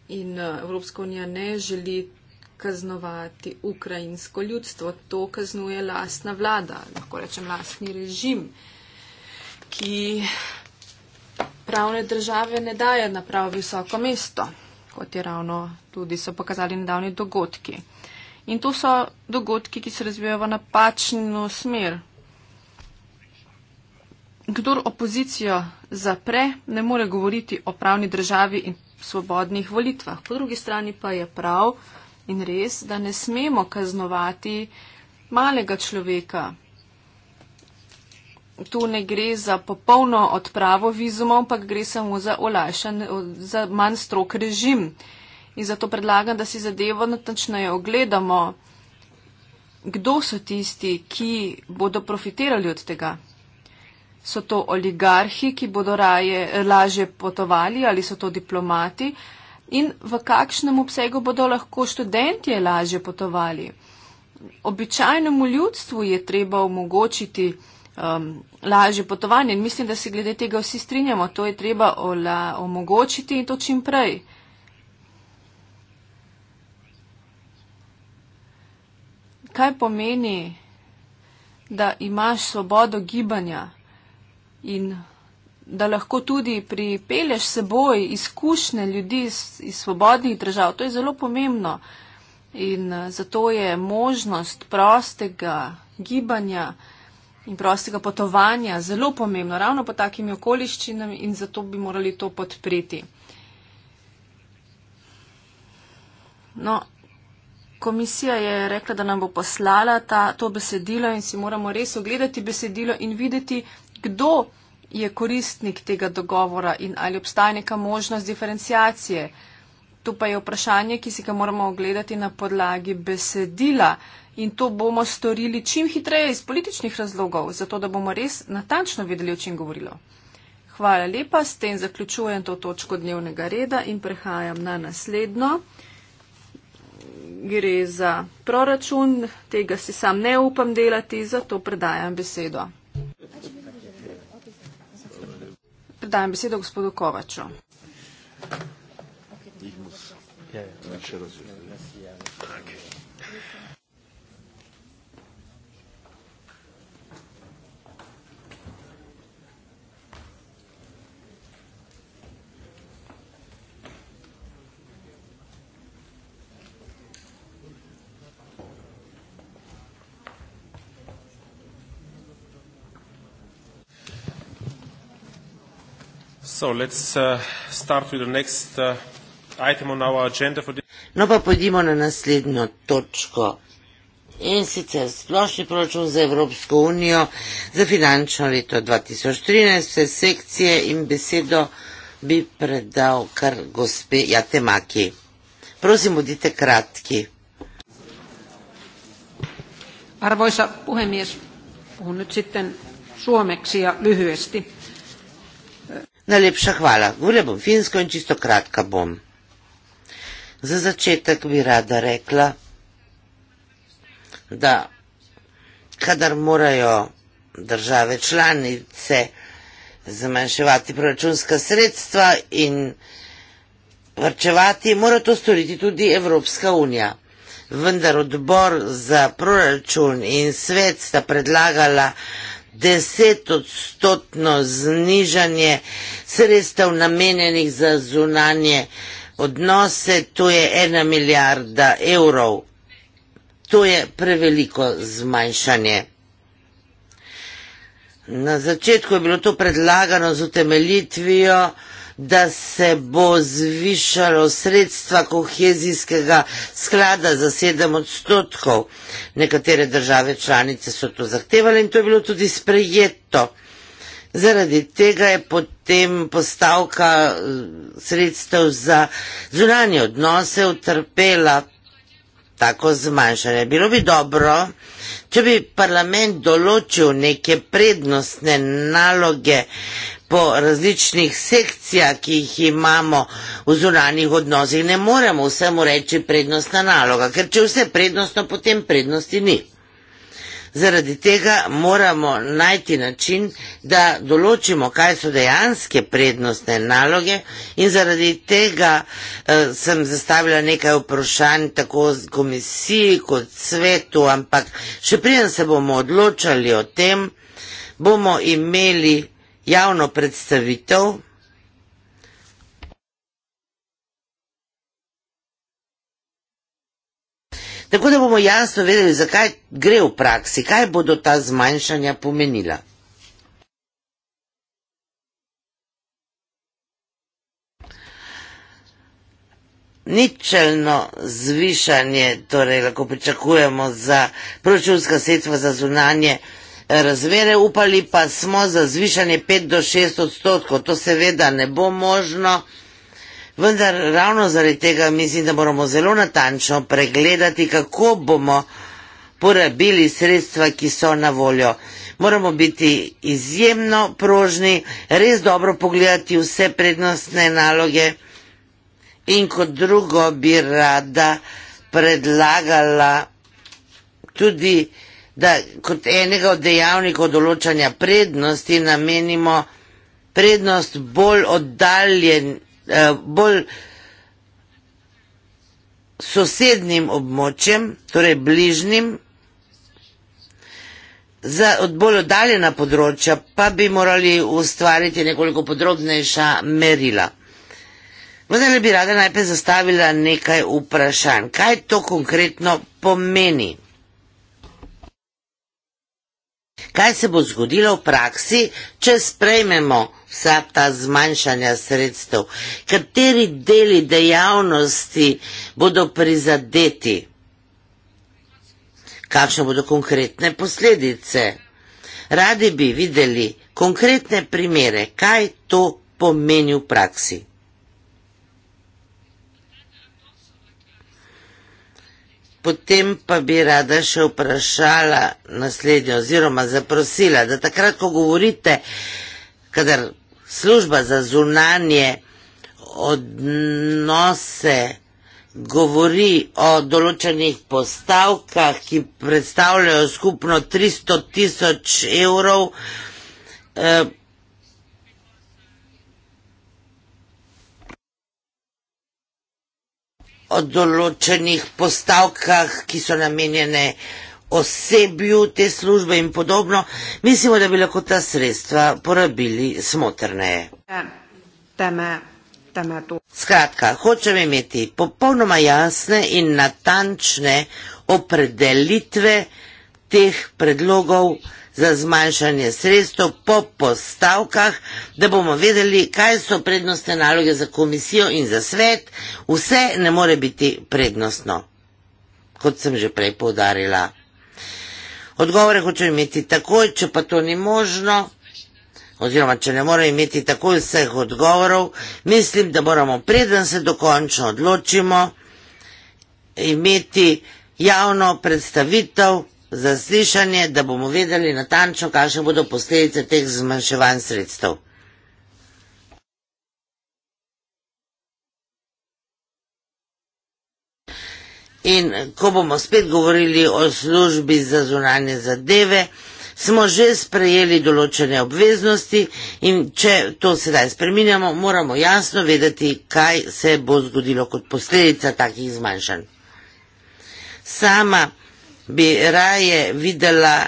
in eh, Evropska unija ne želi kaznovati ukrajinsko ljudstvo. To kaznuje lastna vlada, lahko rečem lastni režim, ki pravne države ne daje na prav visoko mesto, kot je ravno tudi so pokazali nedavni dogodki. In to so dogodki, ki se razvijajo v napačno smer. Kdor opozicijo zapre, ne more govoriti o pravni državi in svobodnih volitvah. Po drugi strani pa je prav, In res, da ne smemo kaznovati malega človeka. Tu ne gre za popolno odpravo vizumov, ampak gre samo za olajšan, za manj strok režim. In zato predlagam, da si zadevo natančneje ogledamo, kdo so tisti, ki bodo profitirali od tega. So to oligarhi, ki bodo raje, lažje potovali ali so to diplomati? in v kakšnem obsegu bodo lahko študentje lažje potovali. Običajnemu ljudstvu je treba omogočiti um, lažje potovanje in mislim, da se glede tega vsi strinjamo. To je treba ola, omogočiti in to čim prej. Kaj pomeni, da imaš svobodo gibanja in da lahko tudi pripelješ seboj izkušnje ljudi iz svobodnih držav. To je zelo pomembno in eh, zato je možnost prostega gibanja in prostega potovanja zelo pomembno, ravno pod takimi okoliščinami in zato bi morali to podpreti. No, komisija je rekla, da nam bo poslala ta, to besedilo in si moramo res ogledati besedilo in videti, kdo je koristnik tega dogovora in ali obstaja neka možnost diferencijacije. To pa je vprašanje, ki si ga moramo ogledati na podlagi besedila in to bomo storili čim hitreje iz političnih razlogov, zato da bomo res natančno vedeli, o čem govorilo. Hvala lepa, s tem zaključujem to točko dnevnega reda in prehajam na naslednjo. Gre za proračun, tega si sam ne upam delati, zato predajam besedo. Predajam besedo gospodu Kovaču. Ja, ja. Okay. Okay. Okay. Okay. Okay. Okay. Okay. Okay. Okay. So, uh, next, uh, no pa pojdimo na naslednjo točko. In sicer splošni proračun za Evropsko unijo za finančno leto 2013, vse sekcije in besedo bi predal kar gospe Jatemaki. Prosim, bodite kratki. Arvoisa puhemies, puhun nyt sitten suomeksi ja lyhyesti. Najlepša hvala. Govorila bom finsko in čisto kratka bom. Za začetek bi rada rekla, da kadar morajo države članice zmanjševati proračunska sredstva in vrčevati, mora to storiti tudi Evropska unija. Vendar odbor za proračun in svet sta predlagala, da desetodstotno znižanje sredstev namenjenih za zunanje odnose, to je ena milijarda evrov. To je preveliko zmanjšanje. Na začetku je bilo to predlagano z utemeljitvijo, da se bo zvišalo sredstva kohezijskega sklada za sedem odstotkov. Nekatere države članice so to zahtevali in to je bilo tudi sprejeto. Zaradi tega je potem postavka eh, sredstev za zunanje odnose utrpela tako zmanjšanje. Bilo bi dobro, če bi parlament določil neke prednostne naloge, po različnih sekcija, ki jih imamo v zunanjih odnosih, ne moremo vsemu reči prednostna naloga, ker če vse prednostno, potem prednosti ni. Zaradi tega moramo najti način, da določimo, kaj so dejanske prednostne naloge in zaradi tega eh, sem zastavila nekaj vprašanj tako z komisiji kot svetu, ampak še preden se bomo odločali o tem, bomo imeli javno predstavitev. Tako da bomo jasno vedeli, zakaj gre v praksi, kaj bodo ta zmanjšanja pomenila. Ničelno zvišanje, torej lahko pričakujemo za proračunska sredstva za zunanje razvere, upali pa smo za zvišanje 5 do 6 odstotkov, to seveda ne bo možno, vendar ravno zaradi tega mislim, da moramo zelo natančno pregledati, kako bomo porabili sredstva, ki so na voljo. Moramo biti izjemno prožni, res dobro pogledati vse prednostne naloge in kot drugo bi rada predlagala tudi da kot enega od dejavnikov določanja prednosti namenimo prednost bolj oddaljen, eh, bolj sosednim območjem, torej bližnjim, za bolj oddaljena področja pa bi morali ustvariti nekoliko podrobnejša merila. Vendar bi rada najprej zastavila nekaj vprašanj. Kaj to konkretno pomeni? Kaj se bo zgodilo v praksi, če sprejmemo vsa ta zmanjšanja sredstev? Kateri deli dejavnosti bodo prizadeti? Kakšne bodo konkretne posledice? Radi bi videli konkretne primere, kaj to pomeni v praksi. Potem pa bi rada še vprašala naslednjo oziroma zaprosila, da takrat, ko govorite, kadar služba za zunanje odnose govori o določenih postavkah, ki predstavljajo skupno 300 tisoč evrov, eh, o določenih postavkah, ki so namenjene osebju te službe in podobno, mislimo, da bi lahko ta sredstva porabili smotrneje. Ja, Skratka, hočem imeti popolnoma jasne in natančne opredelitve, teh predlogov za zmanjšanje sredstev po postavkah, da bomo vedeli, kaj so prednostne naloge za komisijo in za svet. Vse ne more biti prednostno, kot sem že prej povdarila. Odgovore hočem imeti takoj, če pa to ni možno, oziroma če ne morem imeti takoj vseh odgovorov, mislim, da moramo preden se dokončno odločimo imeti javno predstavitev zaslišanje, da bomo vedeli natančno, kakšne bodo posledice teh zmanjševanj sredstev. In ko bomo spet govorili o službi za zunanje zadeve, smo že sprejeli določene obveznosti in če to sedaj spreminjamo, moramo jasno vedeti, kaj se bo zgodilo kot posledica takih zmanjšanj. Sama bi raje videla,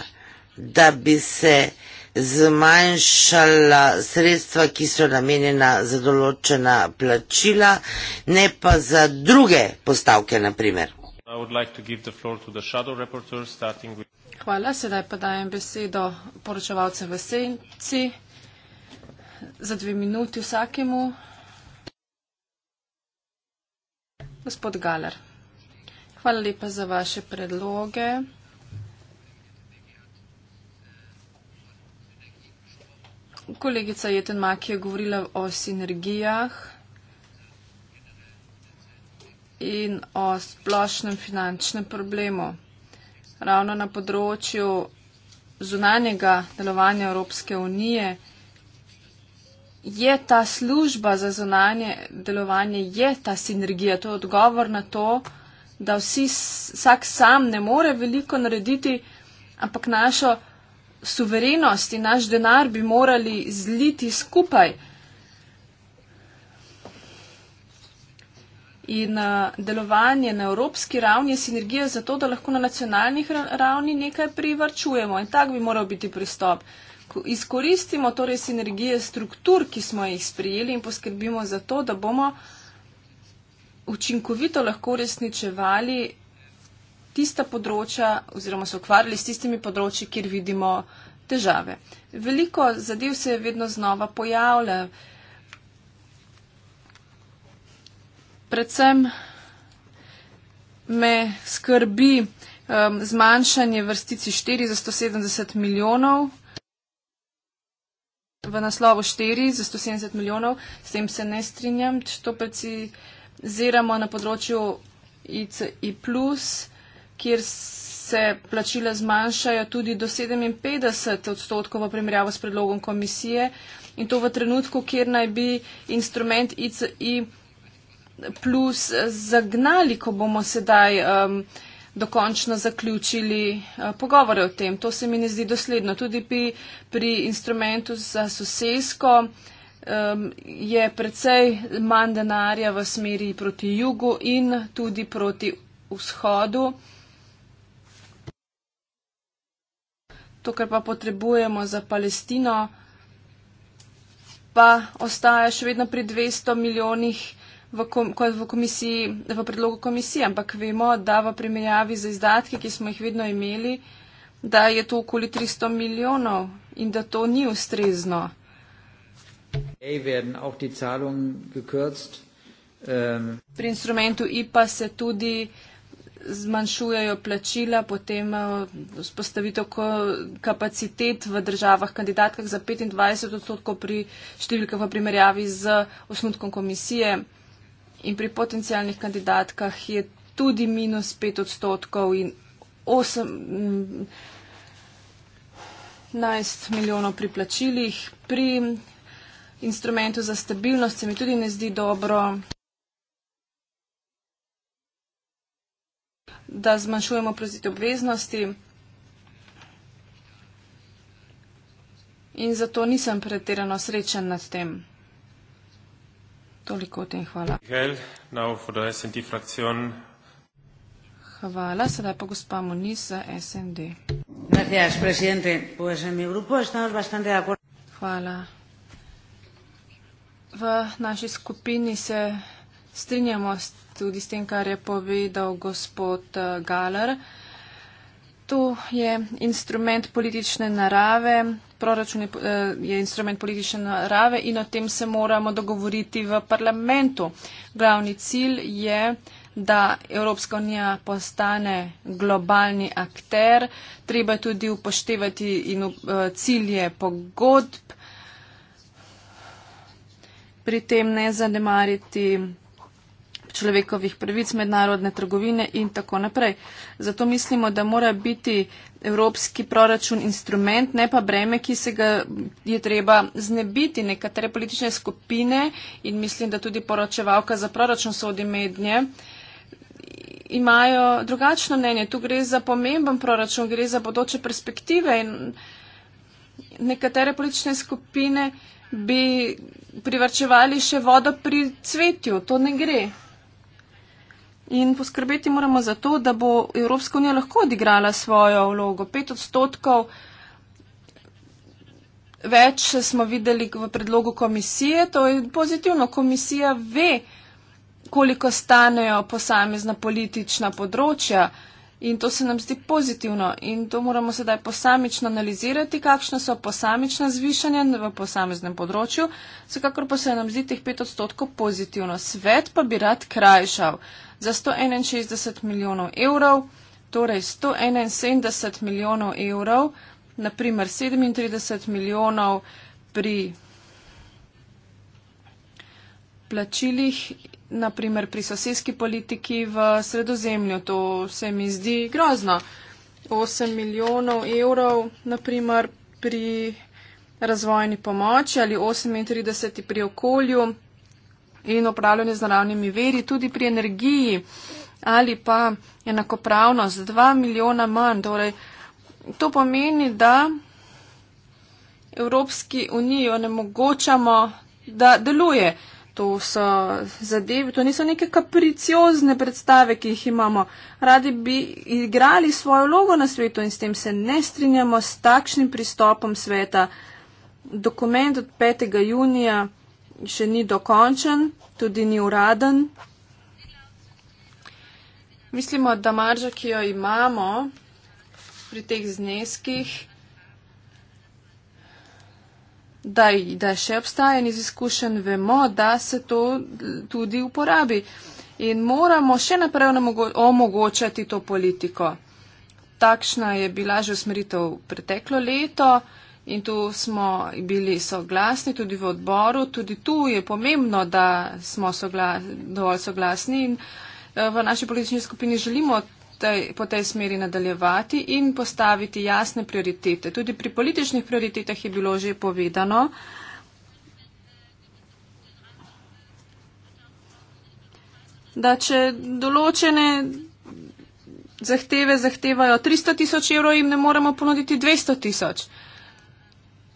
da bi se zmanjšala sredstva, ki so namenjena za določena plačila, ne pa za druge postavke, naprimer. Like with... Hvala, sedaj pa dajem besedo poročevalcem v senci za dve minuti vsakemu. Gospod Galer. Hvala lepa za vaše predloge. Kolegica Jetenmak je govorila o sinergijah in o splošnem finančnem problemu. Ravno na področju zunanjega delovanja Evropske unije je ta služba za zunanje delovanje, je ta sinergija, to je odgovor na to, da vsi, vsak sam ne more veliko narediti, ampak našo suverenost in naš denar bi morali zliti skupaj. In eh, delovanje na evropski ravni je sinergija za to, da lahko na nacionalnih ravni nekaj privrčujemo. In tak bi moral biti pristop. Ko izkoristimo torej sinergije struktur, ki smo jih sprijeli in poskrbimo za to, da bomo učinkovito lahko uresničevali tista področja oziroma se ukvarjali s tistimi področji, kjer vidimo težave. Veliko zadev se je vedno znova pojavlja. Predvsem me skrbi um, zmanjšanje vrstici 4 za 170 milijonov. V naslovu 4 za 170 milijonov, s tem se ne strinjam, če to predvsi oziramo na področju ICI, kjer se plačila zmanjšajo tudi do 57 odstotkov v primerjavo s predlogom komisije in to v trenutku, kjer naj bi instrument ICI plus zagnali, ko bomo sedaj um, dokončno zaključili uh, pogovore o tem. To se mi ne zdi dosledno. Tudi pri, pri instrumentu za sosesko uh, um, je precej manj denarja v smeri proti jugu in tudi proti vzhodu. To, kar pa potrebujemo za Palestino, pa ostaja še vedno pri 200 milijonih v, kom, v, komisiji, v predlogu komisije, ampak vemo, da v primerjavi za izdatke, ki smo jih vedno imeli, da je to okoli 300 milijonov in da to ni ustrezno. E werden auch die Zahlungen gekürzt. Ähm, pri instrumentu IPA se tudi zmanjšujejo plačila, potem eh, vzpostavitev kapacitet v državah kandidatkah za 25 odstotkov pri številkah v primerjavi z osnutkom komisije in pri potencijalnih kandidatkah je tudi minus 5 odstotkov in 18 mm, milijonov pri plačilih. Pri instrumentu za stabilnost se mi tudi ne zdi dobro, da zmanjšujemo prozite obveznosti. In zato nisem pretirano srečen nad tem. Toliko o tem, hvala. Hvala, sedaj pa gospa Moniz za SND. Hvala. V naši skupini se strinjamo tudi s tem, kar je povedal gospod eh, Galer. To je instrument politične narave, proračun je, eh, je instrument politične narave in o tem se moramo dogovoriti v parlamentu. Glavni cilj je, da Evropska unija postane globalni akter, treba tudi upoštevati in, uh, cilje pogodb pri tem ne zanemariti človekovih prvic, mednarodne trgovine in tako naprej. Zato mislimo, da mora biti evropski proračun instrument, ne pa breme, ki se ga je treba znebiti. Nekatere politične skupine in mislim, da tudi poročevalka za proračun sodi mednje, imajo drugačno mnenje. Tu gre za pomemben proračun, gre za bodoče perspektive in nekatere politične skupine bi privrčevali še vodo pri cvetju, to ne gre. In poskrbeti moramo za to, da bo Evropska unija lahko odigrala svojo vlogo. Pet odstotkov več smo videli v predlogu komisije, to je pozitivno. Komisija ve, koliko stanejo posamezna politična področja. In to se nam zdi pozitivno in to moramo sedaj posamično analizirati, kakšne so posamična zvišanja v posameznem področju. Vsekakor pa se nam zdi teh 5 odstotkov pozitivno. Svet pa bi rad krajšal za 161 milijonov evrov, torej 171 milijonov evrov, naprimer 37 milijonov pri plačilih naprimer pri sosedski politiki v sredozemlju. To se mi zdi grozno. 8 milijonov evrov, naprimer pri razvojni pomoči ali 38 pri okolju in upravljanje z naravnimi veri, tudi pri energiji ali pa enakopravnost 2 milijona manj. Torej, to pomeni, da Evropski uniji onemogočamo, da deluje. To so zadeve, to niso neke kapriciozne predstave, ki jih imamo. Radi bi igrali svojo vlogo na svetu in s tem se ne strinjamo s takšnim pristopom sveta. Dokument od 5. junija še ni dokončen, tudi ni uraden. Mislimo, da marža, ki jo imamo pri teh zneskih, da, da še obstaja in iz izkušenj vemo, da se to tudi uporabi. In moramo še naprej omogočati to politiko. Takšna je bila že usmeritev preteklo leto in tu smo bili soglasni tudi v odboru. Tudi tu je pomembno, da smo sogla, dovolj soglasni in eh, v naši politični skupini želimo tej, po tej smeri nadaljevati in postaviti jasne prioritete. Tudi pri političnih prioritetah je bilo že povedano, da če določene zahteve zahtevajo 300 tisoč evrov, jim ne moremo ponuditi 200 tisoč.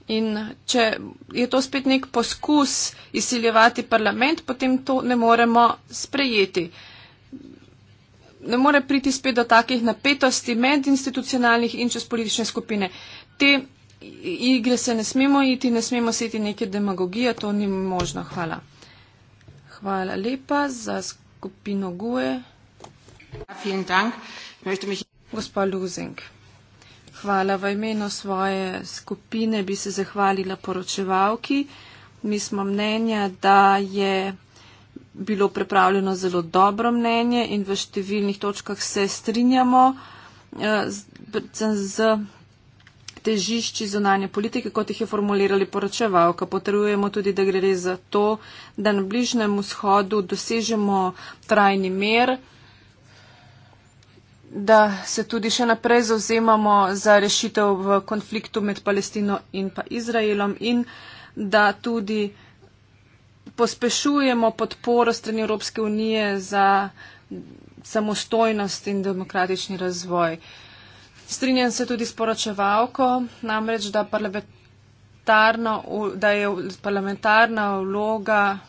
In če je to spet nek poskus izsiljevati parlament, potem to ne moremo sprejeti ne more priti spet do takih napetosti med institucionalnih in čez politične skupine. Te igre se ne smemo iti, ne smemo se iti neke demagogije, to ni možno. Hvala. Hvala lepa za skupino GUE. Ja, Gospa Luzing, hvala v imenu svoje skupine, bi se zahvalila poročevalki. Mi smo mnenja, da je bilo prepravljeno zelo dobro mnenje in v številnih točkah se strinjamo eh, z, z težišči zonanje politike, kot jih je formulirali poročevalka. Potrjujemo tudi, da gre za to, da na bližnjem vzhodu dosežemo trajni mer, da se tudi še naprej zauzemamo za rešitev v konfliktu med Palestino in pa Izraelom in da tudi pospešujemo podporo strani Evropske unije za samostojnost in demokratični razvoj. Strinjam se tudi s poročevalko, namreč, da, da je parlamentarna vloga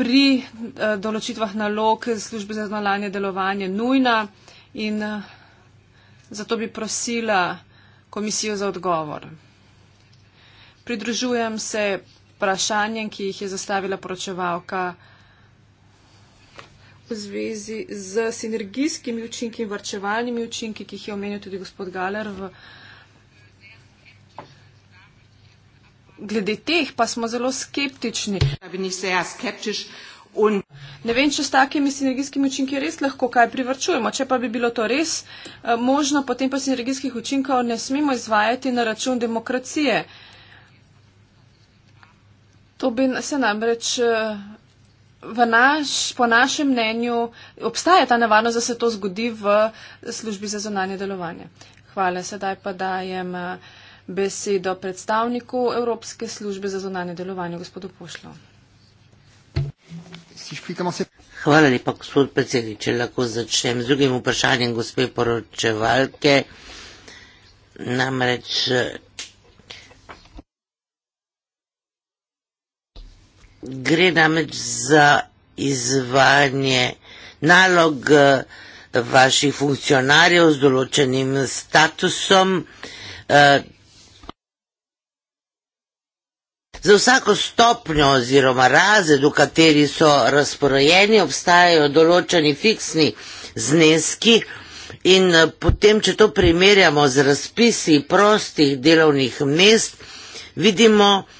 pri uh, določitvah nalog službe za znalanje delovanje nujna in uh, zato bi prosila komisijo za odgovor. Pridružujem se vprašanjem, ki jih je zastavila poročevalka v zvezi z sinergijskimi učinki in vrčevalnimi učinki, ki jih je omenil tudi gospod Galer. V... Glede teh pa smo zelo skeptični. Ne vem, če s takimi sinergijskimi učinki res lahko kaj privrčujemo. Če pa bi bilo to res eh, možno, potem pa sinergijskih učinkov ne smemo izvajati na račun demokracije. To bi se namreč eh, naš, po našem mnenju obstaja ta nevarnost, da se to zgodi v službi za zonanje delovanje. Hvala. Sedaj pa dajem eh, besedo predstavniku Evropske službe za zonanje delovanje, gospodu Pošlo. Hvala lepa, gospod predsednik. Če lahko začnem z drugim vprašanjem gospe poročevalke. Namreč gre namreč za izvajanje nalog eh, vaših funkcionarjev z določenim statusom. Eh, za vsako stopnjo oziroma razred, v kateri so razporojeni, obstajajo določeni fiksni zneski in eh, potem, če to primerjamo z razpisi prostih delovnih mest, vidimo, da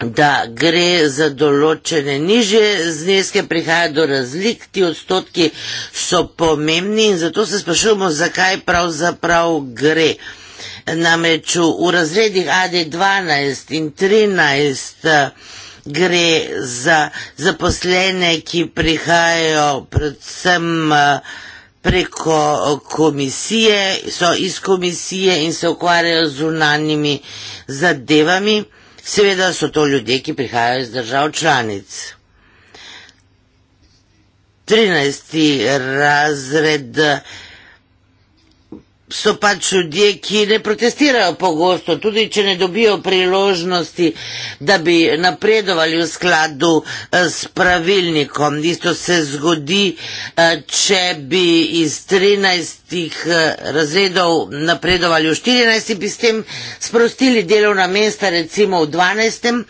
da gre za določene niže zneske, prihaja do razlik, ti odstotki so pomembni in zato se sprašujemo, zakaj pravzaprav gre. Namreč v razredih AD12 in 13 eh, gre za zaposlene, ki prihajajo predvsem eh, preko eh, komisije, so iz komisije in se ukvarjajo z unanimi zadevami. Seveda so to ljudje, ki prihajajo iz držav članic. 13. razred so pač ljudje, ki ne protestirajo pogosto, tudi če ne dobijo priložnosti, da bi napredovali v skladu eh, s pravilnikom. Isto se zgodi, eh, če bi iz 13 eh, razredov napredovali v 14, bi s tem sprostili delovna mesta, recimo v 12. razredu.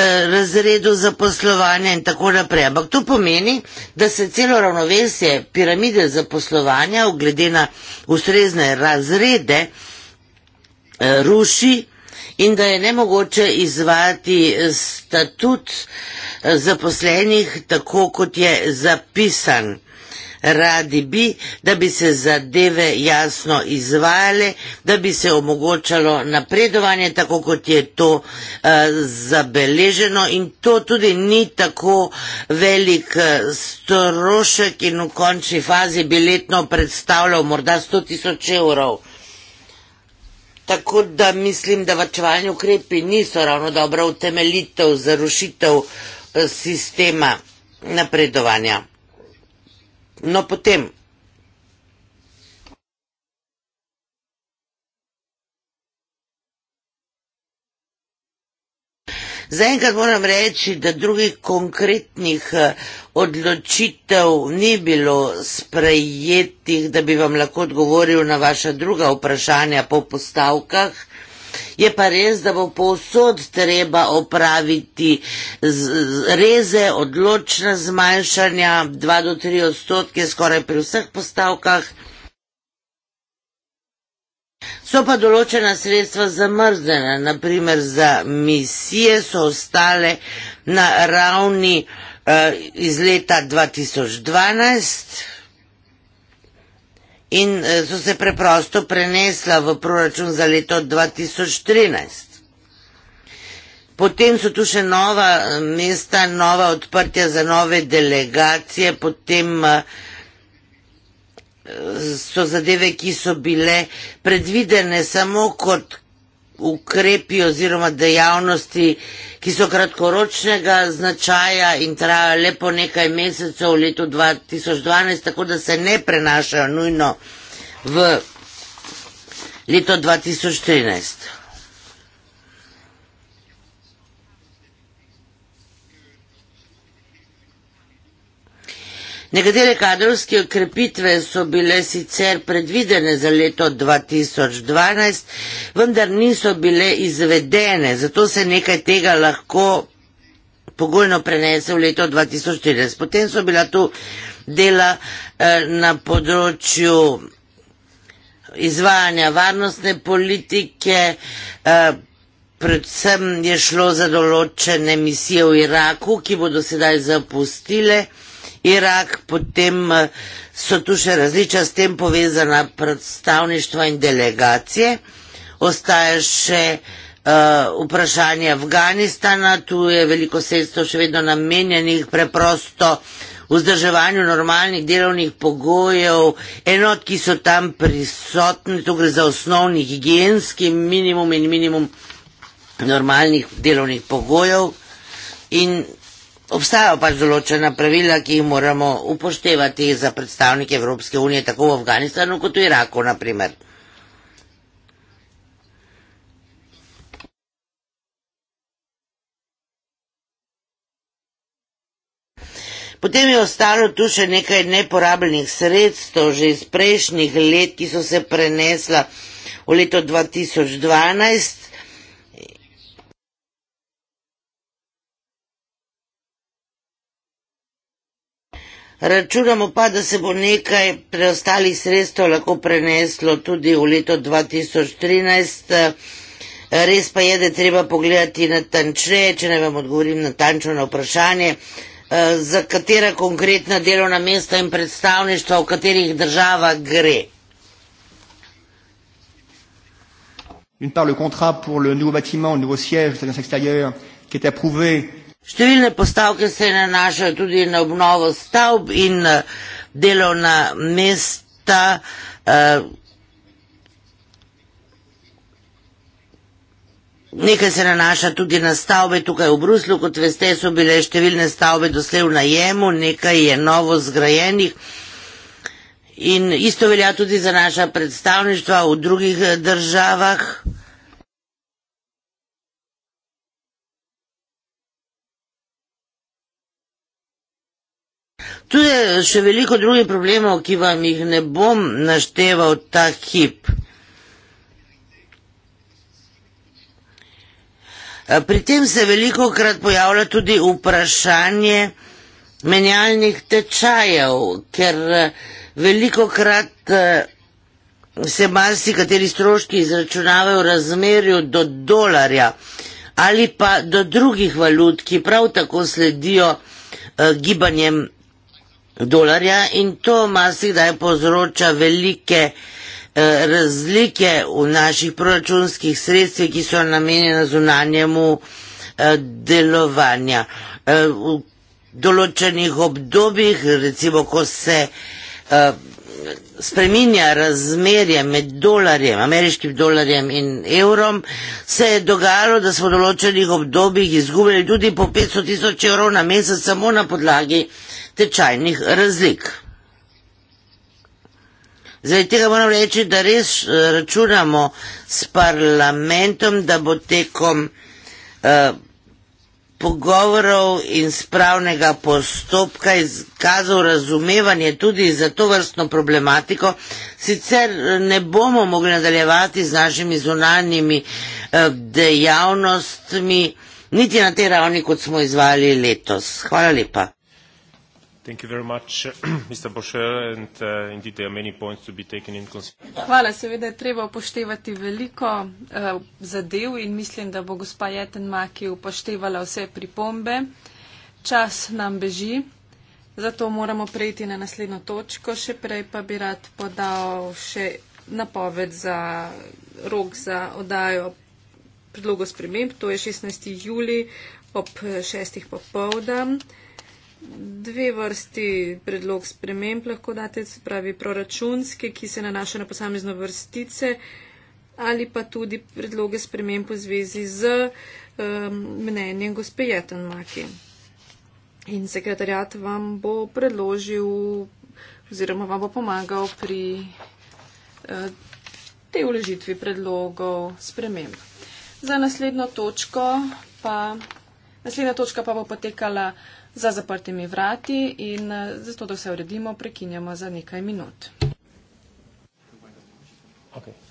Eh, razredu za poslovanje in tako naprej. Ampak to pomeni, da se celo ravnovesje piramide za poslovanje, glede na ustrezne razrede, eh, ruši in da je nemogoče izvati eh, statut zaposlenih tako, kot je zapisan radi bi, da bi se zadeve jasno izvajale, da bi se omogočalo napredovanje, tako kot je to eh, zabeleženo in to tudi ni tako velik eh, strošek in v končni fazi bi letno predstavljal morda 100 tisoč evrov. Tako da mislim, da vačevalni ukrepi niso ravno dobra utemeljitev za rušitev eh, sistema napredovanja. No potem. Zaenkrat moram reči, da drugih konkretnih eh, odločitev ni bilo sprejetih, da bi vam lahko odgovoril na vaša druga vprašanja po postavkah je pa res, da bo povsod treba opraviti reze, odločna zmanjšanja, 2 do 3 odstotke skoraj pri vseh postavkah. So pa določena sredstva zamrznjena, naprimer za misije so ostale na ravni eh, iz leta 2012 in eh, so se preprosto prenesla v proračun za leto 2013. Potem so tu še nova eh, mesta, nova odprtja za nove delegacije, potem eh, so zadeve, ki so bile predvidene samo kot ukrepi oziroma dejavnosti, ki so kratkoročnega značaja in trajajo lepo nekaj mesecev v letu 2012, tako da se ne prenašajo nujno v leto 2013. Nekatere kadrovske okrepitve so bile sicer predvidene za leto 2012, vendar niso bile izvedene, zato se nekaj tega lahko pogojno prenese v leto 2014. Potem so bila tu dela eh, na področju izvajanja varnostne politike, eh, predvsem je šlo za določene misije v Iraku, ki bodo sedaj zapustile. Irak, potem eh, so tu še različna s tem povezana predstavništva in delegacije, ostaje še uh, vprašanje Afganistana, tu je veliko sredstev še vedno namenjenih preprosto vzdrževanju normalnih delovnih pogojev, enot, ki so tam prisotni, tu gre za osnovni higijenski minimum in minimum normalnih delovnih pogojev in Obstajajo pač določena pravila, ki jih moramo upoštevati za predstavnike Evropske unije, tako v Afganistanu kot v Iraku, naprimer. Potem je ostalo tu še nekaj neporabljenih sredstev, že iz prejšnjih let, ki so se prenesla v leto 2012. Računamo pa, da se bo nekaj preostalih sredstev lahko preneslo tudi v leto 2013. Res pa je, da je treba pogledati natančneje, če ne vam odgovorim natančno na vprašanje, eh, za katera konkretna delovna mesta in predstavništva, v katerih država gre. Une part le contrat pour le nouveau bâtiment, le nouveau siège de l'agence extérieure, qui est approuvé Številne postavke se nanašajo tudi na obnovo stavb in eh, delovna mesta. Eh, nekaj se nanaša tudi na stavbe tukaj v Bruslu, kot veste, so bile številne stavbe doslej v najemu, nekaj je novo zgrajenih. In isto velja tudi za naša predstavništva v drugih eh, državah. Tu je še veliko drugih problemov, ki vam jih ne bom našteval ta hip. Pri tem se veliko krat pojavlja tudi vprašanje menjalnih tečajev, ker eh, veliko krat eh, se marsi kateri stroški izračunavajo v razmerju do dolarja ali pa do drugih valut, ki prav tako sledijo eh, gibanjem dolarja in to marsikdaj povzroča velike eh, razlike v naših proračunskih sredstvih, ki so namenjene zunanjemu eh, delovanju. Eh, v določenih obdobjih, recimo, ko se spreminja razmerje med dolarjem, ameriškim dolarjem in evrom, se je dogajalo, da smo v določenih obdobjih izgubili tudi po 500 tisoč evrov na mesec samo na podlagi uh, tečajnih razlik. Zdaj tega moram reči, da res eh, računamo s parlamentom, da bo tekom eh, pogovorov in spravnega postopka izkazal razumevanje tudi za to vrstno problematiko. Sicer eh, ne bomo mogli nadaljevati z našimi zunanjimi eh, dejavnostmi, niti na tej ravni, kot smo izvali letos. Hvala lepa. Thank you very much, Mr. Bosher, and uh, indeed there are many points to be taken into consideration. Hvala, seveda je treba upoštevati veliko uh, zadev in mislim, da bo gospa Jetenmaki upoštevala vse pripombe. Čas nam beži, zato moramo prejti na naslednjo točko, še prej pa bi rad podal še napoved za rok za odajo predlogo sprememb, to je 16. juli ob 6. popovdan dve vrsti predlog sprememb lahko date, se pravi proračunske, ki se nanaša na posamezno vrstice ali pa tudi predloge sprememb v zvezi z um, mnenjem gospe Jetanmaki. In sekretarjat vam bo predložil oziroma vam bo pomagal pri uh, tej uležitvi predlogov sprememb. Za naslednjo točko pa, naslednja točka pa bo potekala uh, za zaprtimi vrati in eh, zato, da se uredimo, prekinjamo za nekaj minut. Okay.